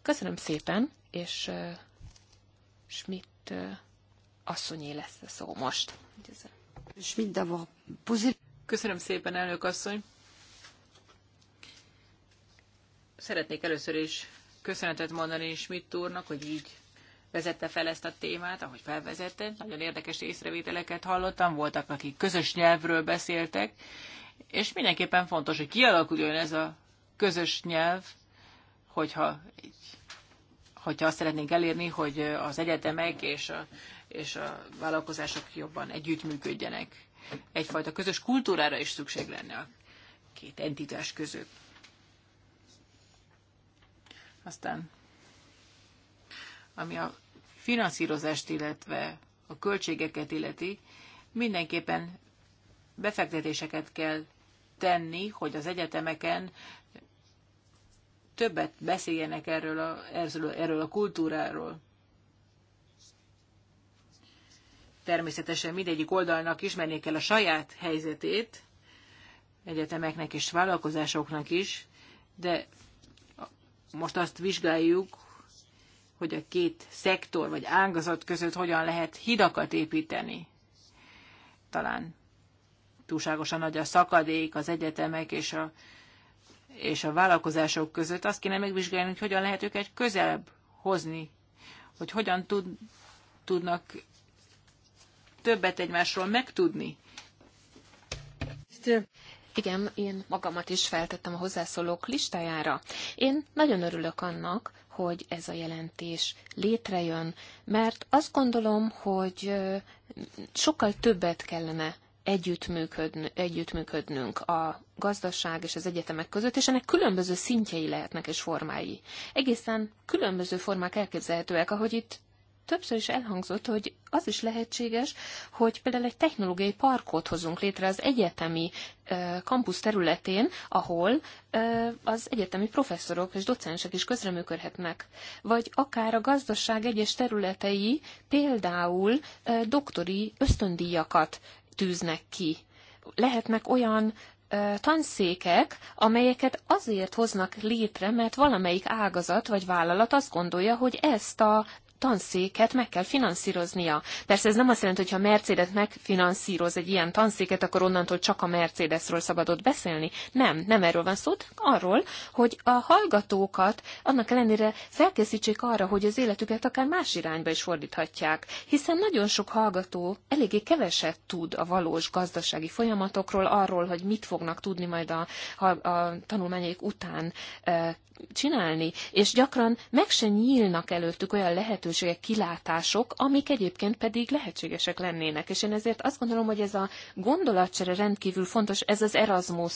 Köszönöm szépen! és Schmidt asszonyé lesz a szó most. Köszönöm szépen, elnök asszony. Szeretnék először is köszönetet mondani Schmidt úrnak, hogy így vezette fel ezt a témát, ahogy felvezette. Nagyon érdekes észrevételeket hallottam, voltak, akik közös nyelvről beszéltek, és mindenképpen fontos, hogy kialakuljon ez a közös nyelv, hogyha egy hogyha azt szeretnénk elérni, hogy az egyetemek és a, és a vállalkozások jobban együttműködjenek. Egyfajta közös kultúrára is szükség lenne a két entitás között. Aztán, ami a finanszírozást, illetve a költségeket illeti, mindenképpen befektetéseket kell tenni, hogy az egyetemeken többet beszéljenek erről a, erről, a kultúráról. Természetesen mindegyik oldalnak ismerni kell a saját helyzetét, egyetemeknek és vállalkozásoknak is, de most azt vizsgáljuk, hogy a két szektor vagy ágazat között hogyan lehet hidakat építeni. Talán túlságosan nagy a szakadék az egyetemek és a és a vállalkozások között azt kéne megvizsgálni, hogy hogyan lehet őket közelebb hozni, hogy hogyan tud, tudnak többet egymásról megtudni. Igen, én magamat is feltettem a hozzászólók listájára. Én nagyon örülök annak, hogy ez a jelentés létrejön, mert azt gondolom, hogy sokkal többet kellene együttműködn- együttműködnünk a gazdaság és az egyetemek között, és ennek különböző szintjei lehetnek és formái. Egészen különböző formák elképzelhetőek, ahogy itt többször is elhangzott, hogy az is lehetséges, hogy például egy technológiai parkot hozunk létre az egyetemi kampusz területén, ahol az egyetemi professzorok és docensek is közreműködhetnek. Vagy akár a gazdaság egyes területei például doktori ösztöndíjakat tűznek ki. Lehetnek olyan tanszékek, amelyeket azért hoznak létre, mert valamelyik ágazat vagy vállalat azt gondolja, hogy ezt a tanszéket meg kell finanszíroznia. Persze ez nem azt jelenti, hogy ha Mercedes megfinanszíroz egy ilyen tanszéket, akkor onnantól csak a Mercedesről szabadott beszélni. Nem, nem erről van szó, arról, hogy a hallgatókat annak ellenére felkészítsék arra, hogy az életüket akár más irányba is fordíthatják, hiszen nagyon sok hallgató eléggé keveset tud a valós gazdasági folyamatokról, arról, hogy mit fognak tudni majd a, a tanulmányaik után e, csinálni, és gyakran meg se nyílnak előttük olyan lehetőségek, lehetőségek, kilátások, amik egyébként pedig lehetségesek lennének. És én ezért azt gondolom, hogy ez a gondolatcsere rendkívül fontos, ez az Erasmus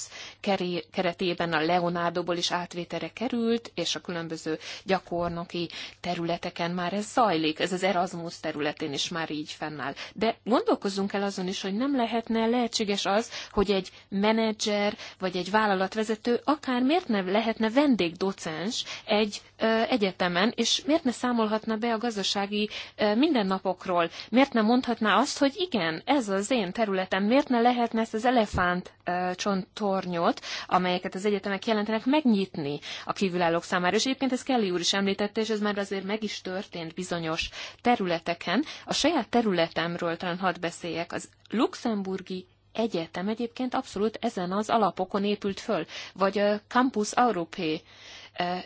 keretében a Leonardoból is átvétere került, és a különböző gyakornoki területeken már ez zajlik, ez az Erasmus területén is már így fennáll. De gondolkozzunk el azon is, hogy nem lehetne lehetséges az, hogy egy menedzser vagy egy vállalatvezető akár miért nem lehetne vendégdocens egy egyetemen, és miért ne számolhatna be a gazdasági mindennapokról? Miért ne mondhatná azt, hogy igen, ez az én területem, miért ne lehetne ezt az elefánt csonttornyot, amelyeket az egyetemek jelentenek, megnyitni a kívülállók számára. És egyébként ez Kelly úr is említette, és ez már azért meg is történt bizonyos területeken. A saját területemről talán hadd beszéljek, az luxemburgi egyetem egyébként abszolút ezen az alapokon épült föl, vagy a Campus Európé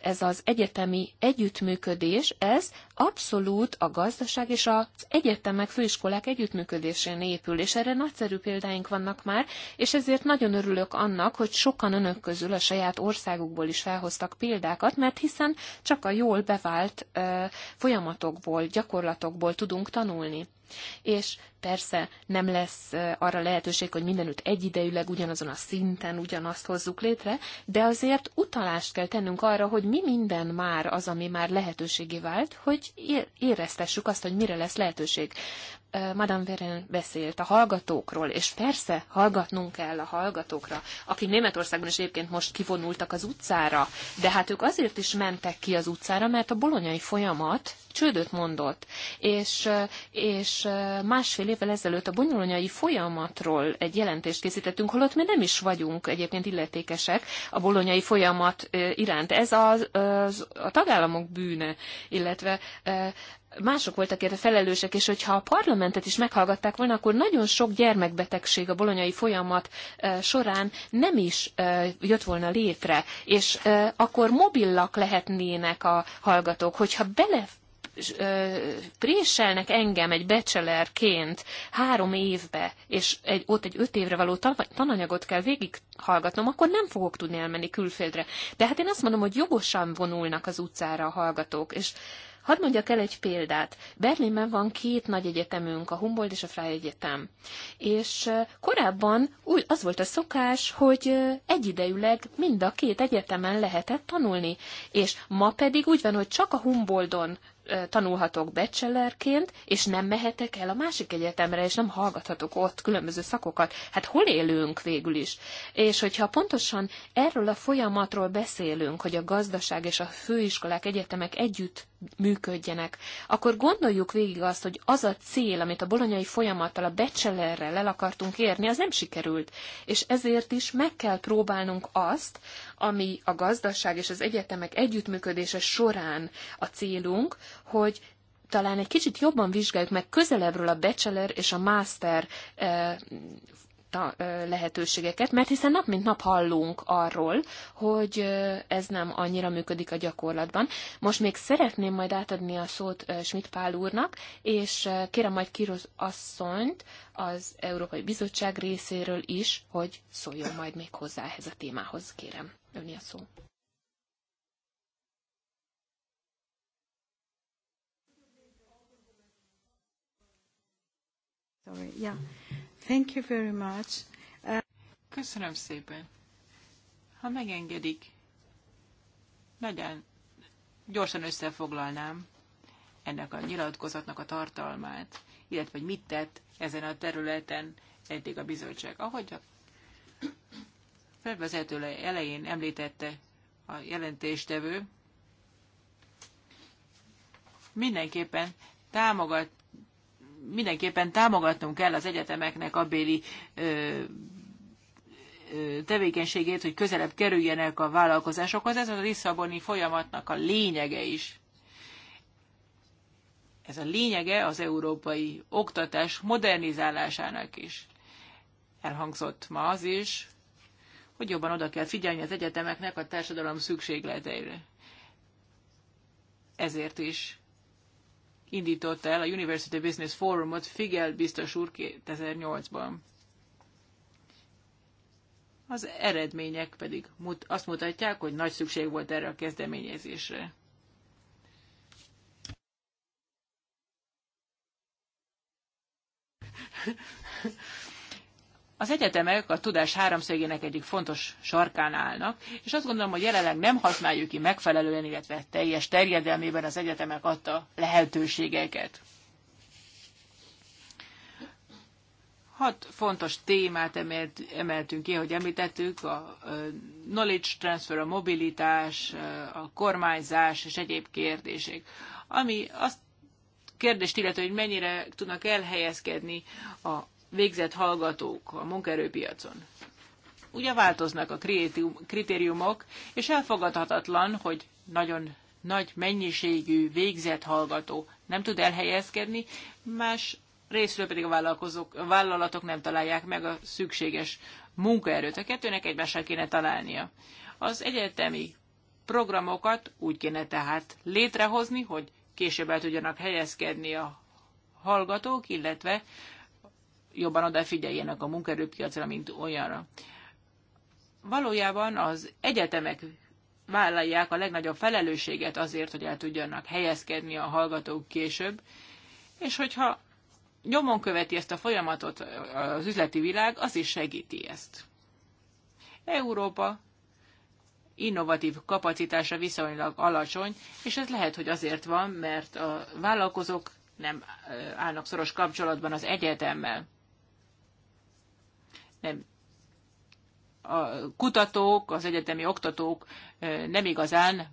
ez az egyetemi együttműködés, ez abszolút a gazdaság és az egyetemek, főiskolák együttműködésén épül, és erre nagyszerű példáink vannak már, és ezért nagyon örülök annak, hogy sokan önök közül a saját országukból is felhoztak példákat, mert hiszen csak a jól bevált ö, folyamatokból, gyakorlatokból tudunk tanulni. És persze nem lesz arra lehetőség, hogy mindenütt egyidejűleg ugyanazon a szinten ugyanazt hozzuk létre, de azért utalást kell tennünk arra, hogy mi minden már az, ami már lehetőségi vált, hogy éreztessük azt, hogy mire lesz lehetőség. Madame Veren beszélt a hallgatókról, és persze hallgatnunk kell a hallgatókra, akik Németországban is egyébként most kivonultak az utcára, de hát ők azért is mentek ki az utcára, mert a bolonyai folyamat csődöt mondott, és, és másfél évvel ezelőtt a bolonyai folyamatról egy jelentést készítettünk, holott mi nem is vagyunk egyébként illetékesek a bolonyai folyamat iránt. Ez az, az, a tagállamok bűne, illetve mások voltak érte felelősek, és hogyha a parlamentet is meghallgatták volna, akkor nagyon sok gyermekbetegség a bolonyai folyamat során nem is jött volna létre, és akkor mobillak lehetnének a hallgatók, hogyha bele préselnek engem egy becselerként három évbe, és egy, ott egy öt évre való tananyagot kell végighallgatnom, akkor nem fogok tudni elmenni külföldre. De hát én azt mondom, hogy jogosan vonulnak az utcára a hallgatók, és Hadd mondjak el egy példát. Berlinben van két nagy egyetemünk, a Humboldt és a Freie Egyetem. És korábban úgy az volt a szokás, hogy egyidejűleg mind a két egyetemen lehetett tanulni. És ma pedig úgy van, hogy csak a Humboldton tanulhatok bachelorként, és nem mehetek el a másik egyetemre, és nem hallgathatok ott különböző szakokat. Hát hol élünk végül is? És hogyha pontosan erről a folyamatról beszélünk, hogy a gazdaság és a főiskolák, egyetemek együtt működjenek, akkor gondoljuk végig azt, hogy az a cél, amit a bolonyai folyamattal, a becselerrel el akartunk érni, az nem sikerült. És ezért is meg kell próbálnunk azt, ami a gazdaság és az egyetemek együttműködése során a célunk, hogy talán egy kicsit jobban vizsgáljuk meg közelebbről a bachelor és a master eh, lehetőségeket, mert hiszen nap mint nap hallunk arról, hogy ez nem annyira működik a gyakorlatban. Most még szeretném majd átadni a szót Schmidt Pál úrnak, és kérem majd Kiroz asszonyt az Európai Bizottság részéről is, hogy szóljon majd még hozzá ehhez a témához, kérem. Öni a szó. Sorry. Yeah. Thank you very much. Uh, Köszönöm szépen. Ha megengedik, nagyon gyorsan összefoglalnám ennek a nyilatkozatnak a tartalmát, illetve hogy mit tett ezen a területen eddig a bizottság. Ahogy a felvezető elején említette a jelentéstevő, mindenképpen támogat, mindenképpen támogatnunk kell az egyetemeknek a béli tevékenységét, hogy közelebb kerüljenek a vállalkozásokhoz. Ez a Lisszaboni folyamatnak a lényege is. Ez a lényege az európai oktatás modernizálásának is. Elhangzott ma az is, hogy jobban oda kell figyelni az egyetemeknek a társadalom szükségleteire. Ezért is indította el a University Business Forumot Figel biztos úr 2008-ban. Az eredmények pedig azt mutatják, hogy nagy szükség volt erre a kezdeményezésre. Az egyetemek a tudás háromszögének egyik fontos sarkán állnak, és azt gondolom, hogy jelenleg nem használjuk ki megfelelően, illetve teljes terjedelmében az egyetemek adta lehetőségeket. Hat fontos témát emelt, emeltünk ki, hogy említettük, a knowledge transfer, a mobilitás, a kormányzás és egyéb kérdések. Ami azt kérdést illető, hogy mennyire tudnak elhelyezkedni a végzett hallgatók a munkaerőpiacon. Ugye változnak a kritériumok, és elfogadhatatlan, hogy nagyon nagy mennyiségű végzett hallgató nem tud elhelyezkedni, más részről pedig a, vállalkozók, a vállalatok nem találják meg a szükséges munkaerőt. A kettőnek egymással kéne találnia. Az egyetemi programokat úgy kéne tehát létrehozni, hogy később el tudjanak helyezkedni a hallgatók, illetve jobban odafigyeljenek a munkerőpiacra, mint olyanra. Valójában az egyetemek vállalják a legnagyobb felelősséget azért, hogy el tudjanak helyezkedni a hallgatók később, és hogyha nyomon követi ezt a folyamatot az üzleti világ, az is segíti ezt. Európa innovatív kapacitása viszonylag alacsony, és ez lehet, hogy azért van, mert a vállalkozók nem állnak szoros kapcsolatban az egyetemmel nem a kutatók, az egyetemi oktatók nem igazán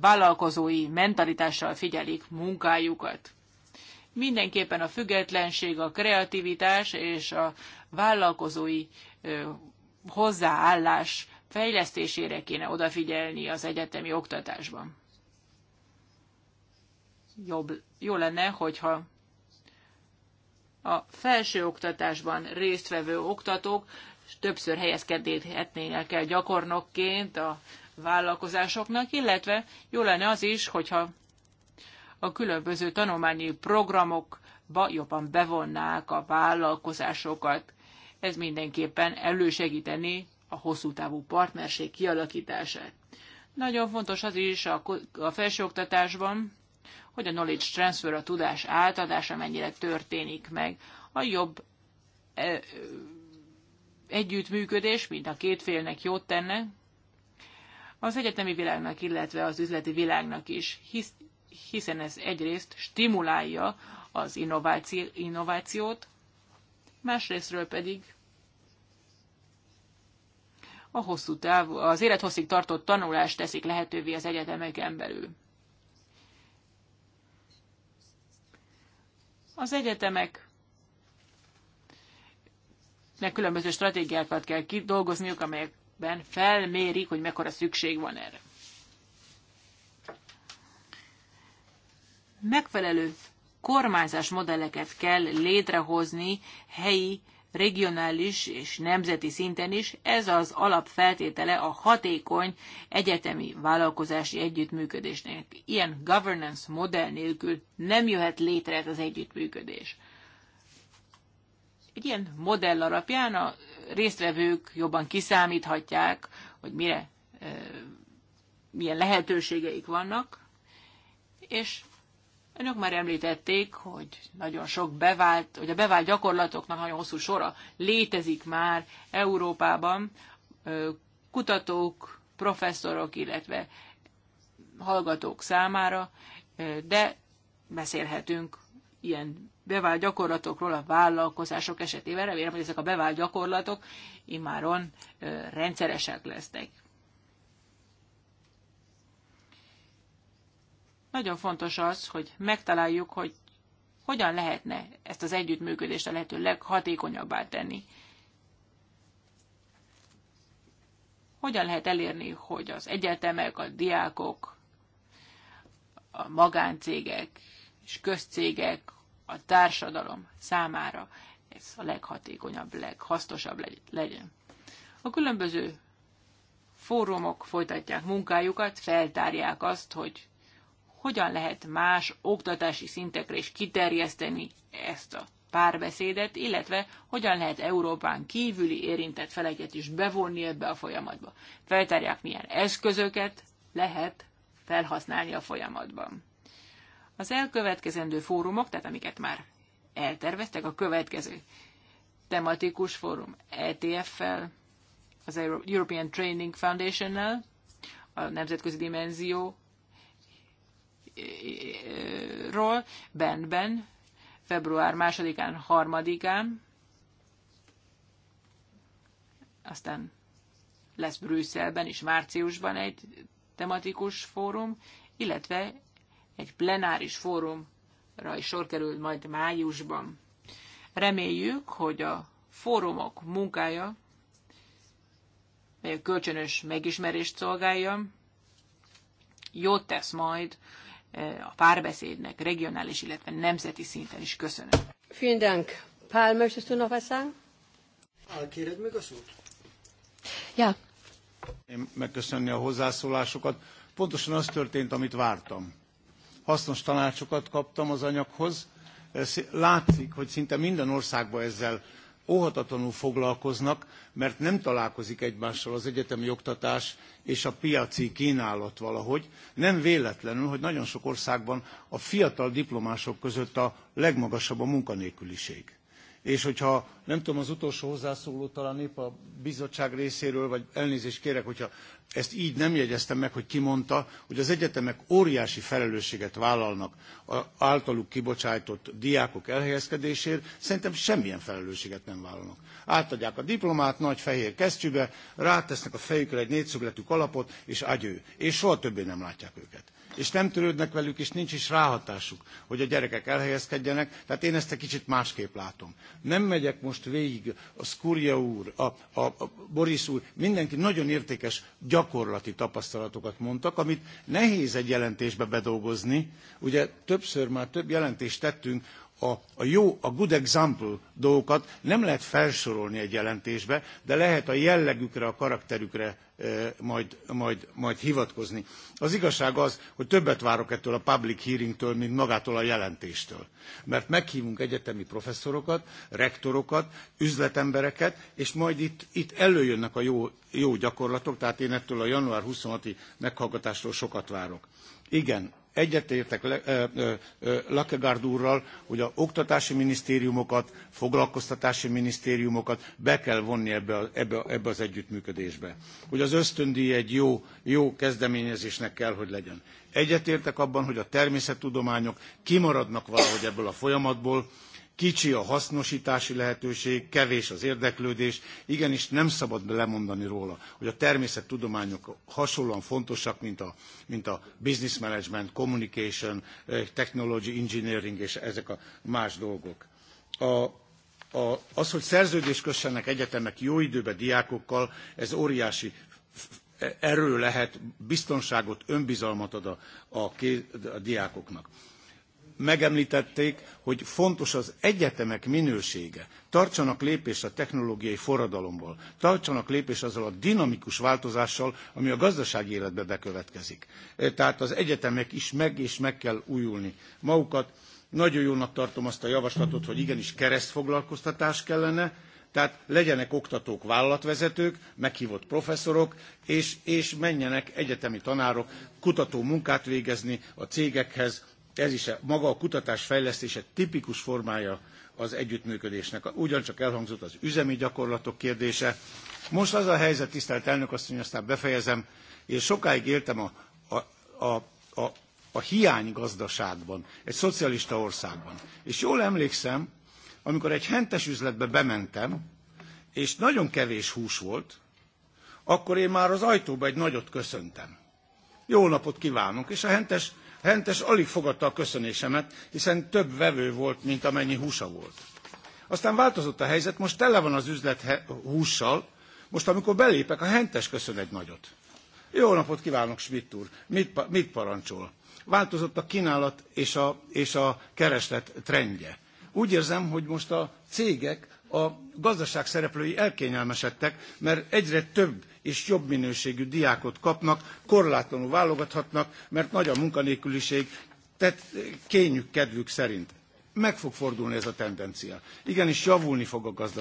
vállalkozói mentalitással figyelik munkájukat. Mindenképpen a függetlenség, a kreativitás és a vállalkozói hozzáállás fejlesztésére kéne odafigyelni az egyetemi oktatásban. Jobb, jó lenne, hogyha a felsőoktatásban résztvevő oktatók többször helyezkedhetnének el gyakornokként a vállalkozásoknak, illetve jó lenne az is, hogyha a különböző tanulmányi programokba jobban bevonnák a vállalkozásokat. Ez mindenképpen elősegíteni a hosszú távú partnerség kialakítását. Nagyon fontos az is a felsőoktatásban, hogy a knowledge transfer, a tudás átadása mennyire történik meg. A jobb e, együttműködés, mint a két félnek jót tenne, az egyetemi világnak, illetve az üzleti világnak is, hisz, hiszen ez egyrészt stimulálja az innováció, innovációt, másrésztről pedig a hosszú távú az élethosszig tartott tanulást teszik lehetővé az egyetemeken belül. Az egyetemek különböző stratégiákat kell kidolgozniuk, amelyekben felmérik, hogy mekkora szükség van erre. Megfelelő kormányzás modelleket kell létrehozni helyi regionális és nemzeti szinten is, ez az alapfeltétele a hatékony egyetemi vállalkozási együttműködésnek. Ilyen governance modell nélkül nem jöhet létre ez az együttműködés. Egy ilyen modell alapján a résztvevők jobban kiszámíthatják, hogy mire, eh, milyen lehetőségeik vannak, és Önök már említették, hogy nagyon sok bevált, hogy a bevált gyakorlatoknak nagyon hosszú sora létezik már Európában. Kutatók, professzorok, illetve hallgatók számára, de beszélhetünk ilyen bevált gyakorlatokról a vállalkozások esetében. Remélem, hogy ezek a bevált gyakorlatok immáron rendszeresek lesznek. Nagyon fontos az, hogy megtaláljuk, hogy hogyan lehetne ezt az együttműködést a lehető leghatékonyabbá tenni. Hogyan lehet elérni, hogy az egyetemek, a diákok, a magáncégek és közcégek, a társadalom számára ez a leghatékonyabb, leghasznosabb legyen. A különböző fórumok folytatják munkájukat, feltárják azt, hogy hogyan lehet más oktatási szintekre is kiterjeszteni ezt a párbeszédet, illetve hogyan lehet Európán kívüli érintett feleket is bevonni ebbe a folyamatba. Feltárják, milyen eszközöket lehet felhasználni a folyamatban. Az elkövetkezendő fórumok, tehát amiket már elterveztek, a következő tematikus fórum ETF-fel, az European Training Foundation-nel, a nemzetközi dimenzió ról bendben február másodikán, harmadikán, aztán lesz Brüsszelben is márciusban egy tematikus fórum, illetve egy plenáris fórumra is sor kerül majd májusban. Reméljük, hogy a fórumok munkája, mely a kölcsönös megismerést szolgálja, jót tesz majd a párbeszédnek regionális, illetve nemzeti szinten is. Köszönöm. Vielen Dank. Pál, möchtest du noch was sagen? meg a szót? Ja. Én megköszönni a hozzászólásokat. Pontosan az történt, amit vártam. Hasznos tanácsokat kaptam az anyaghoz. Látszik, hogy szinte minden országban ezzel óhatatlanul foglalkoznak, mert nem találkozik egymással az egyetemi oktatás és a piaci kínálat valahogy. Nem véletlenül, hogy nagyon sok országban a fiatal diplomások között a legmagasabb a munkanélküliség és hogyha nem tudom, az utolsó hozzászóló talán épp a bizottság részéről, vagy elnézést kérek, hogyha ezt így nem jegyeztem meg, hogy kimondta, hogy az egyetemek óriási felelősséget vállalnak a általuk kibocsájtott diákok elhelyezkedésért, szerintem semmilyen felelősséget nem vállalnak. Átadják a diplomát nagy fehér kesztyűbe, rátesznek a fejükre egy négyszögletű kalapot, és agyő, és soha többé nem látják őket és nem törődnek velük, és nincs is ráhatásuk, hogy a gyerekek elhelyezkedjenek. Tehát én ezt egy kicsit másképp látom. Nem megyek most végig a Skurja úr, a, a, a Boris úr, mindenki nagyon értékes gyakorlati tapasztalatokat mondtak, amit nehéz egy jelentésbe bedolgozni. Ugye többször már több jelentést tettünk a, a jó, a good example dolgokat nem lehet felsorolni egy jelentésbe, de lehet a jellegükre, a karakterükre e, majd, majd, majd hivatkozni. Az igazság az, hogy többet várok ettől a public hearingtől, mint magától a jelentéstől. Mert meghívunk egyetemi professzorokat, rektorokat, üzletembereket, és majd itt, itt előjönnek a jó, jó gyakorlatok, tehát én ettől a január 26-i meghallgatástól sokat várok. Igen, Egyetértek Lakegárd úrral, hogy a oktatási minisztériumokat, foglalkoztatási minisztériumokat be kell vonni ebbe, ebbe, ebbe az együttműködésbe. Hogy az ösztöndíj egy jó, jó kezdeményezésnek kell, hogy legyen. Egyetértek abban, hogy a természettudományok kimaradnak valahogy ebből a folyamatból, kicsi a hasznosítási lehetőség, kevés az érdeklődés, igenis nem szabad lemondani róla, hogy a természettudományok hasonlóan fontosak, mint a, mint a business management, communication, eh, technology, engineering és ezek a más dolgok. A, a, az, hogy szerződést kössenek egyetemek jó időben diákokkal, ez óriási erő lehet, biztonságot, önbizalmat ad a, a, a diákoknak megemlítették, hogy fontos az egyetemek minősége. Tartsanak lépést a technológiai forradalomból, tartsanak lépést azzal a dinamikus változással, ami a gazdasági életbe bekövetkezik. E, tehát az egyetemek is meg és meg kell újulni magukat. Nagyon jónak tartom azt a javaslatot, hogy igenis keresztfoglalkoztatás kellene, tehát legyenek oktatók, vállalatvezetők, meghívott professzorok, és, és menjenek egyetemi tanárok kutató munkát végezni a cégekhez, ez is a, maga a kutatás fejlesztése tipikus formája az együttműködésnek. Ugyancsak elhangzott az üzemi gyakorlatok kérdése. Most az a helyzet, tisztelt elnök asszony, aztán befejezem, én sokáig éltem a, a, a, a, a hiánygazdaságban, egy szocialista országban. És jól emlékszem, amikor egy hentes üzletbe bementem, és nagyon kevés hús volt, akkor én már az ajtóba egy nagyot köszöntem. Jó napot kívánunk! És a hentes Hentes alig fogadta a köszönésemet, hiszen több vevő volt, mint amennyi húsa volt. Aztán változott a helyzet, most tele van az üzlet hússal, most amikor belépek, a hentes köszön egy nagyot. Jó napot kívánok, Schmidt úr! Mit, mit parancsol? Változott a kínálat és a, és a kereslet trendje. Úgy érzem, hogy most a cégek, a gazdaság szereplői elkényelmesedtek, mert egyre több és jobb minőségű diákot kapnak, korlátlanul válogathatnak, mert nagy a munkanélküliség, tehát kényük, kedvük szerint. Meg fog fordulni ez a tendencia. Igenis javulni fog a gazdaság.